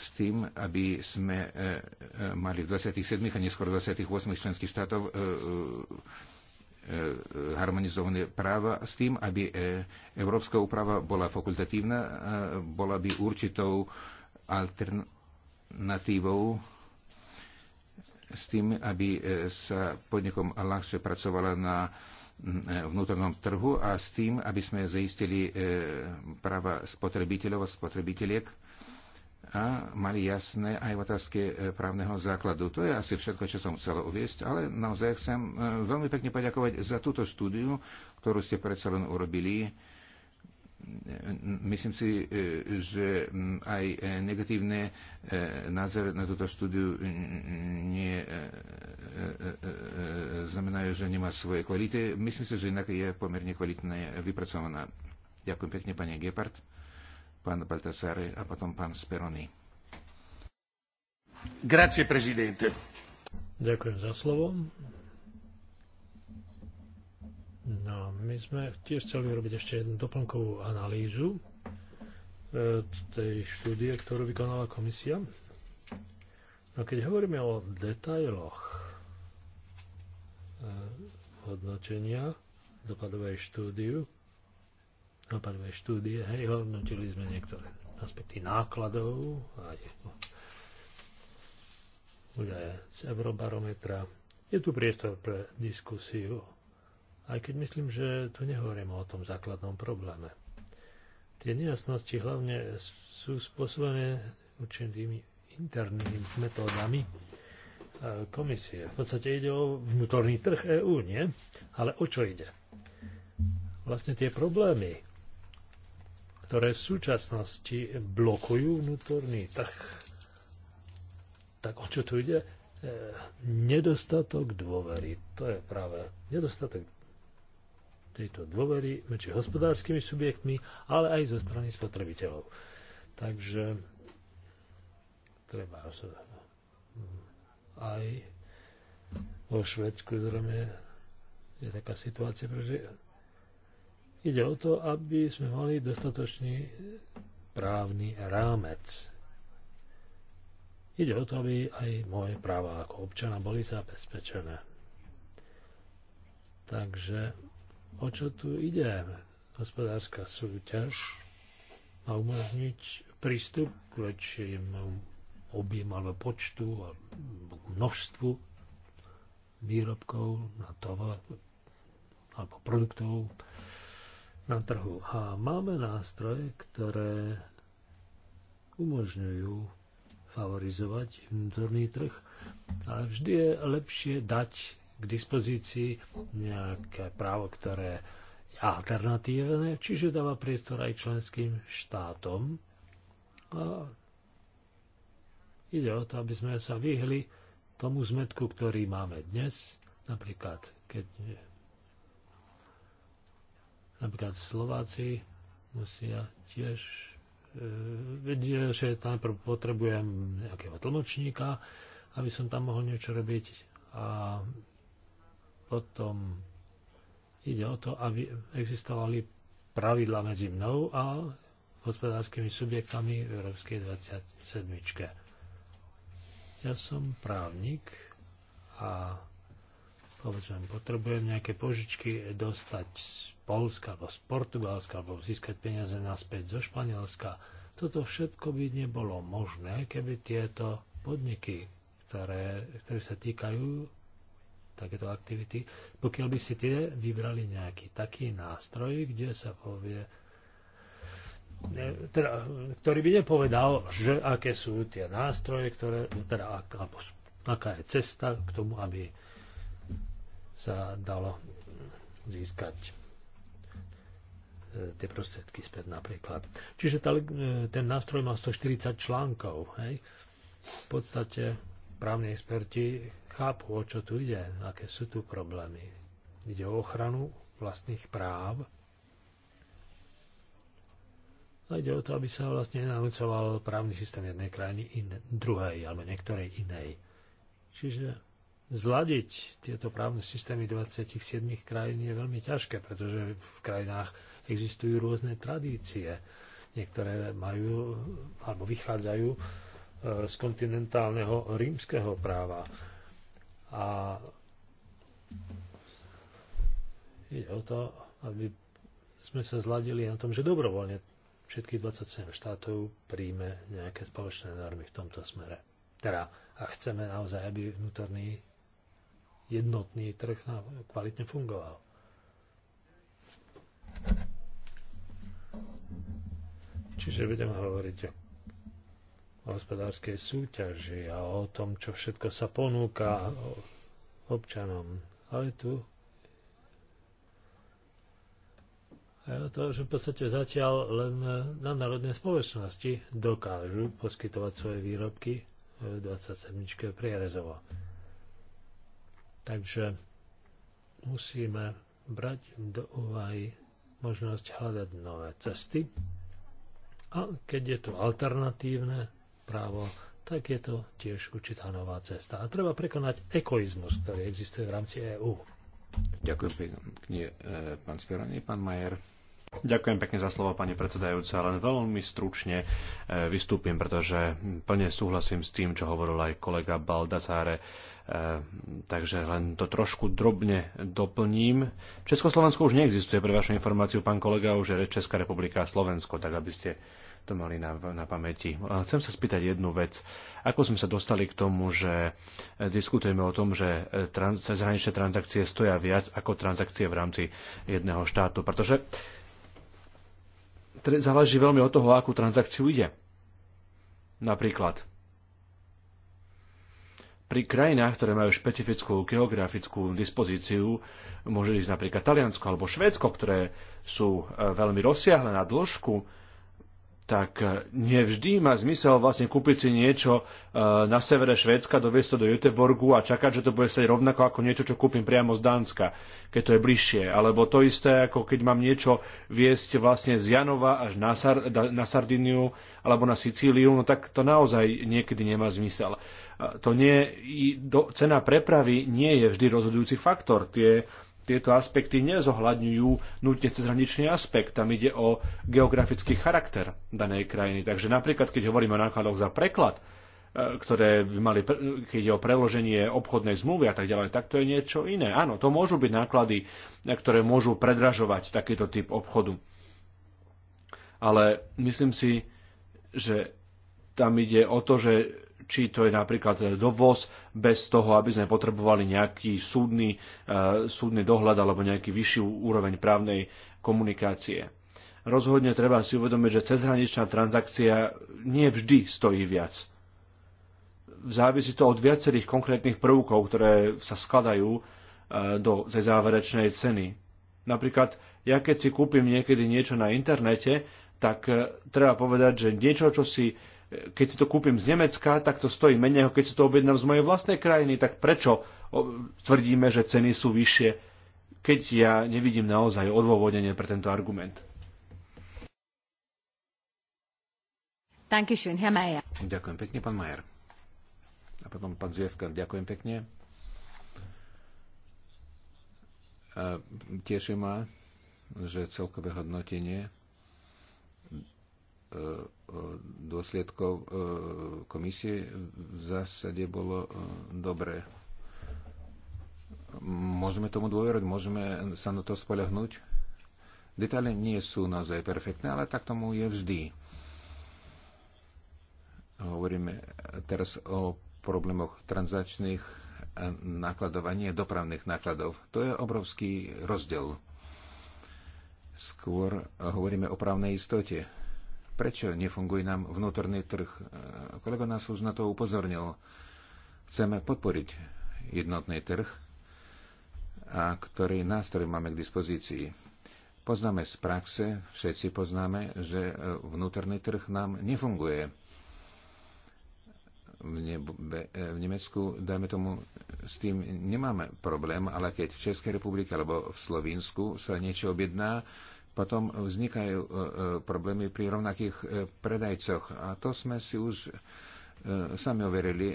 s tým, aby sme e, e, mali v 27 a neskôr 28 členských štátov e, harmonizované práva s tým, aby európska úprava bola fakultatívna, bola by určitou alternatívou s tým, aby sa podnikom ľahšie pracovala na vnútornom trhu a s tým, aby sme zaistili práva spotrebiteľov a spotrebiteľiek a mali jasné aj v otázke právneho základu. To je asi všetko, čo som chcel uviesť, ale naozaj chcem e, veľmi pekne poďakovať za túto štúdiu, ktorú ste predsa len urobili. E, myslím si, e, že aj negatívne názor na túto štúdiu nie znamenajú, že nemá svoje kvality. Myslím si, že inak je pomerne kvalitne vypracovaná. Ďakujem pekne, pani Gepard pán Baltasare a potom pán Speroni. Grazie, prezidente. Ďakujem za slovo. No, my sme tiež chceli robiť ešte jednu doplnkovú analýzu e, tej štúdie, ktorú vykonala komisia. No keď hovoríme o detailoch e, hodnotenia dopadovej štúdiu, dopadové štúdie, hej, hodnotili sme niektoré aspekty nákladov, aj údaje z Eurobarometra. Je tu priestor pre diskusiu, aj keď myslím, že tu nehovoríme o tom základnom probléme. Tie nejasnosti hlavne sú spôsobené určitými internými metódami e, komisie. V podstate ide o vnútorný trh EÚ, nie? Ale o čo ide? Vlastne tie problémy, ktoré v súčasnosti blokujú vnútorný trh. Tak o čo tu ide? E, nedostatok dôvery. To je práve nedostatok tejto dôvery medzi hospodárskymi subjektmi, ale aj zo strany spotrebiteľov. Takže treba aj vo Švedsku zrejme je taká situácia, pretože Ide o to, aby sme mali dostatočný právny rámec. Ide o to, aby aj moje práva ako občana boli zabezpečené. Takže o čo tu ide? Hospodárska súťaž má umožniť prístup k väčšiemu objemu alebo počtu a množstvu výrobkov na tovar alebo produktov na trhu. A máme nástroje, ktoré umožňujú favorizovať vnútorný trh. A vždy je lepšie dať k dispozícii nejaké právo, ktoré je alternatívne, čiže dáva priestor aj členským štátom. A ide o to, aby sme sa vyhli tomu zmetku, ktorý máme dnes, napríklad keď Napríklad Slováci musia tiež e, vedieť, že tam potrebujem nejakého tlmočníka, aby som tam mohol niečo robiť a potom ide o to, aby existovali pravidla medzi mnou a hospodárskymi subjektami v Európskej 27. Ja som právnik a povedzme, potrebujem nejaké požičky dostať Polska alebo z Portugalska alebo získať peniaze naspäť zo Španielska. Toto všetko by nebolo možné, keby tieto podniky, ktoré, ktoré sa týkajú takéto aktivity, pokiaľ by si tie vybrali nejaký taký nástroj, kde sa povie, teda, ktorý by nepovedal, že aké sú tie nástroje, ktoré, teda, alebo aká je cesta k tomu, aby sa dalo získať E, tie prostriedky späť napríklad. Čiže tá, e, ten nástroj má 140 článkov. Hej? V podstate právni experti chápu, o čo tu ide, aké sú tu problémy. Ide o ochranu vlastných práv a ide o to, aby sa vlastne nenanúcoval právny systém jednej krajiny in, druhej alebo niektorej inej. Čiže zladiť tieto právne systémy 27 krajín je veľmi ťažké, pretože v krajinách existujú rôzne tradície. Niektoré majú alebo vychádzajú e, z kontinentálneho rímskeho práva. A ide o to, aby sme sa zladili na tom, že dobrovoľne všetkých 27 štátov príjme nejaké spoločné normy v tomto smere. Teda, a chceme naozaj, aby vnútorný jednotný trh na kvalitne fungoval. Čiže budeme hovoriť o hospodárskej súťaži a o tom, čo všetko sa ponúka občanom. Ale tu to, že v podstate zatiaľ len na národné spoločnosti dokážu poskytovať svoje výrobky v 27. prierezovo. Takže musíme brať do úvahy možnosť hľadať nové cesty a keď je to alternatívne právo, tak je to tiež určitá nová cesta. A treba prekonať ekoizmus, ktorý existuje v rámci EÚ. Ďakujem pekne, e, pán Speroni, pán Majer. Ďakujem pekne za slovo, pani predsedajúca. Len veľmi stručne e, vystúpim, pretože plne súhlasím s tým, čo hovoril aj kolega Baldazáre. E, takže len to trošku drobne doplním. Československo už neexistuje, pre vašu informáciu, pán kolega, už je Česká republika a Slovensko, tak aby ste to mali na, na pamäti. Chcem sa spýtať jednu vec. Ako sme sa dostali k tomu, že e, diskutujeme o tom, že trans, cezhraničné transakcie stoja viac ako transakcie v rámci jedného štátu? Pretože záleží veľmi od toho, akú transakciu ide. Napríklad pri krajinách, ktoré majú špecifickú geografickú dispozíciu, môže ísť napríklad Taliansko alebo Švédsko, ktoré sú e, veľmi rozsiahle na dĺžku, tak e, nevždy má zmysel vlastne kúpiť si niečo e, na severe Švédska, doviesť to do Göteborgu a čakať, že to bude stať rovnako ako niečo, čo kúpim priamo z Dánska, keď to je bližšie. Alebo to isté, ako keď mám niečo viesť vlastne z Janova až na, Sar- na Sardiniu alebo na Sicíliu, no tak to naozaj niekedy nemá zmysel. E, to nie, cena prepravy nie je vždy rozhodujúci faktor. Tie tieto aspekty nezohľadňujú nutne cezhraničný aspekt. Tam ide o geografický charakter danej krajiny. Takže napríklad, keď hovoríme o nákladoch za preklad, e, ktoré by mali, keď je o preloženie obchodnej zmluvy a tak ďalej, tak to je niečo iné. Áno, to môžu byť náklady, ktoré môžu predražovať takýto typ obchodu. Ale myslím si, že tam ide o to, že či to je napríklad e, dovoz bez toho, aby sme potrebovali nejaký súdny, e, súdny dohľad alebo nejaký vyšší úroveň právnej komunikácie. Rozhodne treba si uvedomiť, že cezhraničná transakcia nie vždy stojí viac. Závisí to od viacerých konkrétnych prvkov, ktoré sa skladajú e, do tej záverečnej ceny. Napríklad, ja keď si kúpim niekedy niečo na internete, tak treba povedať, že niečo, čo si keď si to kúpim z Nemecka, tak to stojí menej, ako keď si to objednám z mojej vlastnej krajiny. Tak prečo tvrdíme, že ceny sú vyššie, keď ja nevidím naozaj odôvodnenie pre tento argument? Dankeschön, Herr Mayer. Ďakujem pekne, pán Majer. A potom pán Zievka, ďakujem pekne. A teší ma, že celkové hodnotenie E, e, dôsledkov e, komisie v zásade bolo dobré. Môžeme tomu dôverať, môžeme sa na to spolehnúť. Detaily nie sú naozaj perfektné, ale tak tomu je vždy. Hovoríme teraz o problémoch transačných nákladov dopravných nákladov. To je obrovský rozdiel. Skôr hovoríme o právnej istote Prečo nefunguje nám vnútorný trh? E, kolega nás už na to upozornil. Chceme podporiť jednotný trh, a ktorý nástroj máme k dispozícii. Poznáme z praxe, všetci poznáme, že e, vnútorný trh nám nefunguje v, nebe, e, v Nemecku, dajme tomu, s tým nemáme problém, ale keď v Českej republike alebo v Slovinsku sa niečo objedná, potom vznikajú e, e, problémy pri rovnakých e, predajcoch. A to sme si už sami overili.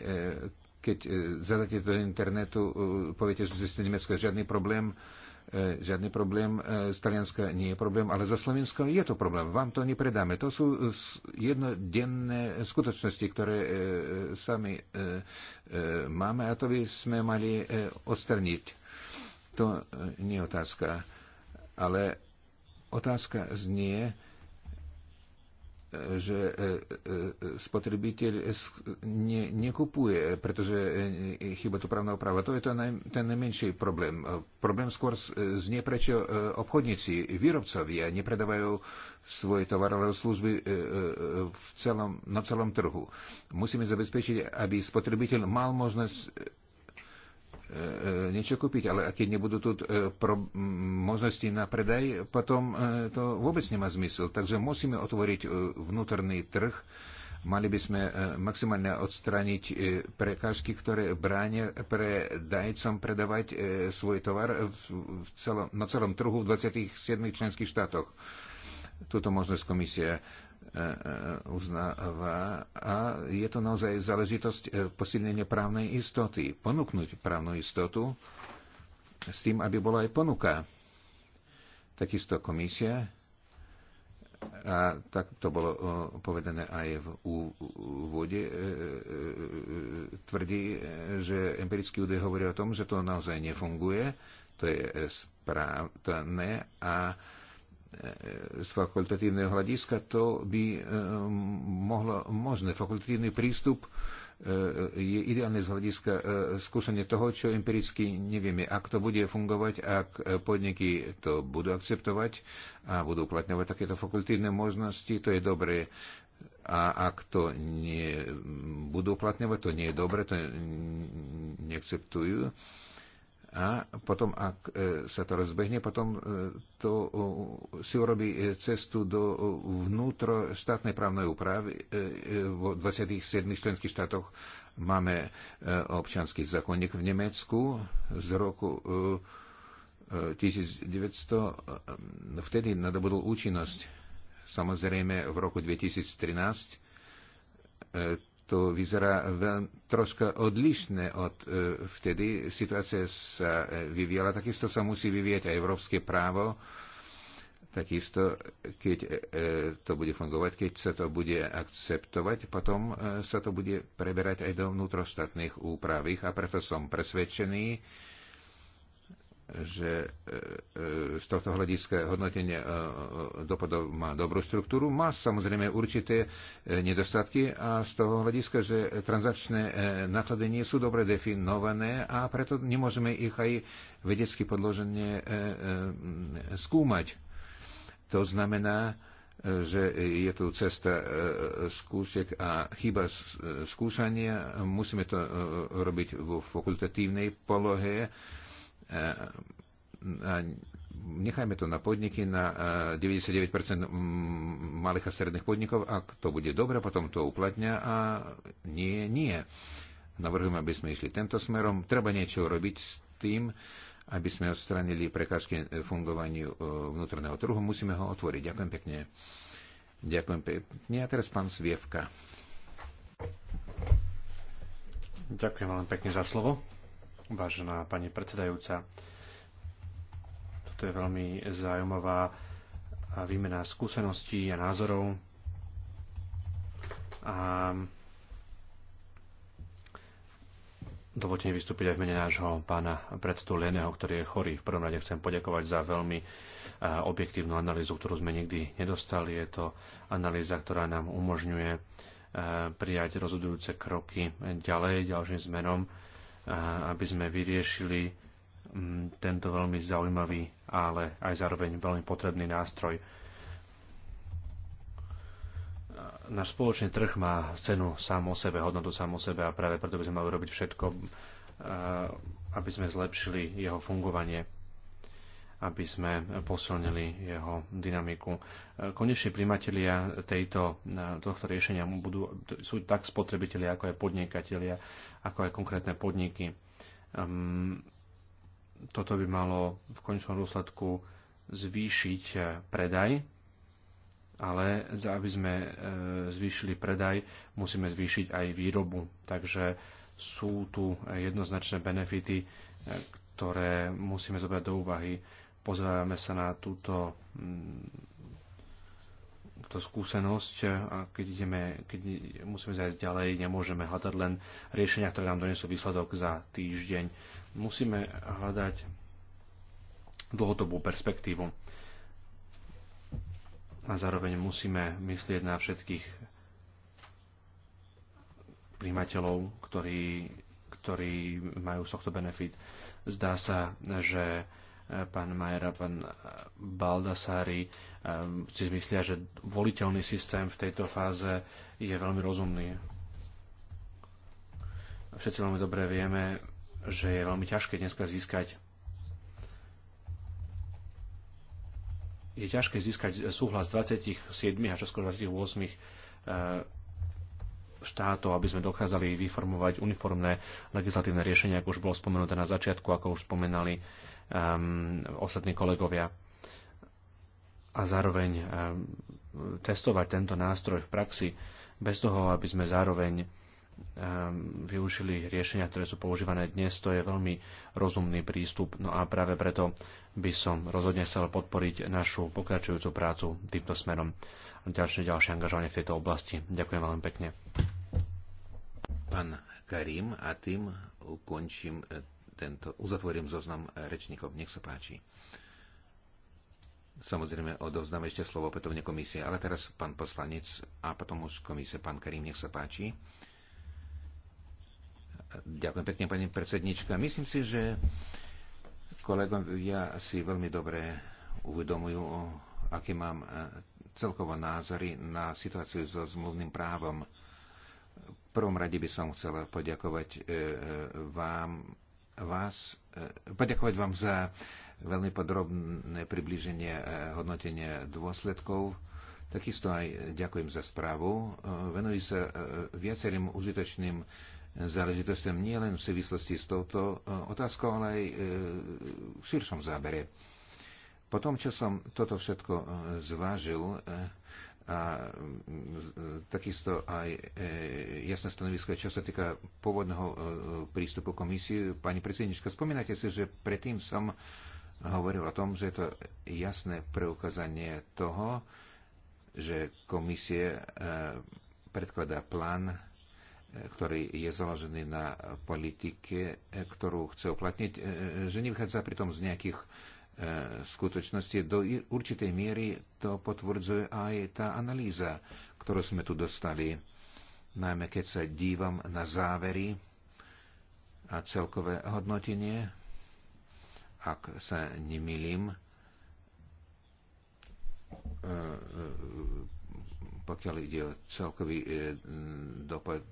Keď zadáte do internetu, poviete, že ste Nemecko, žiadny problém, žiadny problém, z Talianska nie je problém, ale za Slovensko je to problém, vám to nepredáme. To sú jednodenné skutočnosti, ktoré sami máme a to by sme mali odstraniť. To nie je otázka. Ale Otázka znie, e, že e, e, spotrebiteľ ne, nekupuje, pretože chyba tu právna oprava. To je to naj, ten najmenší problém. Problém skôr znie, prečo obchodníci, výrobcovia nepredávajú svoje tovary alebo služby v celom, na celom trhu. Musíme zabezpečiť, aby spotrebiteľ mal možnosť E, e, niečo kúpiť, ale keď nebudú tu e, možnosti na predaj, potom to vôbec nemá zmysel. Takže musíme otvoriť vnútorný trh, mali by sme maximálne odstrániť prekážky, ktoré bráňa, pre dajcom predávať svoj tovar v celom, na celom trhu v 27 členských štátoch. Tuto možnosť komisia E, e, uznáva a je to naozaj záležitosť e, posilnenia právnej istoty. Ponúknuť právnu istotu s tým, aby bola aj ponuka. Takisto komisia a tak to bolo povedané aj v úvode, tvrdí, že empirický údaj hovorí o tom, že to naozaj nefunguje, to je správne a z fakultatívneho hľadiska, to by mohlo možné. Fakultatívny prístup je ideálne z hľadiska skúšania toho, čo empiricky nevieme. Ak to bude fungovať, ak podniky to budú akceptovať a budú uplatňovať takéto fakultívne možnosti, to je dobré. A ak to nie budú uplatňovať, to nie je dobré, to neakceptujú a potom, ak e, sa to rozbehne, potom e, to si urobí e, cestu do vnútroštátnej právnej úpravy. V 27 členských štátoch máme občanský zákonník v Nemecku z roku 1900, vtedy nadobudol účinnosť. Samozrejme, v roku 2013 to vyzerá veľ, troška odlišné od e, vtedy. Situácia sa e, vyvíjala, takisto sa musí vyvíjať aj európske právo, takisto keď e, e, to bude fungovať, keď sa to bude akceptovať, potom e, sa to bude preberať aj do vnútroštátnych úpravých a preto som presvedčený, že e, e, z tohto hľadiska hodnotenie e, dopadov má dobrú štruktúru. Má samozrejme určité nedostatky a z toho hľadiska, že transakčné náklady nie sú dobre definované a preto nemôžeme ich aj vedecky podložene skúmať. To znamená, že je tu cesta skúšek a chyba skúšania. Musíme to robiť vo fakultatívnej polohe E, e, nechajme to na podniky, na 99% e, malých a stredných podnikov. Ak to bude dobre, potom to uplatňa a nie, nie. Navrhujem, aby sme išli tento smerom. Treba niečo robiť s tým, aby sme odstranili prekážky fungovaniu vnútorného trhu. Musíme ho otvoriť. Ďakujem pekne. Ďakujem pekne. A teraz pán Svievka. Ďakujem veľmi pekne za slovo. Vážená pani predsedajúca, toto je veľmi zaujímavá výmena skúseností a názorov. A dovolte mi vystúpiť aj v mene nášho pána predsedu Leného, ktorý je chorý. V prvom rade chcem poďakovať za veľmi objektívnu analýzu, ktorú sme nikdy nedostali. Je to analýza, ktorá nám umožňuje prijať rozhodujúce kroky ďalej, ďalším zmenom aby sme vyriešili mm, tento veľmi zaujímavý, ale aj zároveň veľmi potrebný nástroj. Náš spoločný trh má cenu sám o sebe, hodnotu sám o sebe a práve preto by sme mali robiť všetko, aby sme zlepšili jeho fungovanie aby sme posilnili jeho dynamiku. Konečne primatelia tejto, tohto riešenia budú, sú tak spotrebitelia, ako aj podnikatelia, ako aj konkrétne podniky. Ehm, toto by malo v konečnom dôsledku zvýšiť eh, predaj, ale aby sme eh, zvýšili predaj, musíme zvýšiť aj výrobu. Takže sú tu jednoznačné benefity, eh, ktoré musíme zobrať do úvahy Pozeráme sa na túto, mm, túto skúsenosť a keď, ideme, keď musíme zajsť ďalej, nemôžeme hľadať len riešenia, ktoré nám donesú výsledok za týždeň. Musíme hľadať dlhodobú perspektívu. A zároveň musíme myslieť na všetkých príjmateľov, ktorí, ktorí majú z tohto benefit. Zdá sa, že pán Majer a pán eh, Baldassari eh, si myslia, že voliteľný systém v tejto fáze je veľmi rozumný. Všetci veľmi dobre vieme, že je veľmi ťažké dneska získať je ťažké získať súhlas 27 a čoskoro 28 eh, štátov, aby sme dokázali vyformovať uniformné legislatívne riešenia, ako už bolo spomenuté na začiatku, ako už spomenali um, ehm, ostatní kolegovia. A zároveň um, testovať tento nástroj v praxi bez toho, aby sme zároveň um, využili riešenia, ktoré sú používané dnes, to je veľmi rozumný prístup. No a práve preto by som rozhodne chcel podporiť našu pokračujúcu prácu týmto smerom a ďalšie, ďalšie angažovanie v tejto oblasti. Ďakujem veľmi pekne. Pán Karim a tým ukončím tento, uzatvorím zoznam e, rečníkov. Nech sa páči. Samozrejme, odovzdám ešte slovo opätovne komisie, ale teraz pán poslanec a potom už komisie. Pán Karim, nech sa páči. Ďakujem pekne, pani predsednička. Myslím si, že kolegovia si veľmi dobre uvedomujú, aké mám e, celkovo názory na situáciu so zmluvným právom. V prvom rade by som chcela poďakovať e, vám vás, e, poďakovať vám za veľmi podrobné približenie hodnotenia dôsledkov. Takisto aj ďakujem za správu. E, Venujú sa e, viacerým užitočným záležitostiam nielen v súvislosti s touto otázkou, ale aj v širšom zábere. Po tom, čo som toto všetko zvážil, a e, takisto aj e, jasné stanovisko, čo sa týka pôvodného e, prístupu komisie. Pani predsednička, spomínate si, že predtým som hovoril o tom, že je to jasné preukázanie toho, že komisie predkladá plán, ktorý je založený na politike, ktorú chce uplatniť, že nevychádza pritom z nejakých E, v skutočnosti do určitej miery to potvrdzuje aj tá analýza, ktorú sme tu dostali, najmä keď sa dívam na závery a celkové hodnotenie, ak sa nemýlim, e, e, pokiaľ ide o celkový dopad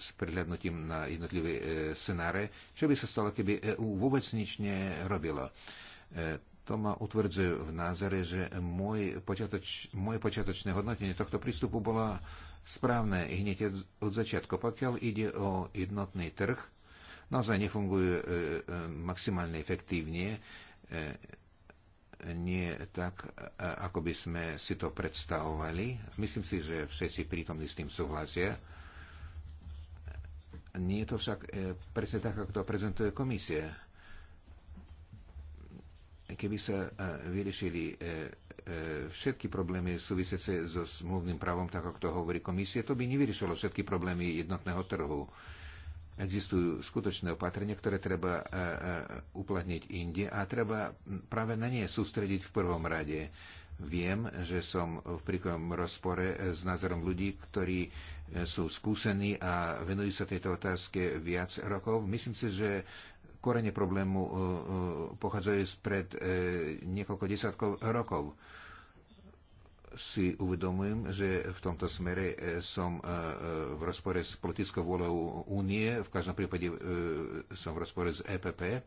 s prihľadnutím na jednotlivé scenáre, čo by sa stalo, keby EU vôbec nič nerobilo. E, to ma utvrdzuje v názore, že môj počiatoč, moje počiatočné hodnotenie tohto prístupu bola správne hneď od začiatku. Pokiaľ ide o jednotný trh, naozaj nefunguje e, e, maximálne efektívne, nie tak, ako by sme si to predstavovali. Myslím si, že všetci prítomní s tým súhlasia. Nie je to však presne tak, ako to prezentuje komisia keby sa e, vyriešili e, e, všetky problémy súvisiace so smluvným právom, tak ako to hovorí komisie, to by nevyriešilo všetky problémy jednotného trhu. Existujú skutočné opatrenia, ktoré treba uplatniť inde a treba práve na nie sústrediť v prvom rade. Viem, že som v príkom rozpore s názorom ľudí, ktorí sú skúsení a venujú sa tejto otázke viac rokov. Myslím si, že korene problému e, e, pochádzajú spred e, niekoľko desiatkov rokov. Si uvedomujem, že v tomto smere som v rozpore s politickou vôľou únie, v každom prípade som v rozpore s EPP,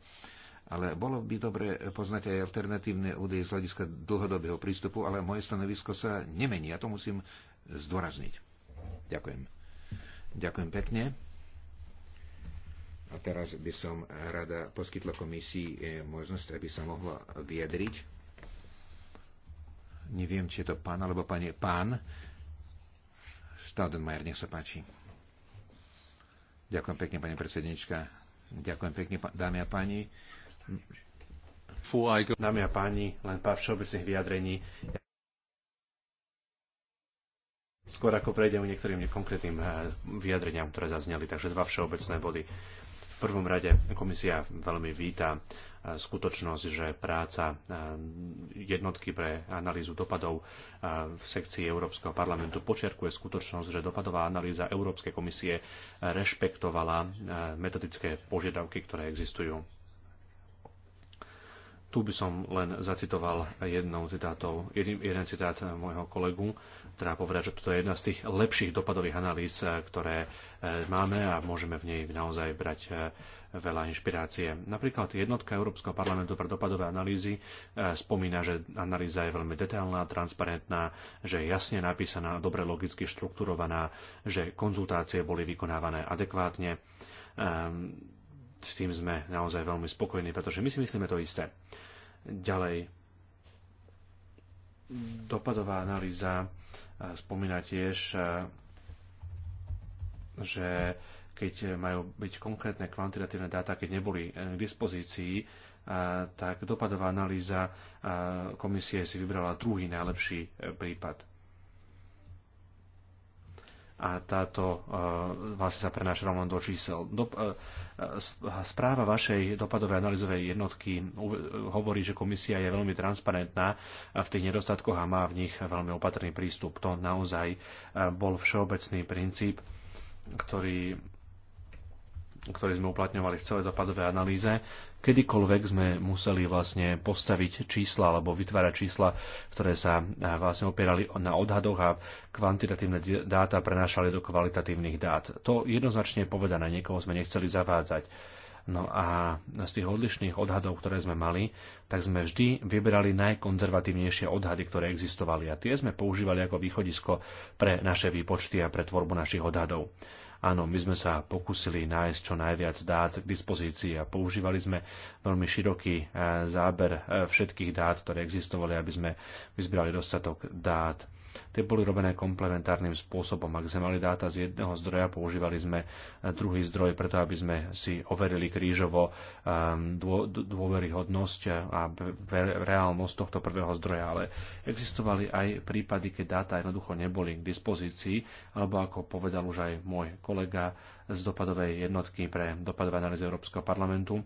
ale bolo by dobre poznať aj alternatívne údaje z hľadiska dlhodobého prístupu, ale moje stanovisko sa nemení. Ja to musím zdôrazniť. Ďakujem. Ďakujem pekne. A teraz by som rada poskytla komisii e, možnosť, aby sa mohla vyjadriť. Neviem, či je to pán alebo pani. Pán Stadenmajer, nech sa páči. Ďakujem pekne, pani predsednička. Ďakujem pekne, dámy a páni. Dámy a páni, len pár všeobecných vyjadrení. Skôr ako prejdem k niektorým konkrétnym e, vyjadreniam, ktoré zazneli, takže dva všeobecné body prvom rade komisia veľmi víta e, skutočnosť, že práca e, jednotky pre analýzu dopadov e, v sekcii Európskeho parlamentu počiarkuje skutočnosť, že dopadová analýza Európskej komisie rešpektovala metodické požiadavky, ktoré existujú tu by som len zacitoval jednou citátov, jeden, jeden citát môjho kolegu, ktorá povedať, že toto je jedna z tých lepších dopadových analýz, eh, ktoré eh, máme a môžeme v nej naozaj brať eh, veľa inšpirácie. Napríklad jednotka Európskeho parlamentu pre dopadové analýzy spomína, že analýza je veľmi detailná, transparentná, že je jasne napísaná, dobre logicky štrukturovaná, že konzultácie boli vykonávané adekvátne ehm, s tým sme naozaj veľmi spokojní, pretože my si myslíme to isté. Ďalej, dopadová analýza spomína tiež, že keď majú byť konkrétne kvantitatívne dáta, keď neboli e, k dispozícii, tak dopadová analýza komisie si vybrala druhý najlepší e, prípad. A táto e, vlastne sa prenáša rovno do čísel. Do, Správa vašej dopadovej analýzovej jednotky hovorí, že komisia je veľmi transparentná v tých nedostatkoch a má v nich veľmi opatrný prístup. To naozaj eh, bol všeobecný princíp, ktorý ktorý sme uplatňovali v celej dopadovej analýze kedykoľvek sme museli vlastne postaviť čísla alebo vytvárať čísla, ktoré sa eh, vlastne opierali na odhadoch a kvantitatívne dáta prenášali do kvalitatívnych dát. To jednoznačne povedané, niekoho sme nechceli zavádzať. No a z tých odlišných odhadov, ktoré sme mali, tak sme vždy vyberali najkonzervatívnejšie odhady, ktoré existovali a tie sme používali ako východisko pre naše výpočty a pre tvorbu našich odhadov. Áno, my sme sa pokúsili nájsť čo najviac dát k dispozícii a používali sme veľmi široký eh, záber eh, všetkých dát, ktoré existovali, aby sme vyzbierali dostatok dát tie boli robené komplementárnym spôsobom. Ak sme mali dáta z jedného zdroja, používali sme eh, druhý zdroj preto, aby sme si overili krížovo ehm, dôveryhodnosť eh, a reálnosť tohto prvého zdroja, ale existovali aj prípady, keď dáta jednoducho neboli k dispozícii, alebo ako povedal už aj môj kolega z dopadovej jednotky pre dopadové analýzy Európskeho parlamentu,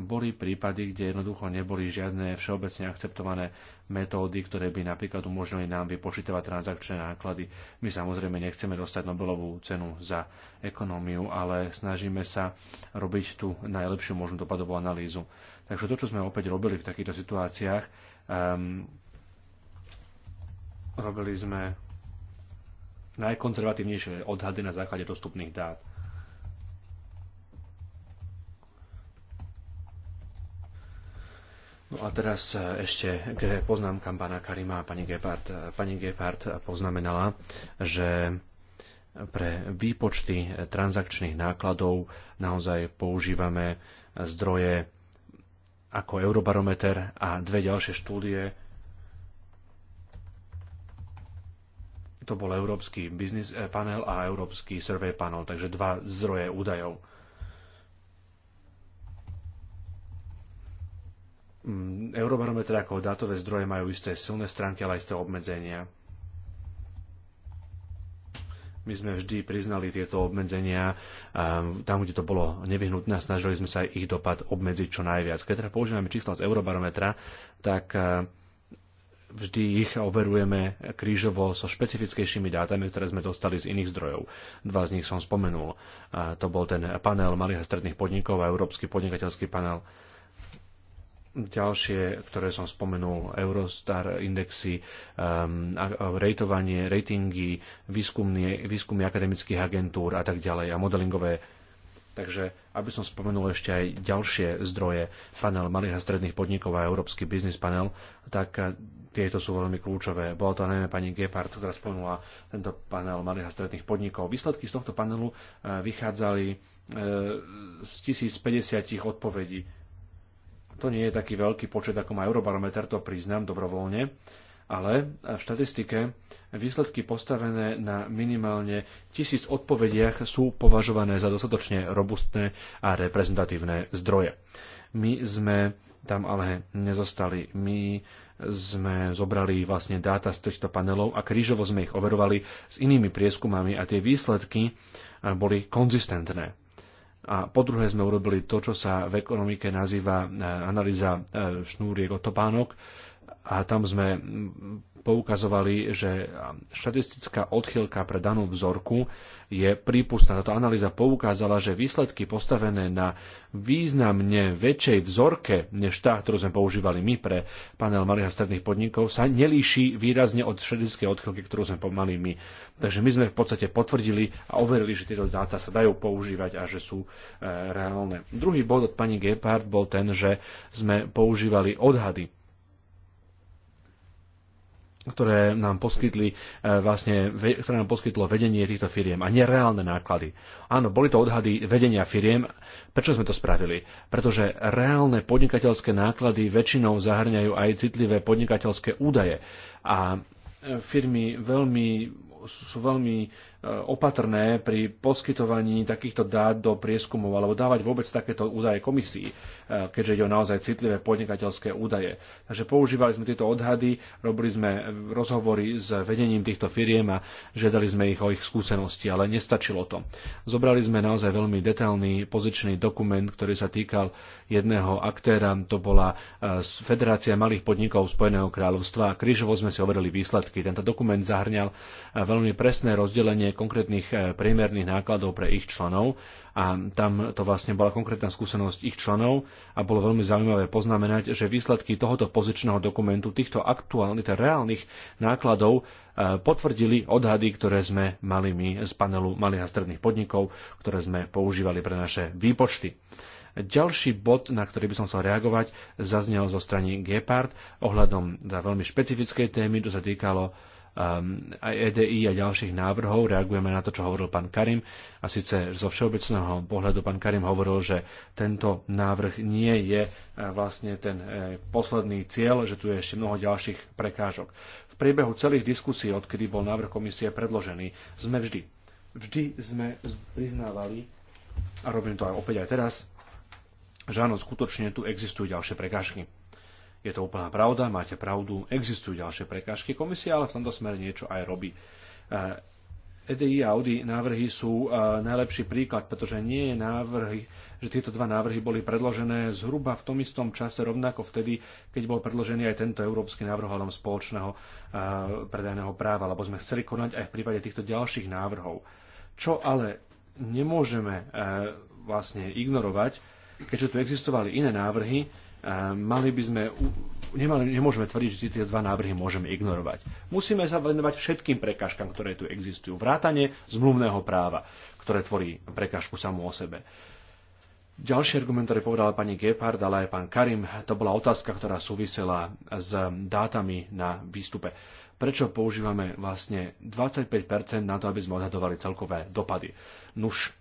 boli prípady, kde jednoducho neboli žiadne všeobecne akceptované metódy, ktoré by napríklad umožnili nám vypočítavať transakčné náklady. My samozrejme nechceme dostať Nobelovú cenu za ekonómiu, ale snažíme sa robiť tú najlepšiu možnú dopadovú analýzu. Takže to, čo sme opäť robili v takýchto situáciách, um, robili sme najkonzervatívnejšie odhady na základe dostupných dát. No a teraz e, ešte k poznámkam pána Karima a pani Gepard. E, pani Gepard poznamenala, že pre výpočty e, transakčných nákladov naozaj používame zdroje ako Eurobarometer a dve ďalšie štúdie. To bol Európsky business panel a Európsky survey panel, takže dva zdroje údajov. Mm, eurobarometre ako dátové zdroje majú isté silné stránky, ale aj isté obmedzenia. My sme vždy priznali tieto obmedzenia tam, kde to bolo nevyhnutné a snažili sme sa ich dopad obmedziť čo najviac. Keď teda používame čísla z Eurobarometra, tak vždy ich overujeme krížovo so špecifickejšími dátami, ktoré sme dostali z iných zdrojov. Dva z nich som spomenul. To bol ten panel malých a stredných podnikov a Európsky podnikateľský panel ďalšie, ktoré som spomenul, Eurostar indexy, um, rejtovanie, ratingy, výskumy, výskumy akademických agentúr a tak ďalej a modelingové. Takže aby som spomenul ešte aj ďalšie zdroje, panel malých a stredných podnikov a Európsky biznis panel, tak tieto sú veľmi kľúčové. Bola to najmä pani Gepard, ktorá spomenula tento panel malých a stredných podnikov. Výsledky z tohto panelu e, vychádzali e, z 1050 odpovedí to nie je taký veľký počet, ako má Eurobarometer, to priznám dobrovoľne, ale v štatistike výsledky postavené na minimálne tisíc odpovediach sú považované za dostatočne robustné a reprezentatívne zdroje. My sme tam ale nezostali. My sme zobrali vlastne dáta z týchto panelov a krížovo sme ich overovali s inými prieskumami a tie výsledky boli konzistentné. A po druhé sme urobili to, čo sa v ekonomike nazýva e, analýza e, šnúriek otopánok topánok. A tam sme poukazovali, že štatistická odchylka pre danú vzorku je prípustná. Táto analýza poukázala, že výsledky postavené na významne väčšej vzorke než tá, ktorú sme používali my pre panel malých a stredných podnikov, sa nelíši výrazne od šedickej odchylky, ktorú sme pomali my. Takže my sme v podstate potvrdili a overili, že tieto dáta sa dajú používať a že sú e, reálne. Druhý bod od pani Gepard bol ten, že sme používali odhady ktoré nám, poskytli, e, vlastne, ktoré nám poskytlo vedenie týchto firiem a nereálne náklady. Áno, boli to odhady vedenia firiem. Prečo sme to spravili? Pretože reálne podnikateľské náklady väčšinou zahrňajú aj citlivé podnikateľské údaje a e, firmy veľmi, sú veľmi E, opatrné pri poskytovaní takýchto dát do prieskumov alebo dávať vôbec takéto údaje komisii, e, keďže ide o naozaj citlivé podnikateľské údaje. Takže používali sme tieto odhady, robili sme rozhovory s vedením týchto firiem a žiadali sme ich o ich skúsenosti, ale nestačilo to. Zobrali sme naozaj veľmi detailný pozičný dokument, ktorý sa týkal jedného aktéra, to bola e, Federácia malých podnikov Spojeného kráľovstva a krížovo sme si overili výsledky. Tento dokument zahrňal veľmi presné rozdelenie konkrétnych eh, priemerných nákladov pre ich členov a tam to vlastne bola konkrétna skúsenosť ich členov a bolo veľmi zaujímavé poznamenať, že výsledky tohoto pozičného dokumentu, týchto aktuálnych, teda reálnych nákladov eh, potvrdili odhady, ktoré sme mali my z panelu malých a stredných podnikov, ktoré sme používali pre naše výpočty. Ďalší bod, na ktorý by som chcel reagovať, zaznel zo strany Gepard ohľadom za veľmi špecifickej témy, čo sa týkalo Um, aj EDI a ďalších návrhov. Reagujeme na to, čo hovoril pán Karim. A síce zo všeobecného pohľadu pán Karim hovoril, že tento návrh nie je e, vlastne ten e, posledný cieľ, že tu je ešte mnoho ďalších prekážok. V priebehu celých diskusí, odkedy bol návrh komisie predložený, sme vždy, vždy sme priznávali, a robím to aj opäť aj teraz, že áno, skutočne tu existujú ďalšie prekážky je to úplná pravda, máte pravdu, existujú ďalšie prekážky. Komisia ale v tomto smere niečo aj robí. E, EDI a Audi návrhy sú e, najlepší príklad, pretože nie je návrhy, že tieto dva návrhy boli predložené zhruba v tom istom čase, rovnako vtedy, keď bol predložený aj tento európsky návrh hľadom spoločného e, predajného práva, lebo sme chceli konať aj v prípade týchto ďalších návrhov. Čo ale nemôžeme vlastne ignorovať, keďže tu existovali iné návrhy, Ehm, mali by sme nemali, nemôžeme tvrdiť, že tie dva návrhy môžeme ignorovať. Musíme sa venovať všetkým prekážkam, ktoré tu existujú. Vrátanie zmluvného práva, ktoré tvorí prekážku samú o sebe. Ďalší argument, ktorý povedala pani Gepard, ale aj pán Karim, to bola otázka, ktorá súvisela s dátami na výstupe. Prečo používame vlastne 25% na to, aby sme odhadovali celkové dopady? Nuž,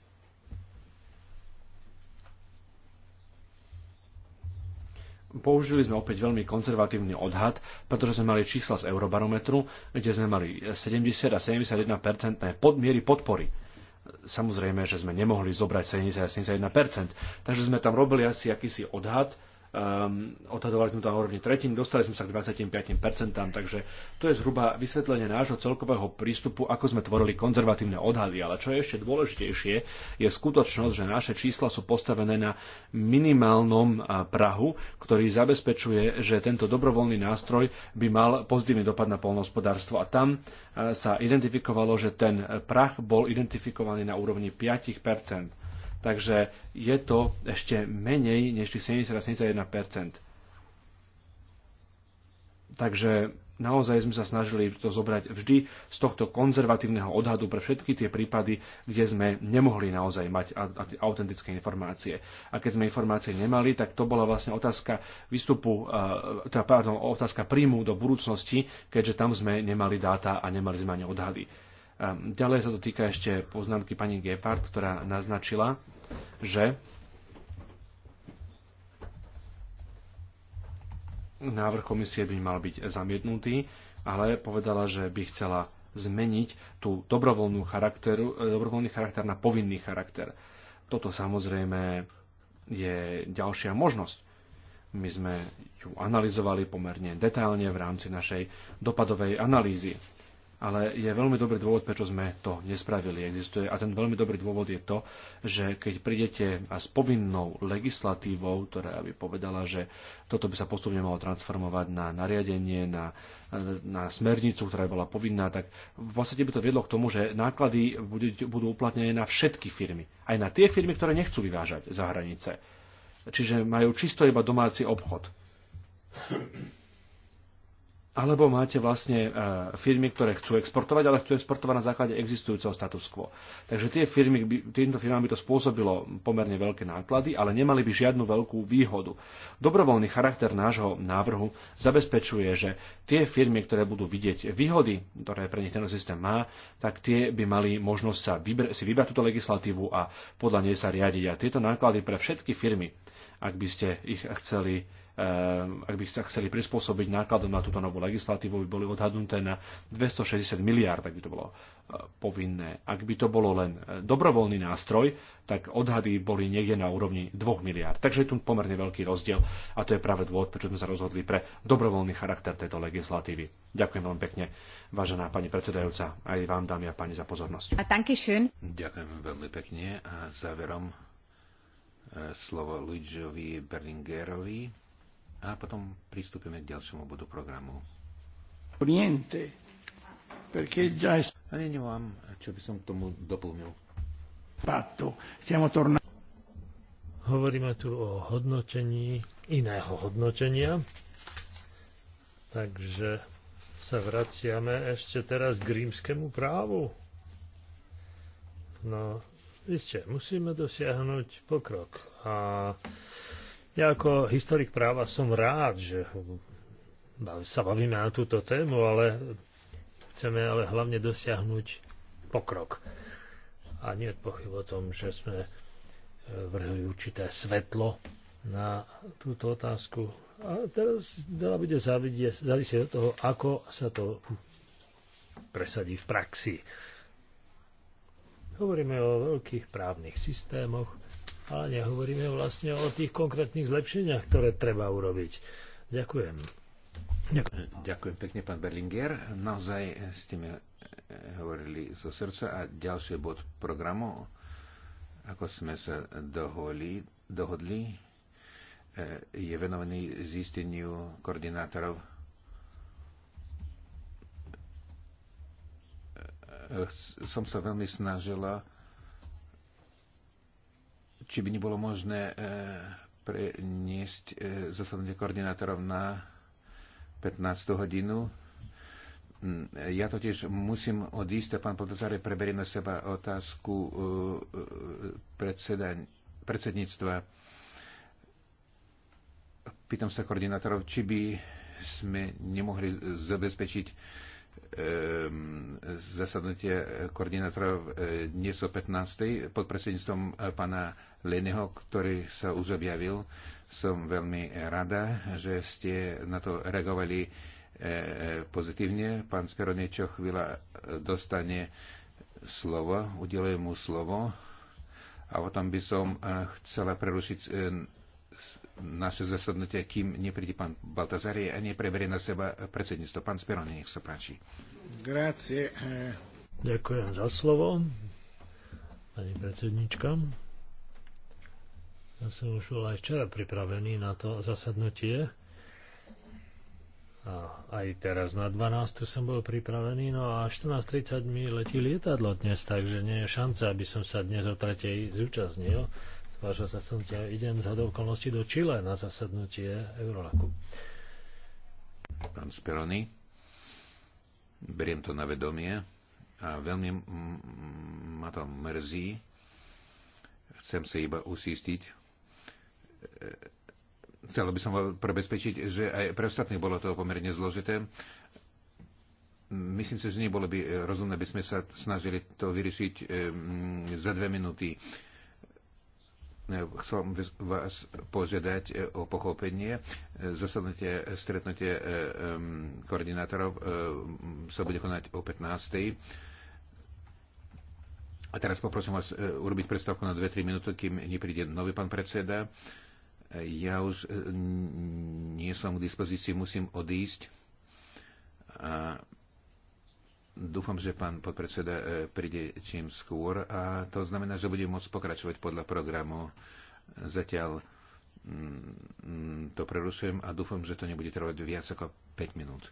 použili sme opäť veľmi konzervatívny odhad, pretože sme mali čísla z Eurobarometru, kde sme mali 70 a 71 miery podpory. Samozrejme, že sme nemohli zobrať 70 a 71 takže sme tam robili asi akýsi odhad, um, odhadovali sme to na úrovni tretín, dostali sme sa k 25%, takže to je zhruba vysvetlenie nášho celkového prístupu, ako sme tvorili konzervatívne odhady, ale čo je ešte dôležitejšie, je skutočnosť, že naše čísla sú postavené na minimálnom Prahu, ktorý zabezpečuje, že tento dobrovoľný nástroj by mal pozitívny dopad na polnohospodárstvo a tam sa identifikovalo, že ten prach bol identifikovaný na úrovni 5 Takže je to ešte menej než tých 70-71%. Takže naozaj sme sa snažili to zobrať vždy z tohto konzervatívneho odhadu pre všetky tie prípady, kde sme nemohli naozaj mať autentické informácie. A keď sme informácie nemali, tak to bola vlastne otázka výstupu, e, teda, pardon, otázka príjmu do budúcnosti, keďže tam sme nemali dáta a nemali sme ani odhady. Ehm, ďalej sa to týka ešte poznámky pani Gepard, ktorá naznačila, že návrh komisie by mal byť zamietnutý, ale povedala, že by chcela zmeniť tú dobrovoľnú charakteru, eh, dobrovoľný charakter na povinný charakter. Toto samozrejme je ďalšia možnosť. My sme ju analyzovali pomerne detailne v rámci našej dopadovej analýzy ale je veľmi dobrý dôvod, prečo sme to nespravili. Existuje, a ten veľmi dobrý dôvod je to, že keď prídete a s povinnou legislatívou, ktorá by povedala, že toto by sa postupne malo transformovať na nariadenie, na, na smernicu, ktorá by bola povinná, tak v podstate by to viedlo k tomu, že náklady budú, budú uplatnené na všetky firmy. Aj na tie firmy, ktoré nechcú vyvážať za hranice. Čiže majú čisto iba domáci obchod alebo máte vlastne e, firmy, ktoré chcú exportovať, ale chcú exportovať na základe existujúceho status quo. Takže tie firmy, týmto firmám by to spôsobilo pomerne veľké náklady, ale nemali by žiadnu veľkú výhodu. Dobrovoľný charakter nášho návrhu zabezpečuje, že tie firmy, ktoré budú vidieť výhody, ktoré pre nich tento systém má, tak tie by mali možnosť sa vybr- si vybrať túto legislatívu a podľa nej sa riadiť. A tieto náklady pre všetky firmy, ak by ste ich chceli Ehm, ak by sa chceli prispôsobiť nákladom na túto novú legislatívu, by boli odhadnuté na 260 miliárd, tak by to bolo e, povinné. Ak by to bolo len e, dobrovoľný nástroj, tak odhady boli niekde na úrovni 2 miliárd. Takže je tu pomerne veľký rozdiel a to je práve dôvod, prečo sme sa rozhodli pre dobrovoľný charakter tejto legislatívy. Ďakujem veľmi pekne, vážená pani predsedajúca, aj vám, dámy a páni, za pozornosť. A schön. Ďakujem veľmi pekne a záverom e, slovo Luigiovi Berlingerovi a potom pristúpime k ďalšiemu bodu programu. Niente, perché già... è... A nie nemám, čo by som k tomu doplnil. Patto, Siamo tornati. Hovoríme tu o hodnotení iného hodnotenia. Takže sa vraciame ešte teraz k rímskému právu. No, iste, musíme dosiahnuť pokrok. A ja ako historik práva som rád, že sa bavíme na túto tému, ale chceme ale hlavne dosiahnuť pokrok. A nie je pochyb o tom, že sme e, vrhli určité svetlo na túto otázku. A teraz veľa bude závisieť od toho, ako sa to presadí v praxi. Hovoríme o veľkých právnych systémoch, a nehovoríme vlastne o tých konkrétnych zlepšeniach, ktoré treba urobiť. Ďakujem. Ďakujem, Ďakujem pekne, pán Berlinger. Naozaj ste mi eh, hovorili zo srdca a ďalší bod programu, ako sme sa dohodli, dohodli, eh, je venovaný zisteniu koordinátorov eh, som sa veľmi snažila či by nebolo možné e, preniesť e, zasadnutie koordinátorov na 15. hodinu. Mm, ja totiž musím odísť a pán Podozare preberie na seba otázku e, e predsedníctva. Pýtam sa koordinátorov, či by sme nemohli zabezpečiť zasadnutie koordinátorov dnes o 15. pod predsedníctvom pána Leného, ktorý sa už objavil. Som veľmi rada, že ste na to reagovali eh, pozitívne. Pán Sperone, čo chvíľa eh, dostane slovo, udelujem mu slovo a potom by som eh, chcela prerušiť naše zasadnutie, kým nepríde pán Baltazari a nepreberie na seba predsedníctvo. Pán Speroni, nech sa páči. Grazie. Ďakujem za slovo, pani predsednička. Ja som už bol aj včera pripravený na to zasadnutie. A aj teraz na 12 som bol pripravený, no a 14.30 mi letí lietadlo dnes, takže nie je šanca, aby som sa dnes o tretej zúčastnil. Vášho zasadnutia idem za okolností do Chile na zasadnutie Eurolaku. Pán Speroni, beriem to na vedomie a veľmi ma to mrzí. Chcem sa iba usistiť, chcel by som prebezpečiť, že aj pre ostatných bolo to pomerne zložité. Myslím si, že nebolo by rozumné, aby sme sa snažili to vyriešiť eh, mm, za dve minúty. Chcel vás požiadať eh, o pochopenie. Zasadnutie, stretnutie eh, koordinátorov mm, sa bude konať o 15. A teraz poprosím vás urobiť predstavku na 2-3 minúty, kým nepríde nový pán predseda. Ja už e, nie som k dispozícii, musím odísť. A dúfam, že pán podpredseda e, príde čím skôr a to znamená, že budem môcť pokračovať podľa programu. Zatiaľ mm, mm, to prerušujem a dúfam, že to nebude trvať viac ako 5 minút.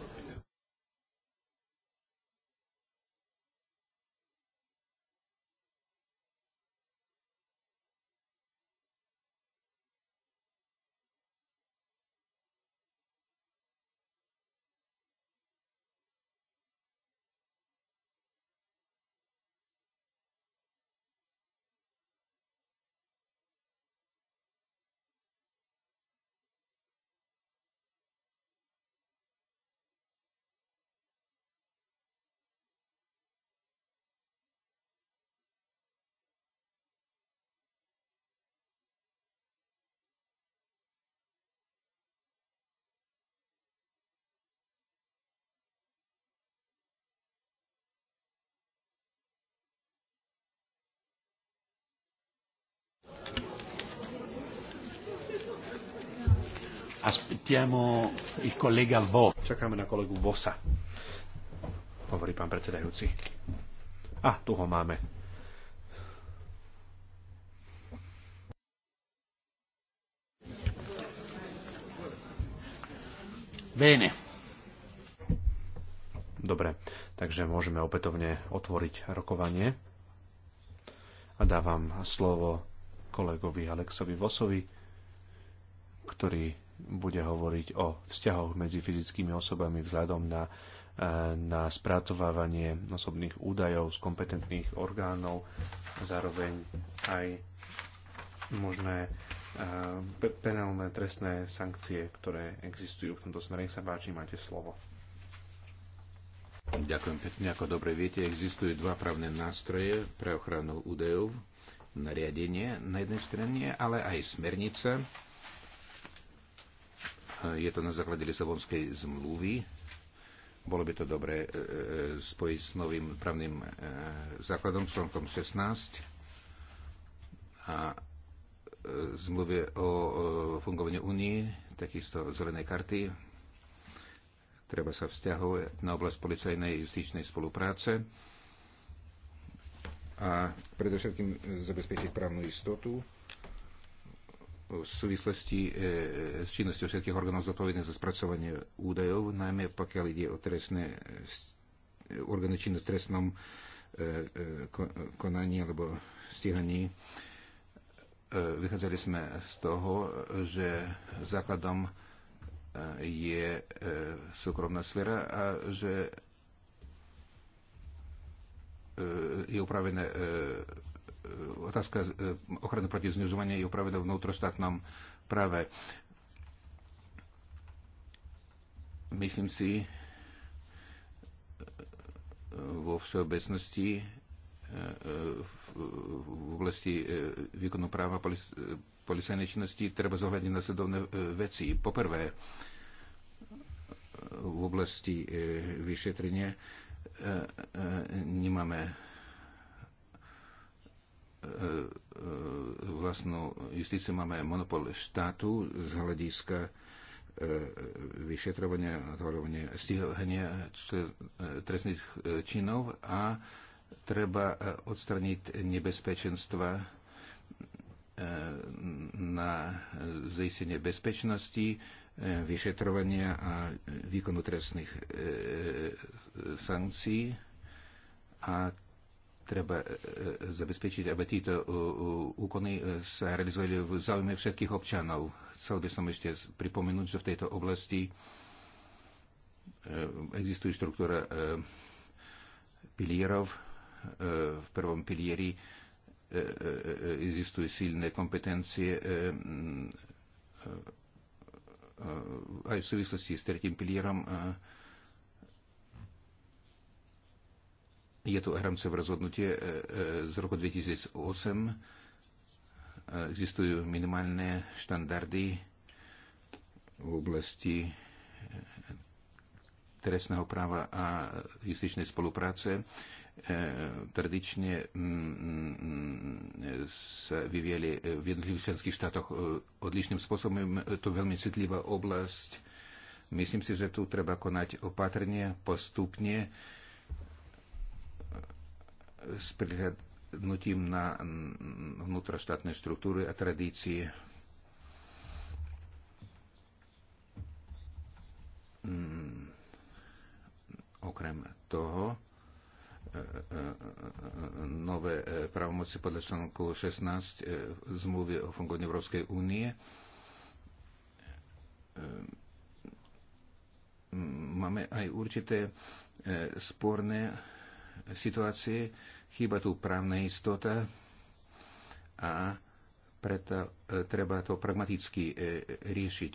Aspettiamo il collega Vo. Čakáme na kolegu Vosa, hovorí pán predsedajúci. A, tu ho máme. Bene. Dobre, takže môžeme opätovne otvoriť rokovanie. A dávam slovo kolegovi Alexovi Vosovi, ktorý bude hovoriť o vzťahoch medzi fyzickými osobami vzhľadom na, e, na spracovávanie osobných údajov z kompetentných orgánov, zároveň aj možné e, penálne trestné sankcie, ktoré existujú v tomto smere. Nech sa páči, máte slovo. Ďakujem pekne. Ako dobre viete, existujú dva právne nástroje pre ochranu údajov. Nariadenie na jednej strane, ale aj smernice je to na základe Lisabonskej zmluvy. Bolo by to dobre e, spojiť s novým právnym e, základom, článkom 16 a e, zmluve o fungovaní únie, takisto zelenej karty. Treba sa vzťahovať na oblasť policajnej justičnej spolupráce a predovšetkým zabezpečiť právnu istotu v súvislosti e, e, s činnosťou všetkých orgánov zodpovedných za spracovanie údajov, najmä pokiaľ ide o trestné e, orgány činné v trestnom konaní alebo stíhaní. Vychádzali sme z toho, že základom je súkromná sféra a že je upravené otázka e, ochrany proti znižovaniu je upravená v vnútroštátnom práve. Myslím si e, vo všeobecnosti e, v oblasti výkonu práva policajnej činnosti treba zohľadniť nasledovné veci. Poprvé, v oblasti vyšetrenia nemáme E, e, vlastnú justíciu, máme monopol štátu z hľadiska e, vyšetrovania, odhalovania, stíhania trestných činov a treba odstraniť nebezpečenstva na zaistenie bezpečnosti, vyšetrovania a výkonu trestných sankcií a treba e, e, zabezpečiť, aby títo e, úkony sa realizovali v záujme všetkých občanov. Chcel by som ešte pripomenúť, že v tejto oblasti existuje štruktúra pilierov. V prvom pilieri existujú silné kompetencie aj v súvislosti s tretím pilierom Je to rámcové rozhodnutie e, e, z roku 2008. E, existujú minimálne štandardy v oblasti trestného práva a justičnej spolupráce tradične sa vyvíjali v jednotlivých členských štátoch odlišným spôsobom. Je to veľmi citlivá oblasť. Myslím si, že tu treba konať opatrne, postupne s prihľadnutím na vnútroštátne štruktúry a tradície. Mm. Okrem toho, e, e, e, nové pravomoci podľa článku 16 zmluvy o fungovaní Európskej únie máme aj určité sporné situácie, chýba tu právna istota a preto e, treba to pragmaticky e, riešiť.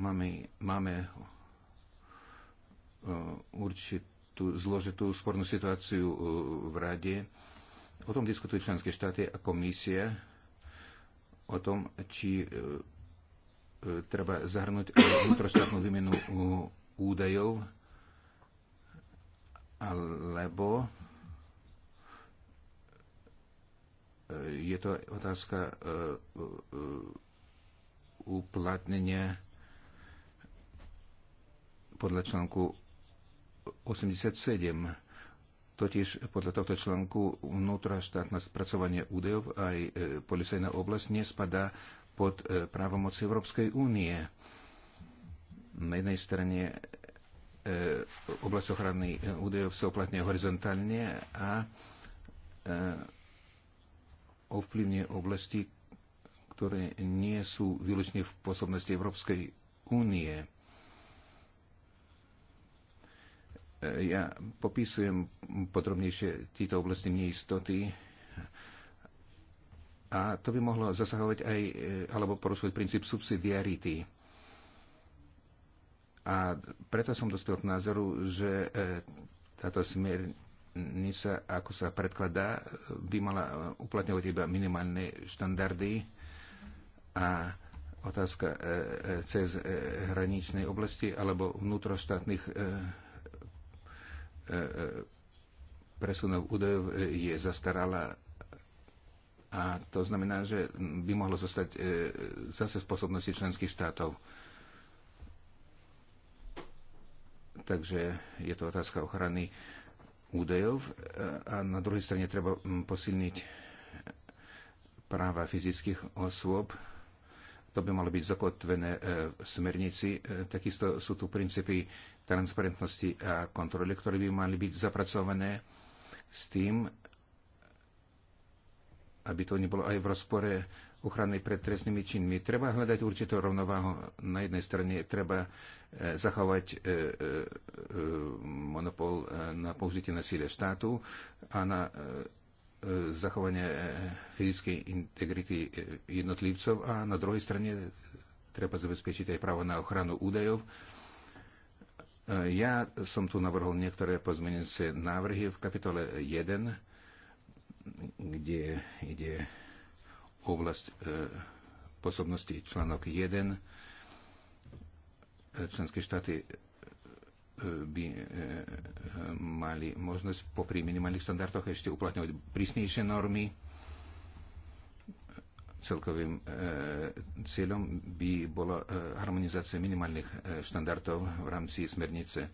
Máme, máme e, určitú zložitú spornú situáciu v Rade. O tom diskutujú členské štáty a komisia o tom, či treba zahrnúť vnútroštátnu výmenu údajov alebo e, je to otázka e, e, uplatnenia podľa článku 87. Totiž podľa tohto článku vnútroštátne spracovanie údajov aj policajná oblasť nespadá pod právomoci Európskej únie. Na jednej strane E, oblasť ochrany e, údajov sa uplatňuje horizontálne a e, ovplyvňuje oblasti, ktoré nie sú výlučne v pôsobnosti Európskej únie. Ja popisujem podrobnejšie tieto oblasti neistoty a to by mohlo zasahovať aj alebo porušovať princíp subsidiarity a preto som dospel k názoru, že e, táto smernica, ako sa predkladá, by mala uplatňovať iba minimálne štandardy a otázka e, e, cez hraničnej oblasti alebo vnútroštátnych presunov údajov je zastarala a to znamená, že by mohlo zostať zase v spôsobnosti členských štátov. Takže je to otázka ochrany údajov a na druhej strane treba posilniť práva fyzických osôb. To by malo byť zakotvené e, v smernici. E, takisto sú tu princípy transparentnosti a kontroly, ktoré by mali byť zapracované s tým, aby to nebolo aj v rozpore ochrany pred trestnými činmi. Treba hľadať určitú rovnováhu. Na jednej strane treba e, zachovať e, e, monopol na použitie nasilia štátu a na zachovanie fyzickej integrity jednotlivcov a na druhej strane treba zabezpečiť aj právo na ochranu údajov. Ja som tu navrhol niektoré pozmenujúce návrhy v kapitole 1, kde ide oblasť e, posobnosti článok 1. E, členské štáty e, by mali možnosť popri minimálnych standardoch ešte uplatňovať prísnejšie normy. Celkovým cieľom by bola harmonizácia minimálnych štandardov v rámci smernice.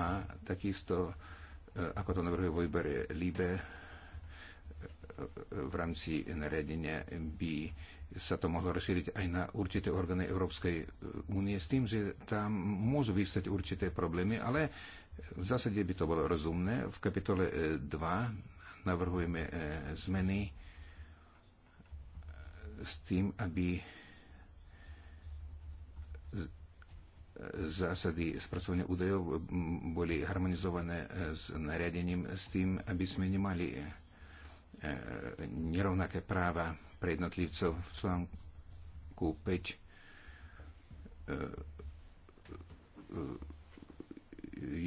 A takisto, ako to navrhuje vo výbere LIBE, v rámci nariadenia by sa to mohlo rozšíriť aj na určité orgány Európskej e, únie s tým, že tam môžu vystať určité problémy, ale v zásade by to bolo rozumné. V kapitole 2 e, navrhujeme e, zmeny s tým, aby zásady spracovania údajov boli harmonizované s nariadením s tým, aby sme nemali E, nerovnaké práva pre jednotlivcov v článku 5 e, e,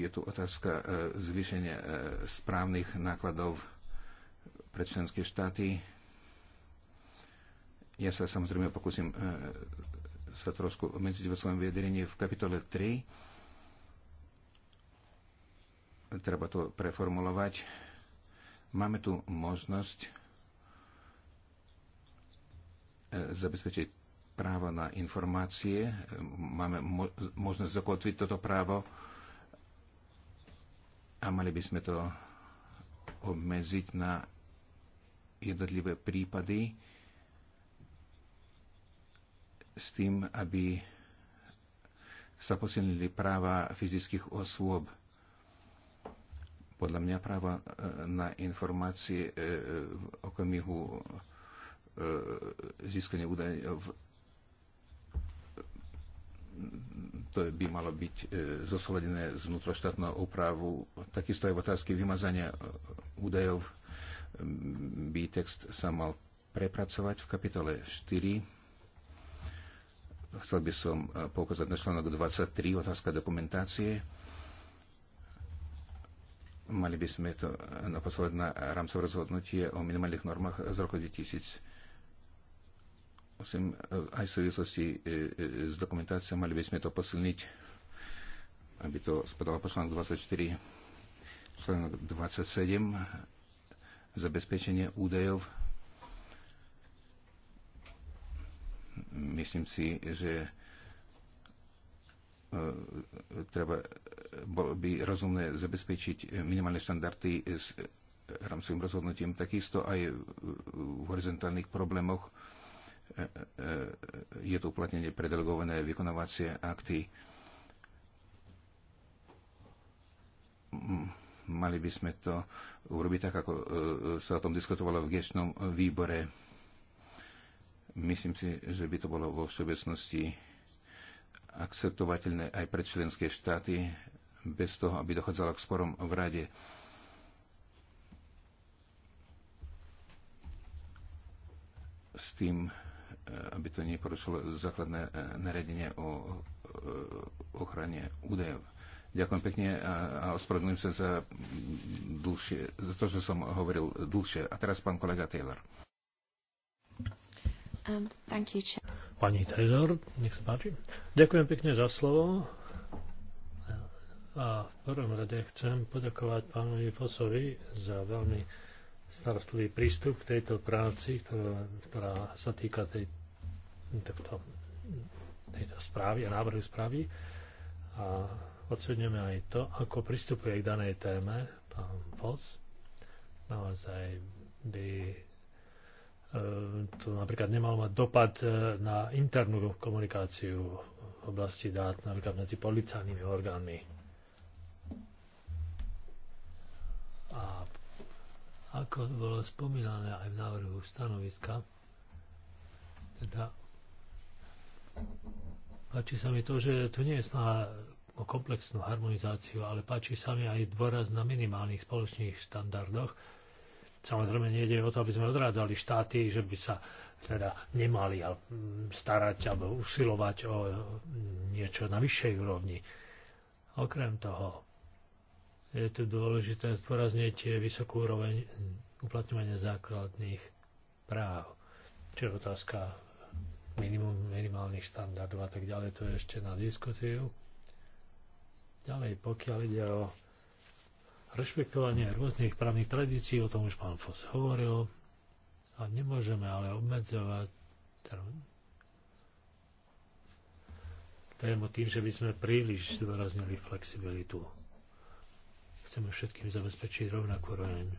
je tu otázka zvýšenia správnych nákladov pre členské štáty. Ja sa samozrejme pokúsim sa trošku obmedziť vo svojom vyjadrení v kapitole 3. Treba to preformulovať Máme tu možnosť e, zabezpečiť právo na informácie, e, máme možnosť zakotviť toto právo a mali by sme to obmedziť na jednotlivé prípady s tým, aby sa posilnili práva fyzických osôb podľa mňa práva e, na informácie e, v okamihu e, získania údajov to by malo byť zosledené z vnútroštátnou úpravu. Takisto aj v otázke vymazania údajov by text sa mal prepracovať v kapitole 4. Chcel by som poukázať na článok 23, otázka dokumentácie Mali by sme to naposled na rámcové rozhodnutie o minimálnych normách z roku 2000. Musím aj v súvislosti e, e, s dokumentáciou mali by sme to posilniť, aby to spadalo poslanok 24, článok 27, zabezpečenie údajov. Myslím si, že E, treba e, bolo by rozumné zabezpečiť minimálne štandardy s rámcovým rozhodnutím, takisto aj v horizontálnych problémoch e, je to uplatnenie predelegované vykonávacie akty. Mali by sme to urobiť tak, ako sa o tom diskutovalo v gečnom výbore. Myslím si, že by to bolo vo všeobecnosti akceptovateľné aj pre členské štáty, bez toho, aby dochádzalo k sporom v rade. S tým, e, aby to neporušilo základné e, naredenie o e, ochrane údajov. Ďakujem pekne a ospravedlňujem sa za, dlhšie, za to, že som hovoril dlhšie. A teraz pán kolega Taylor. Um, thank you, Pani Taylor, nech sa páči. Ďakujem pekne za slovo. A v prvom rade chcem poďakovať pánovi Fosovi za veľmi starostlivý prístup k tejto práci, ktorá, ktorá sa týka tej, tejto, tejto správy a návrhu správy. A ocenujeme aj to, ako pristupuje k danej téme pán Fos. Naozaj by E, to napríklad nemalo mať dopad e, na internú komunikáciu v oblasti dát, napríklad medzi policajnými orgánmi. A ako bolo spomínané aj v návrhu stanoviska, teda páči sa mi to, že tu nie je snaha o komplexnú harmonizáciu, ale páči sa mi aj dôraz na minimálnych spoločných štandardoch, Samozrejme, nejde o to, aby sme odrádzali štáty, že by sa teda nemali mm, starať alebo usilovať o niečo na vyššej úrovni. Okrem toho je tu dôležité zdôrazniť vysokú úroveň uplatňovania základných práv. Čiže otázka minimum minimálnych štandardov a tak ďalej, to je ešte na diskusiu. Ďalej, pokiaľ ide o rešpektovanie rôznych právnych tradícií, o tom už pán Fos hovoril, a nemôžeme ale obmedzovať teda tému tým, že by sme príliš zdôraznili flexibilitu. Chceme všetkým zabezpečiť rovnakú roveň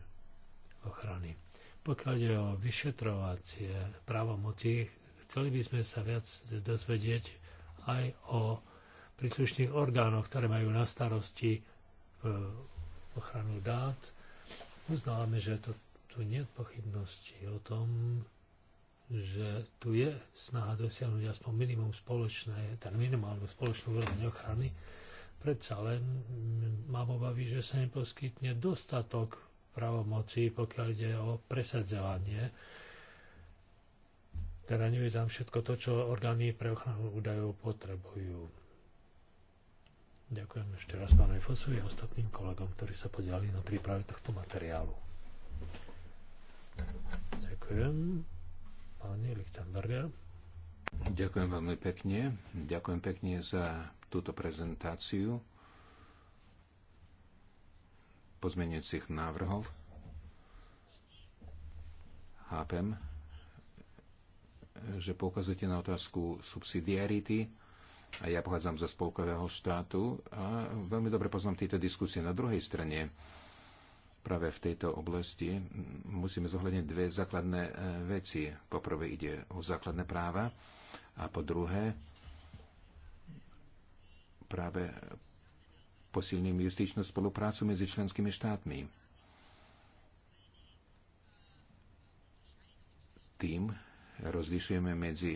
ochrany. Pokiaľ je o vyšetrovacie právomoci, chceli by sme sa viac dozvedieť aj o príslušných orgánoch, ktoré majú na starosti e, ochranu dát, uznáme, že to, tu nie je pochybnosti o tom, že tu je snaha dosiahnuť aspoň minimum spoločné, ten minimálnu spoločnú úroveň ochrany, predsa len mm, mám obavy, že sa neposkytne dostatok pravomocí, pokiaľ ide o presadzovanie. Teda tam všetko to, čo orgány pre ochranu údajov potrebujú. Ďakujem ešte raz pánovi Fosovi a ostatným kolegom, ktorí sa podiali na príprave tohto materiálu. Ďakujem. Páni Lichtenberger. Ďakujem veľmi pekne. Ďakujem pekne za túto prezentáciu pozmeniacich návrhov. Chápem, že poukazujete na otázku subsidiarity a ja pochádzam zo spolkového štátu a veľmi dobre poznám tieto diskusie. Na druhej strane, práve v tejto oblasti, musíme zohľadniť dve základné e, veci. Poprvé ide o základné práva a po druhé práve posilním justičnú spoluprácu medzi členskými štátmi. Tým rozlišujeme medzi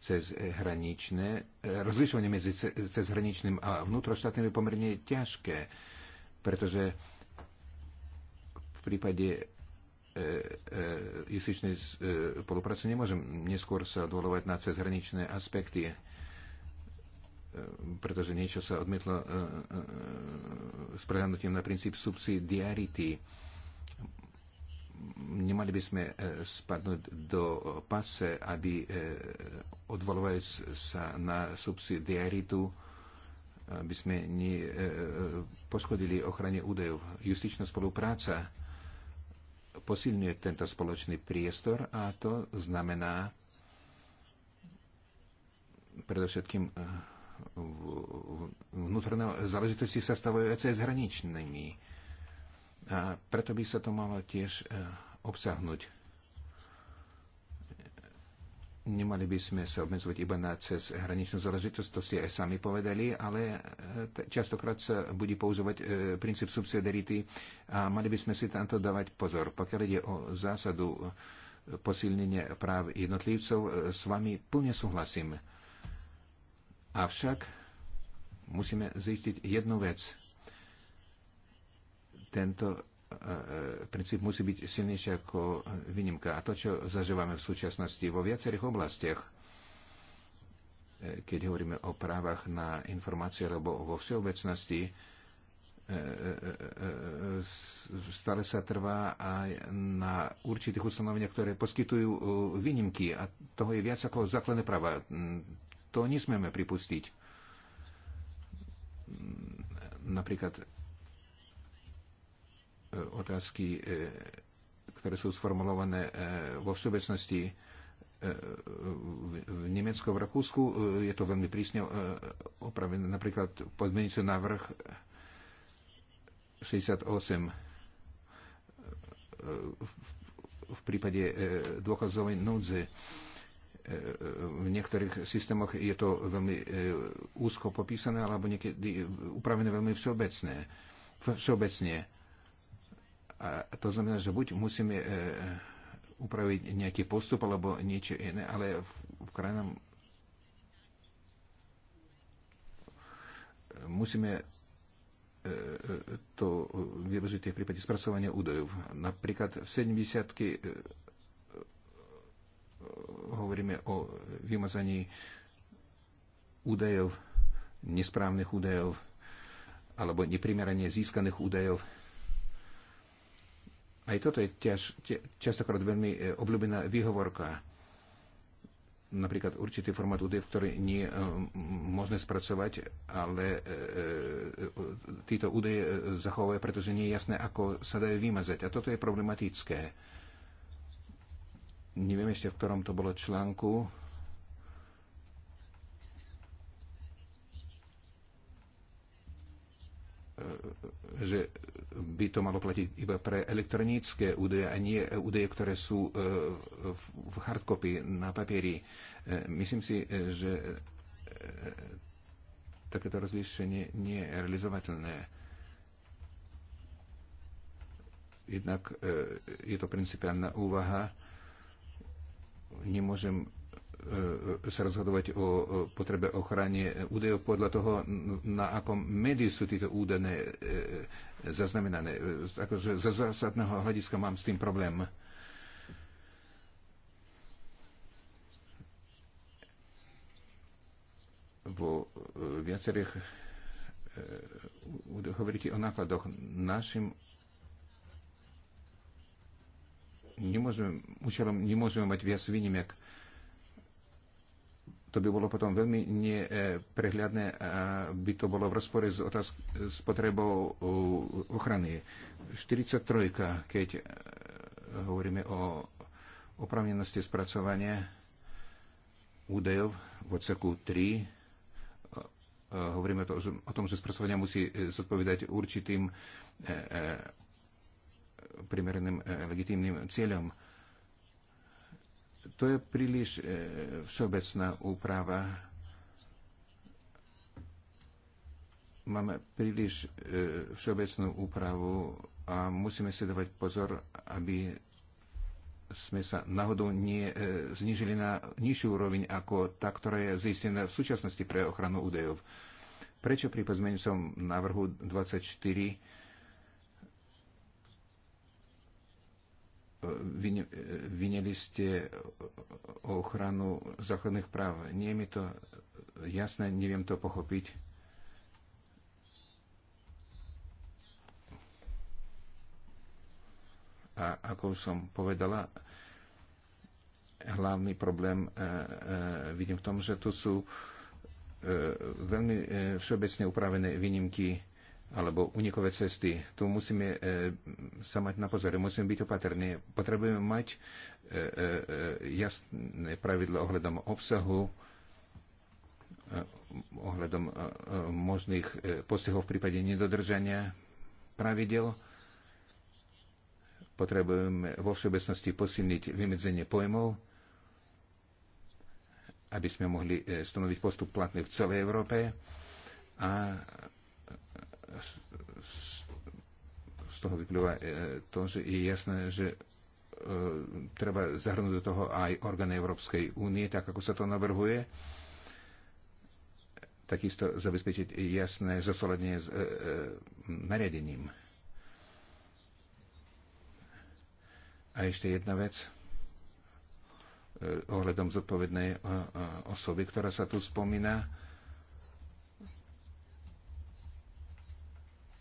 cez hraničné, e, rozlišovanie medzi cez hraničným a vnútroštátnym je pomerne ťažké, pretože v prípade e, e, justičnej spolupráce nemôžem neskôr sa odvolovať na cezhraničné aspekty, pretože niečo sa odmietlo s prehľadnutím na princíp subsidiarity nemali by sme e, spadnúť do pase, aby e, odvolávajúc sa na subsidiaritu, aby sme nie e, poškodili ochrane údajov. Justičná spolupráca posilňuje tento spoločný priestor a to znamená predovšetkým vnútorné záležitosti sa stavajú aj cez hraničnými a preto by sa to malo tiež e, obsahnuť. Nemali by sme sa obmedzovať iba na cez hraničnú záležitosť, to ste aj sami povedali, ale e, častokrát sa bude pouzovať e, princíp subsidiarity a mali by sme si tamto dávať pozor. Pokiaľ ide o zásadu posilnenia práv jednotlivcov, s vami plne súhlasím. Avšak musíme zistiť jednu vec – tento e, e, princíp musí byť silnejší ako výnimka. A to, čo zažívame v súčasnosti vo viacerých oblastiach, e, keď hovoríme o právach na informácie alebo vo všeobecnosti, stále sa trvá aj na určitých ustanoveniach, ktoré poskytujú výnimky a toho je viac ako základné práva. To nesmieme pripustiť. Napríklad otázky, e, ktoré sú sformulované e, vo všeobecnosti e, v Nemecku, v Rakúsku. Je to veľmi prísne opravené. Napríklad podmienujúci návrh 68 v prípade dôkazovej núdze v niektorých systémoch je to veľmi úzko popísané alebo niekedy upravené veľmi všeobecné. Všeobecne a to znamená, že buď musíme e, e, upraviť nejaký postup alebo niečo iné, ale v, v krajnom musíme e, e, to využiť v prípade spracovania údajov. Napríklad v 70 hovoríme o vymazaní údajov, nesprávnych údajov alebo neprimerane získaných údajov aj toto je ťaž, ťa, častokrát veľmi e, obľúbená výhovorka. Napríklad určitý format údajov, ktorý nie je možné spracovať, ale e, e, títo údaje zachovajú, pretože nie je jasné, ako sa dajú vymazať. A toto je problematické. Neviem ešte, v ktorom to bolo článku. že by to malo platiť iba pre elektronické údaje a nie e, údaje, ktoré sú e, v hardkopy na papieri. E, myslím si, že takéto rozlíšenie nie je realizovateľné. Jednak je to principiálna úvaha. Nemôžem E, e, sa rozhodovať o potrebe ochrany údajov podľa toho, na akom médiu sú títo údané e, zaznamenané. Akože za zásadného hľadiska mám s tým problém. Vo viacerých hovoríte o nákladoch. Našim nemôžeme, účelom nemôžeme mať viac výnimek. E, to by bolo potom veľmi neprehľadné, a by to bolo v rozpore s, otázk- s potrebou ochrany. 43, keď e, hovoríme o opravnenosti spracovania údajov v odseku 3, e, e, hovoríme to, o tom, že spracovania musí zodpovedať určitým e, e, primereným e, legitímnym cieľom to je príliš e, všeobecná úprava. Máme príliš e, všeobecnú úpravu a musíme si dávať pozor, aby sme sa náhodou nie, e, znižili na nižšiu úroveň ako tá, ktorá je zistená v súčasnosti pre ochranu údajov. Prečo pri pozmeňujúcom návrhu 24 vyneli ste ochranu základných práv. Nie je mi to jasné, neviem to pochopiť. A ako som povedala, hlavný problém e, e, vidím v tom, že tu sú e, veľmi všeobecne upravené výnimky alebo unikové cesty. Tu musíme e, sa mať na pozore, musíme byť opatrní. Potrebujeme mať e, e, e jasné pravidlo ohľadom obsahu, e, ohľadom e, e, možných e, postihov v prípade nedodržania pravidel. Potrebujeme vo všeobecnosti posilniť vymedzenie pojmov, aby sme mohli e, stanoviť postup platný v celej Európe a z toho vyplýva e, to, že je jasné, že e, treba zahrnúť do toho aj orgány Európskej únie, tak ako sa to navrhuje. Takisto zabezpečiť jasné zasolenie s e, nariadením. A ešte jedna vec ohľadom zodpovednej osoby, ktorá sa tu spomína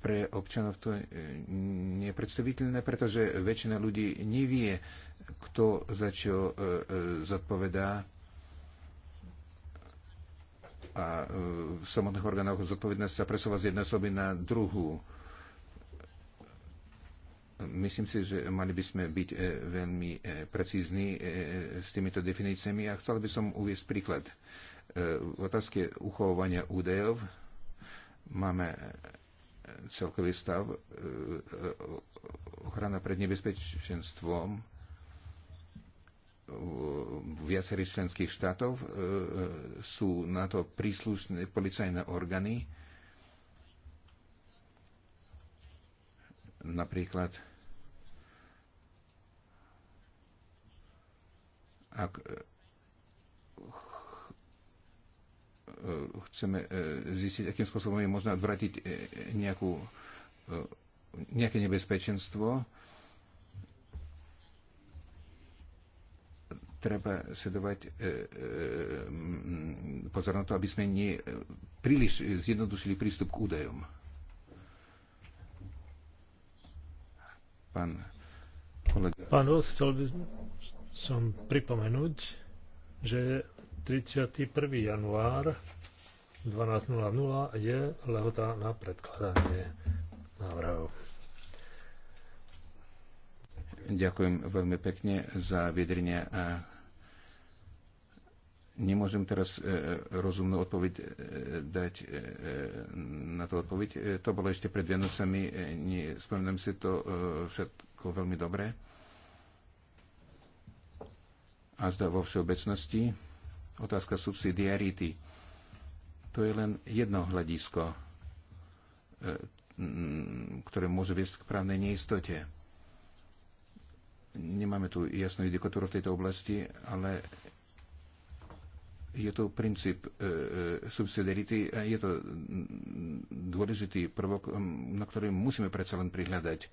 Pre občanov to nie je e, predstaviteľné, pretože väčšina ľudí nevie, kto za čo e, e, zodpovedá a v samotných orgánoch zodpovednosť sa presúva z jednej osoby na druhú. Myslím si, že mali by sme byť veľmi precízni s týmito definíciami a chcel by som uviesť príklad. V otázke uchovovania údajov máme celkový stav, e, e, ochrana pred nebezpečenstvom viacerých členských štátov, e, sú na to príslušné policajné orgány, napríklad ak E, chceme e, zistiť, akým spôsobom je možné odvratiť e, nejakú, nejaké nebezpečenstvo. Treba sledovať pozor na to, aby sme nie príliš zjednodušili prístup k údajom. Pán kolega. Pán Vos, chcel by som pripomenúť, že 31. január 12.00 je lehota na predkladanie návrhov. Ďakujem veľmi pekne za vyjadrenie a nemôžem teraz e, e, rozumnú odpoveď e, dať na to odpoveď. To bolo ešte pred Vianocami, spomínam si to všetko veľmi dobre. A zda vo všeobecnosti otázka subsidiarity to je len jedno hľadisko, e, ktoré môže viesť k právnej neistote. Nemáme tu jasnú judikatúru v tejto oblasti, ale je to princíp e, e, subsidiarity a je to dôležitý prvok, na ktorý musíme predsa len prihľadať.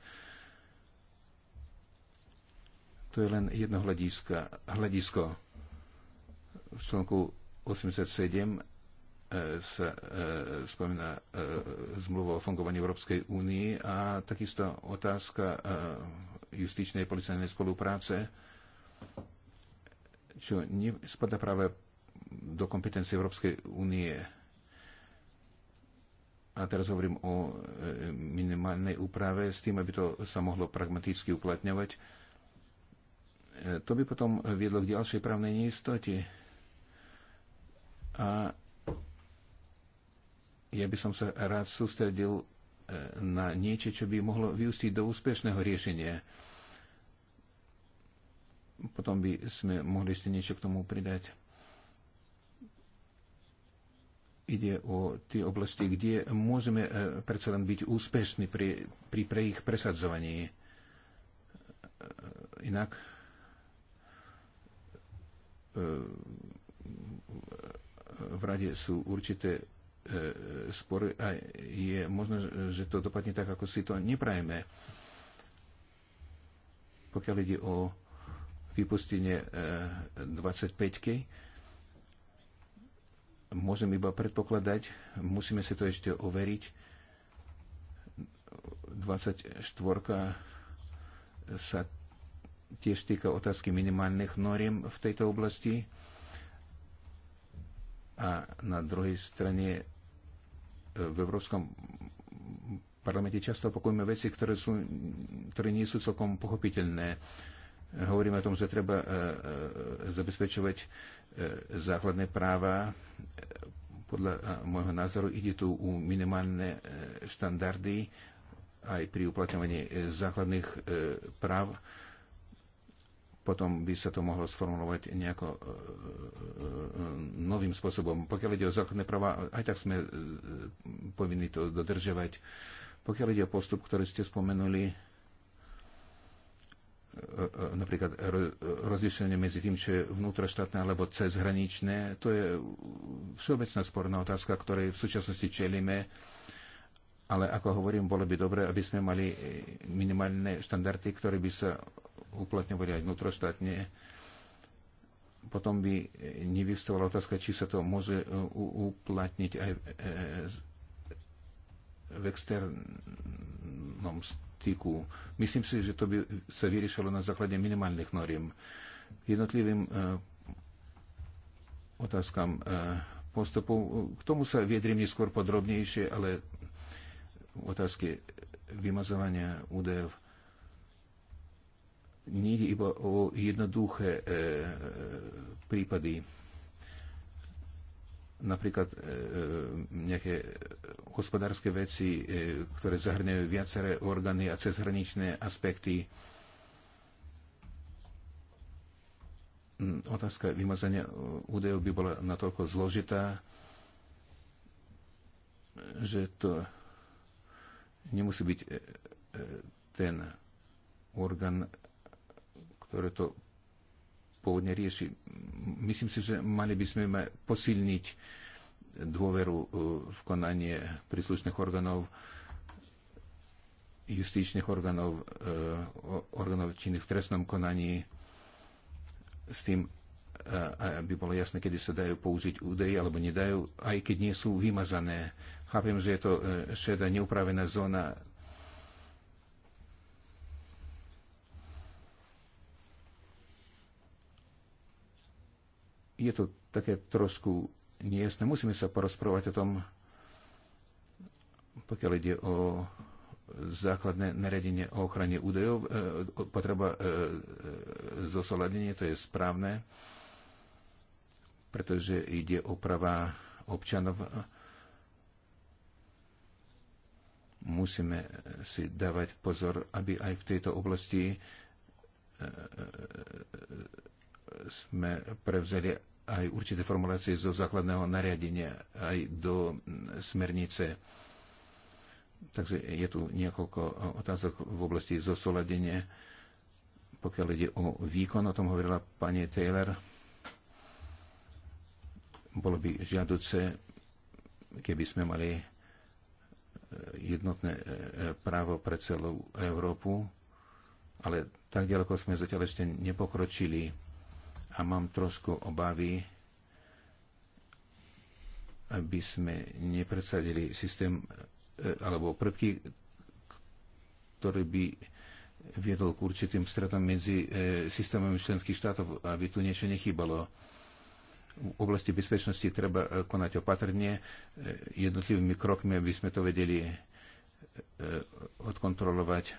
To je len jedno hľadisko. V článku 87 sa e, spomína e, zmluva o fungovaní Európskej únie a takisto otázka e, justičnej policajnej spolupráce, čo nespada práve do kompetencie Európskej únie. A teraz hovorím o minimálnej úprave s tým, aby to sa mohlo pragmaticky uplatňovať. To by potom viedlo k ďalšej právnej neistote. A ja by som sa rád sústredil e, na niečo, čo by mohlo vyústiť do úspešného riešenia. Potom by sme mohli ešte niečo k tomu pridať. Ide o tie oblasti, kde môžeme e, predsa len byť úspešní pri, pri pre ich presadzovaní. E, inak v rade sú určité E, spory a je možné, že to dopadne tak, ako si to neprajeme. Pokiaľ ide o vypustenie 25-ky, e, môžem iba predpokladať, musíme si to ešte overiť, 24 sa tiež týka otázky minimálnych noriem v tejto oblasti. A na druhej strane e, v Európskom parlamente často opakujeme veci, ktoré, sú, ktoré nie sú celkom pochopiteľné. Hovoríme o tom, že treba e, e, zabezpečovať základné práva. Podľa môjho názoru ide tu u minimálne štandardy aj pri uplatňovaní základných práv potom by sa to mohlo sformulovať nejako e, e, e, novým spôsobom. Pokiaľ ide o základné práva, aj tak sme povinni to dodržiavať. Pokiaľ ide o postup, ktorý ste spomenuli, napríklad rozlišenie medzi tým, čo je vnútroštátne alebo cezhraničné, to je všeobecná sporná otázka, ktorej v súčasnosti čelíme. Ale ako hovorím, bolo by dobre, aby sme mali minimálne štandardy, ktoré by sa uplatňovali aj vnútroštátne, potom by nevystovala otázka, či sa to môže e, uplatniť aj e, v externom styku. Myslím si, že to by sa vyriešilo na základe minimálnych noriem. Jednotlivým e, otázkam postupov, k tomu sa viedrím neskôr podrobnejšie, ale otázky vymazovania údajov nie ide iba o jednoduché e, e prípady, napríklad e, e, nejaké hospodárske veci, e, ktoré zahrňajú viaceré orgány a cezhraničné aspekty. Mm, otázka vymazania e, údajov by bola natoľko zložitá, že to nemusí byť ten orgán ktoré to pôvodne rieši. Myslím si, že mali by sme posilniť dôveru e, v konanie príslušných orgánov, justičných orgánov, e, orgánov činy v trestnom konaní s tým, e, aby bolo jasné, kedy sa dajú použiť údaje alebo nedajú, aj keď nie sú vymazané. Chápem, že je to šedá neupravená zóna, je to také trošku nejasné. Musíme sa porozprávať o tom, pokiaľ ide o základné naredenie o ochrane údajov, e, potreba e, e, zosoladenie, to je správne, pretože ide o práva občanov. Musíme si dávať pozor, aby aj v tejto oblasti sme prevzeli aj určité formulácie zo základného nariadenia aj do smernice. Takže je tu niekoľko e, otázok v oblasti zosoladenia, Pokiaľ ide o výkon, o tom hovorila pani Taylor, bolo by žiaduce, keby sme mali e, jednotné e, právo pre celú Európu, ale tak ďaleko sme zatiaľ ešte nepokročili a mám trošku obavy, aby sme nepredsadili systém e, alebo prvky, ktorý by viedol k určitým stretom medzi e, systémami členských štátov, aby tu niečo nechybalo. V oblasti bezpečnosti treba e, konať opatrne jednotlivými krokmi, aby sme to vedeli odkontrolovať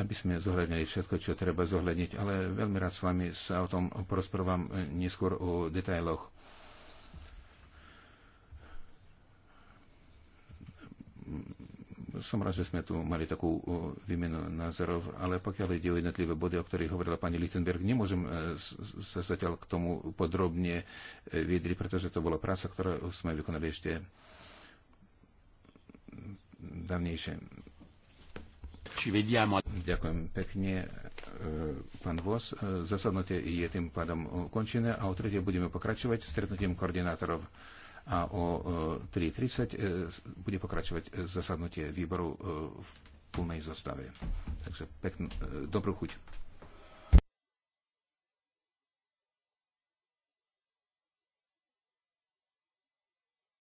aby sme zohľadnili všetko, čo treba zohľadniť, ale veľmi rád s vami sa o tom porozprávam eh, neskôr o detailoch. Som rád, že sme tu mali takú eh, výmenu názorov, ale pokiaľ ide o jednotlivé body, o ktorých hovorila pani Lichtenberg, nemôžem eh, sa zatiaľ k tomu podrobne vyjadriť, pretože to bola práca, ktorú sme vykonali ešte dávnejšie Ďakujem pekne, e, pán Vos. E, zasadnutie je tým pádom ukončené a o tretie budeme pokračovať stretnutím koordinátorov a o 3.30 e, bude pokračovať zasadnutie výboru v plnej zostave. Takže peknú, dobrú chuť.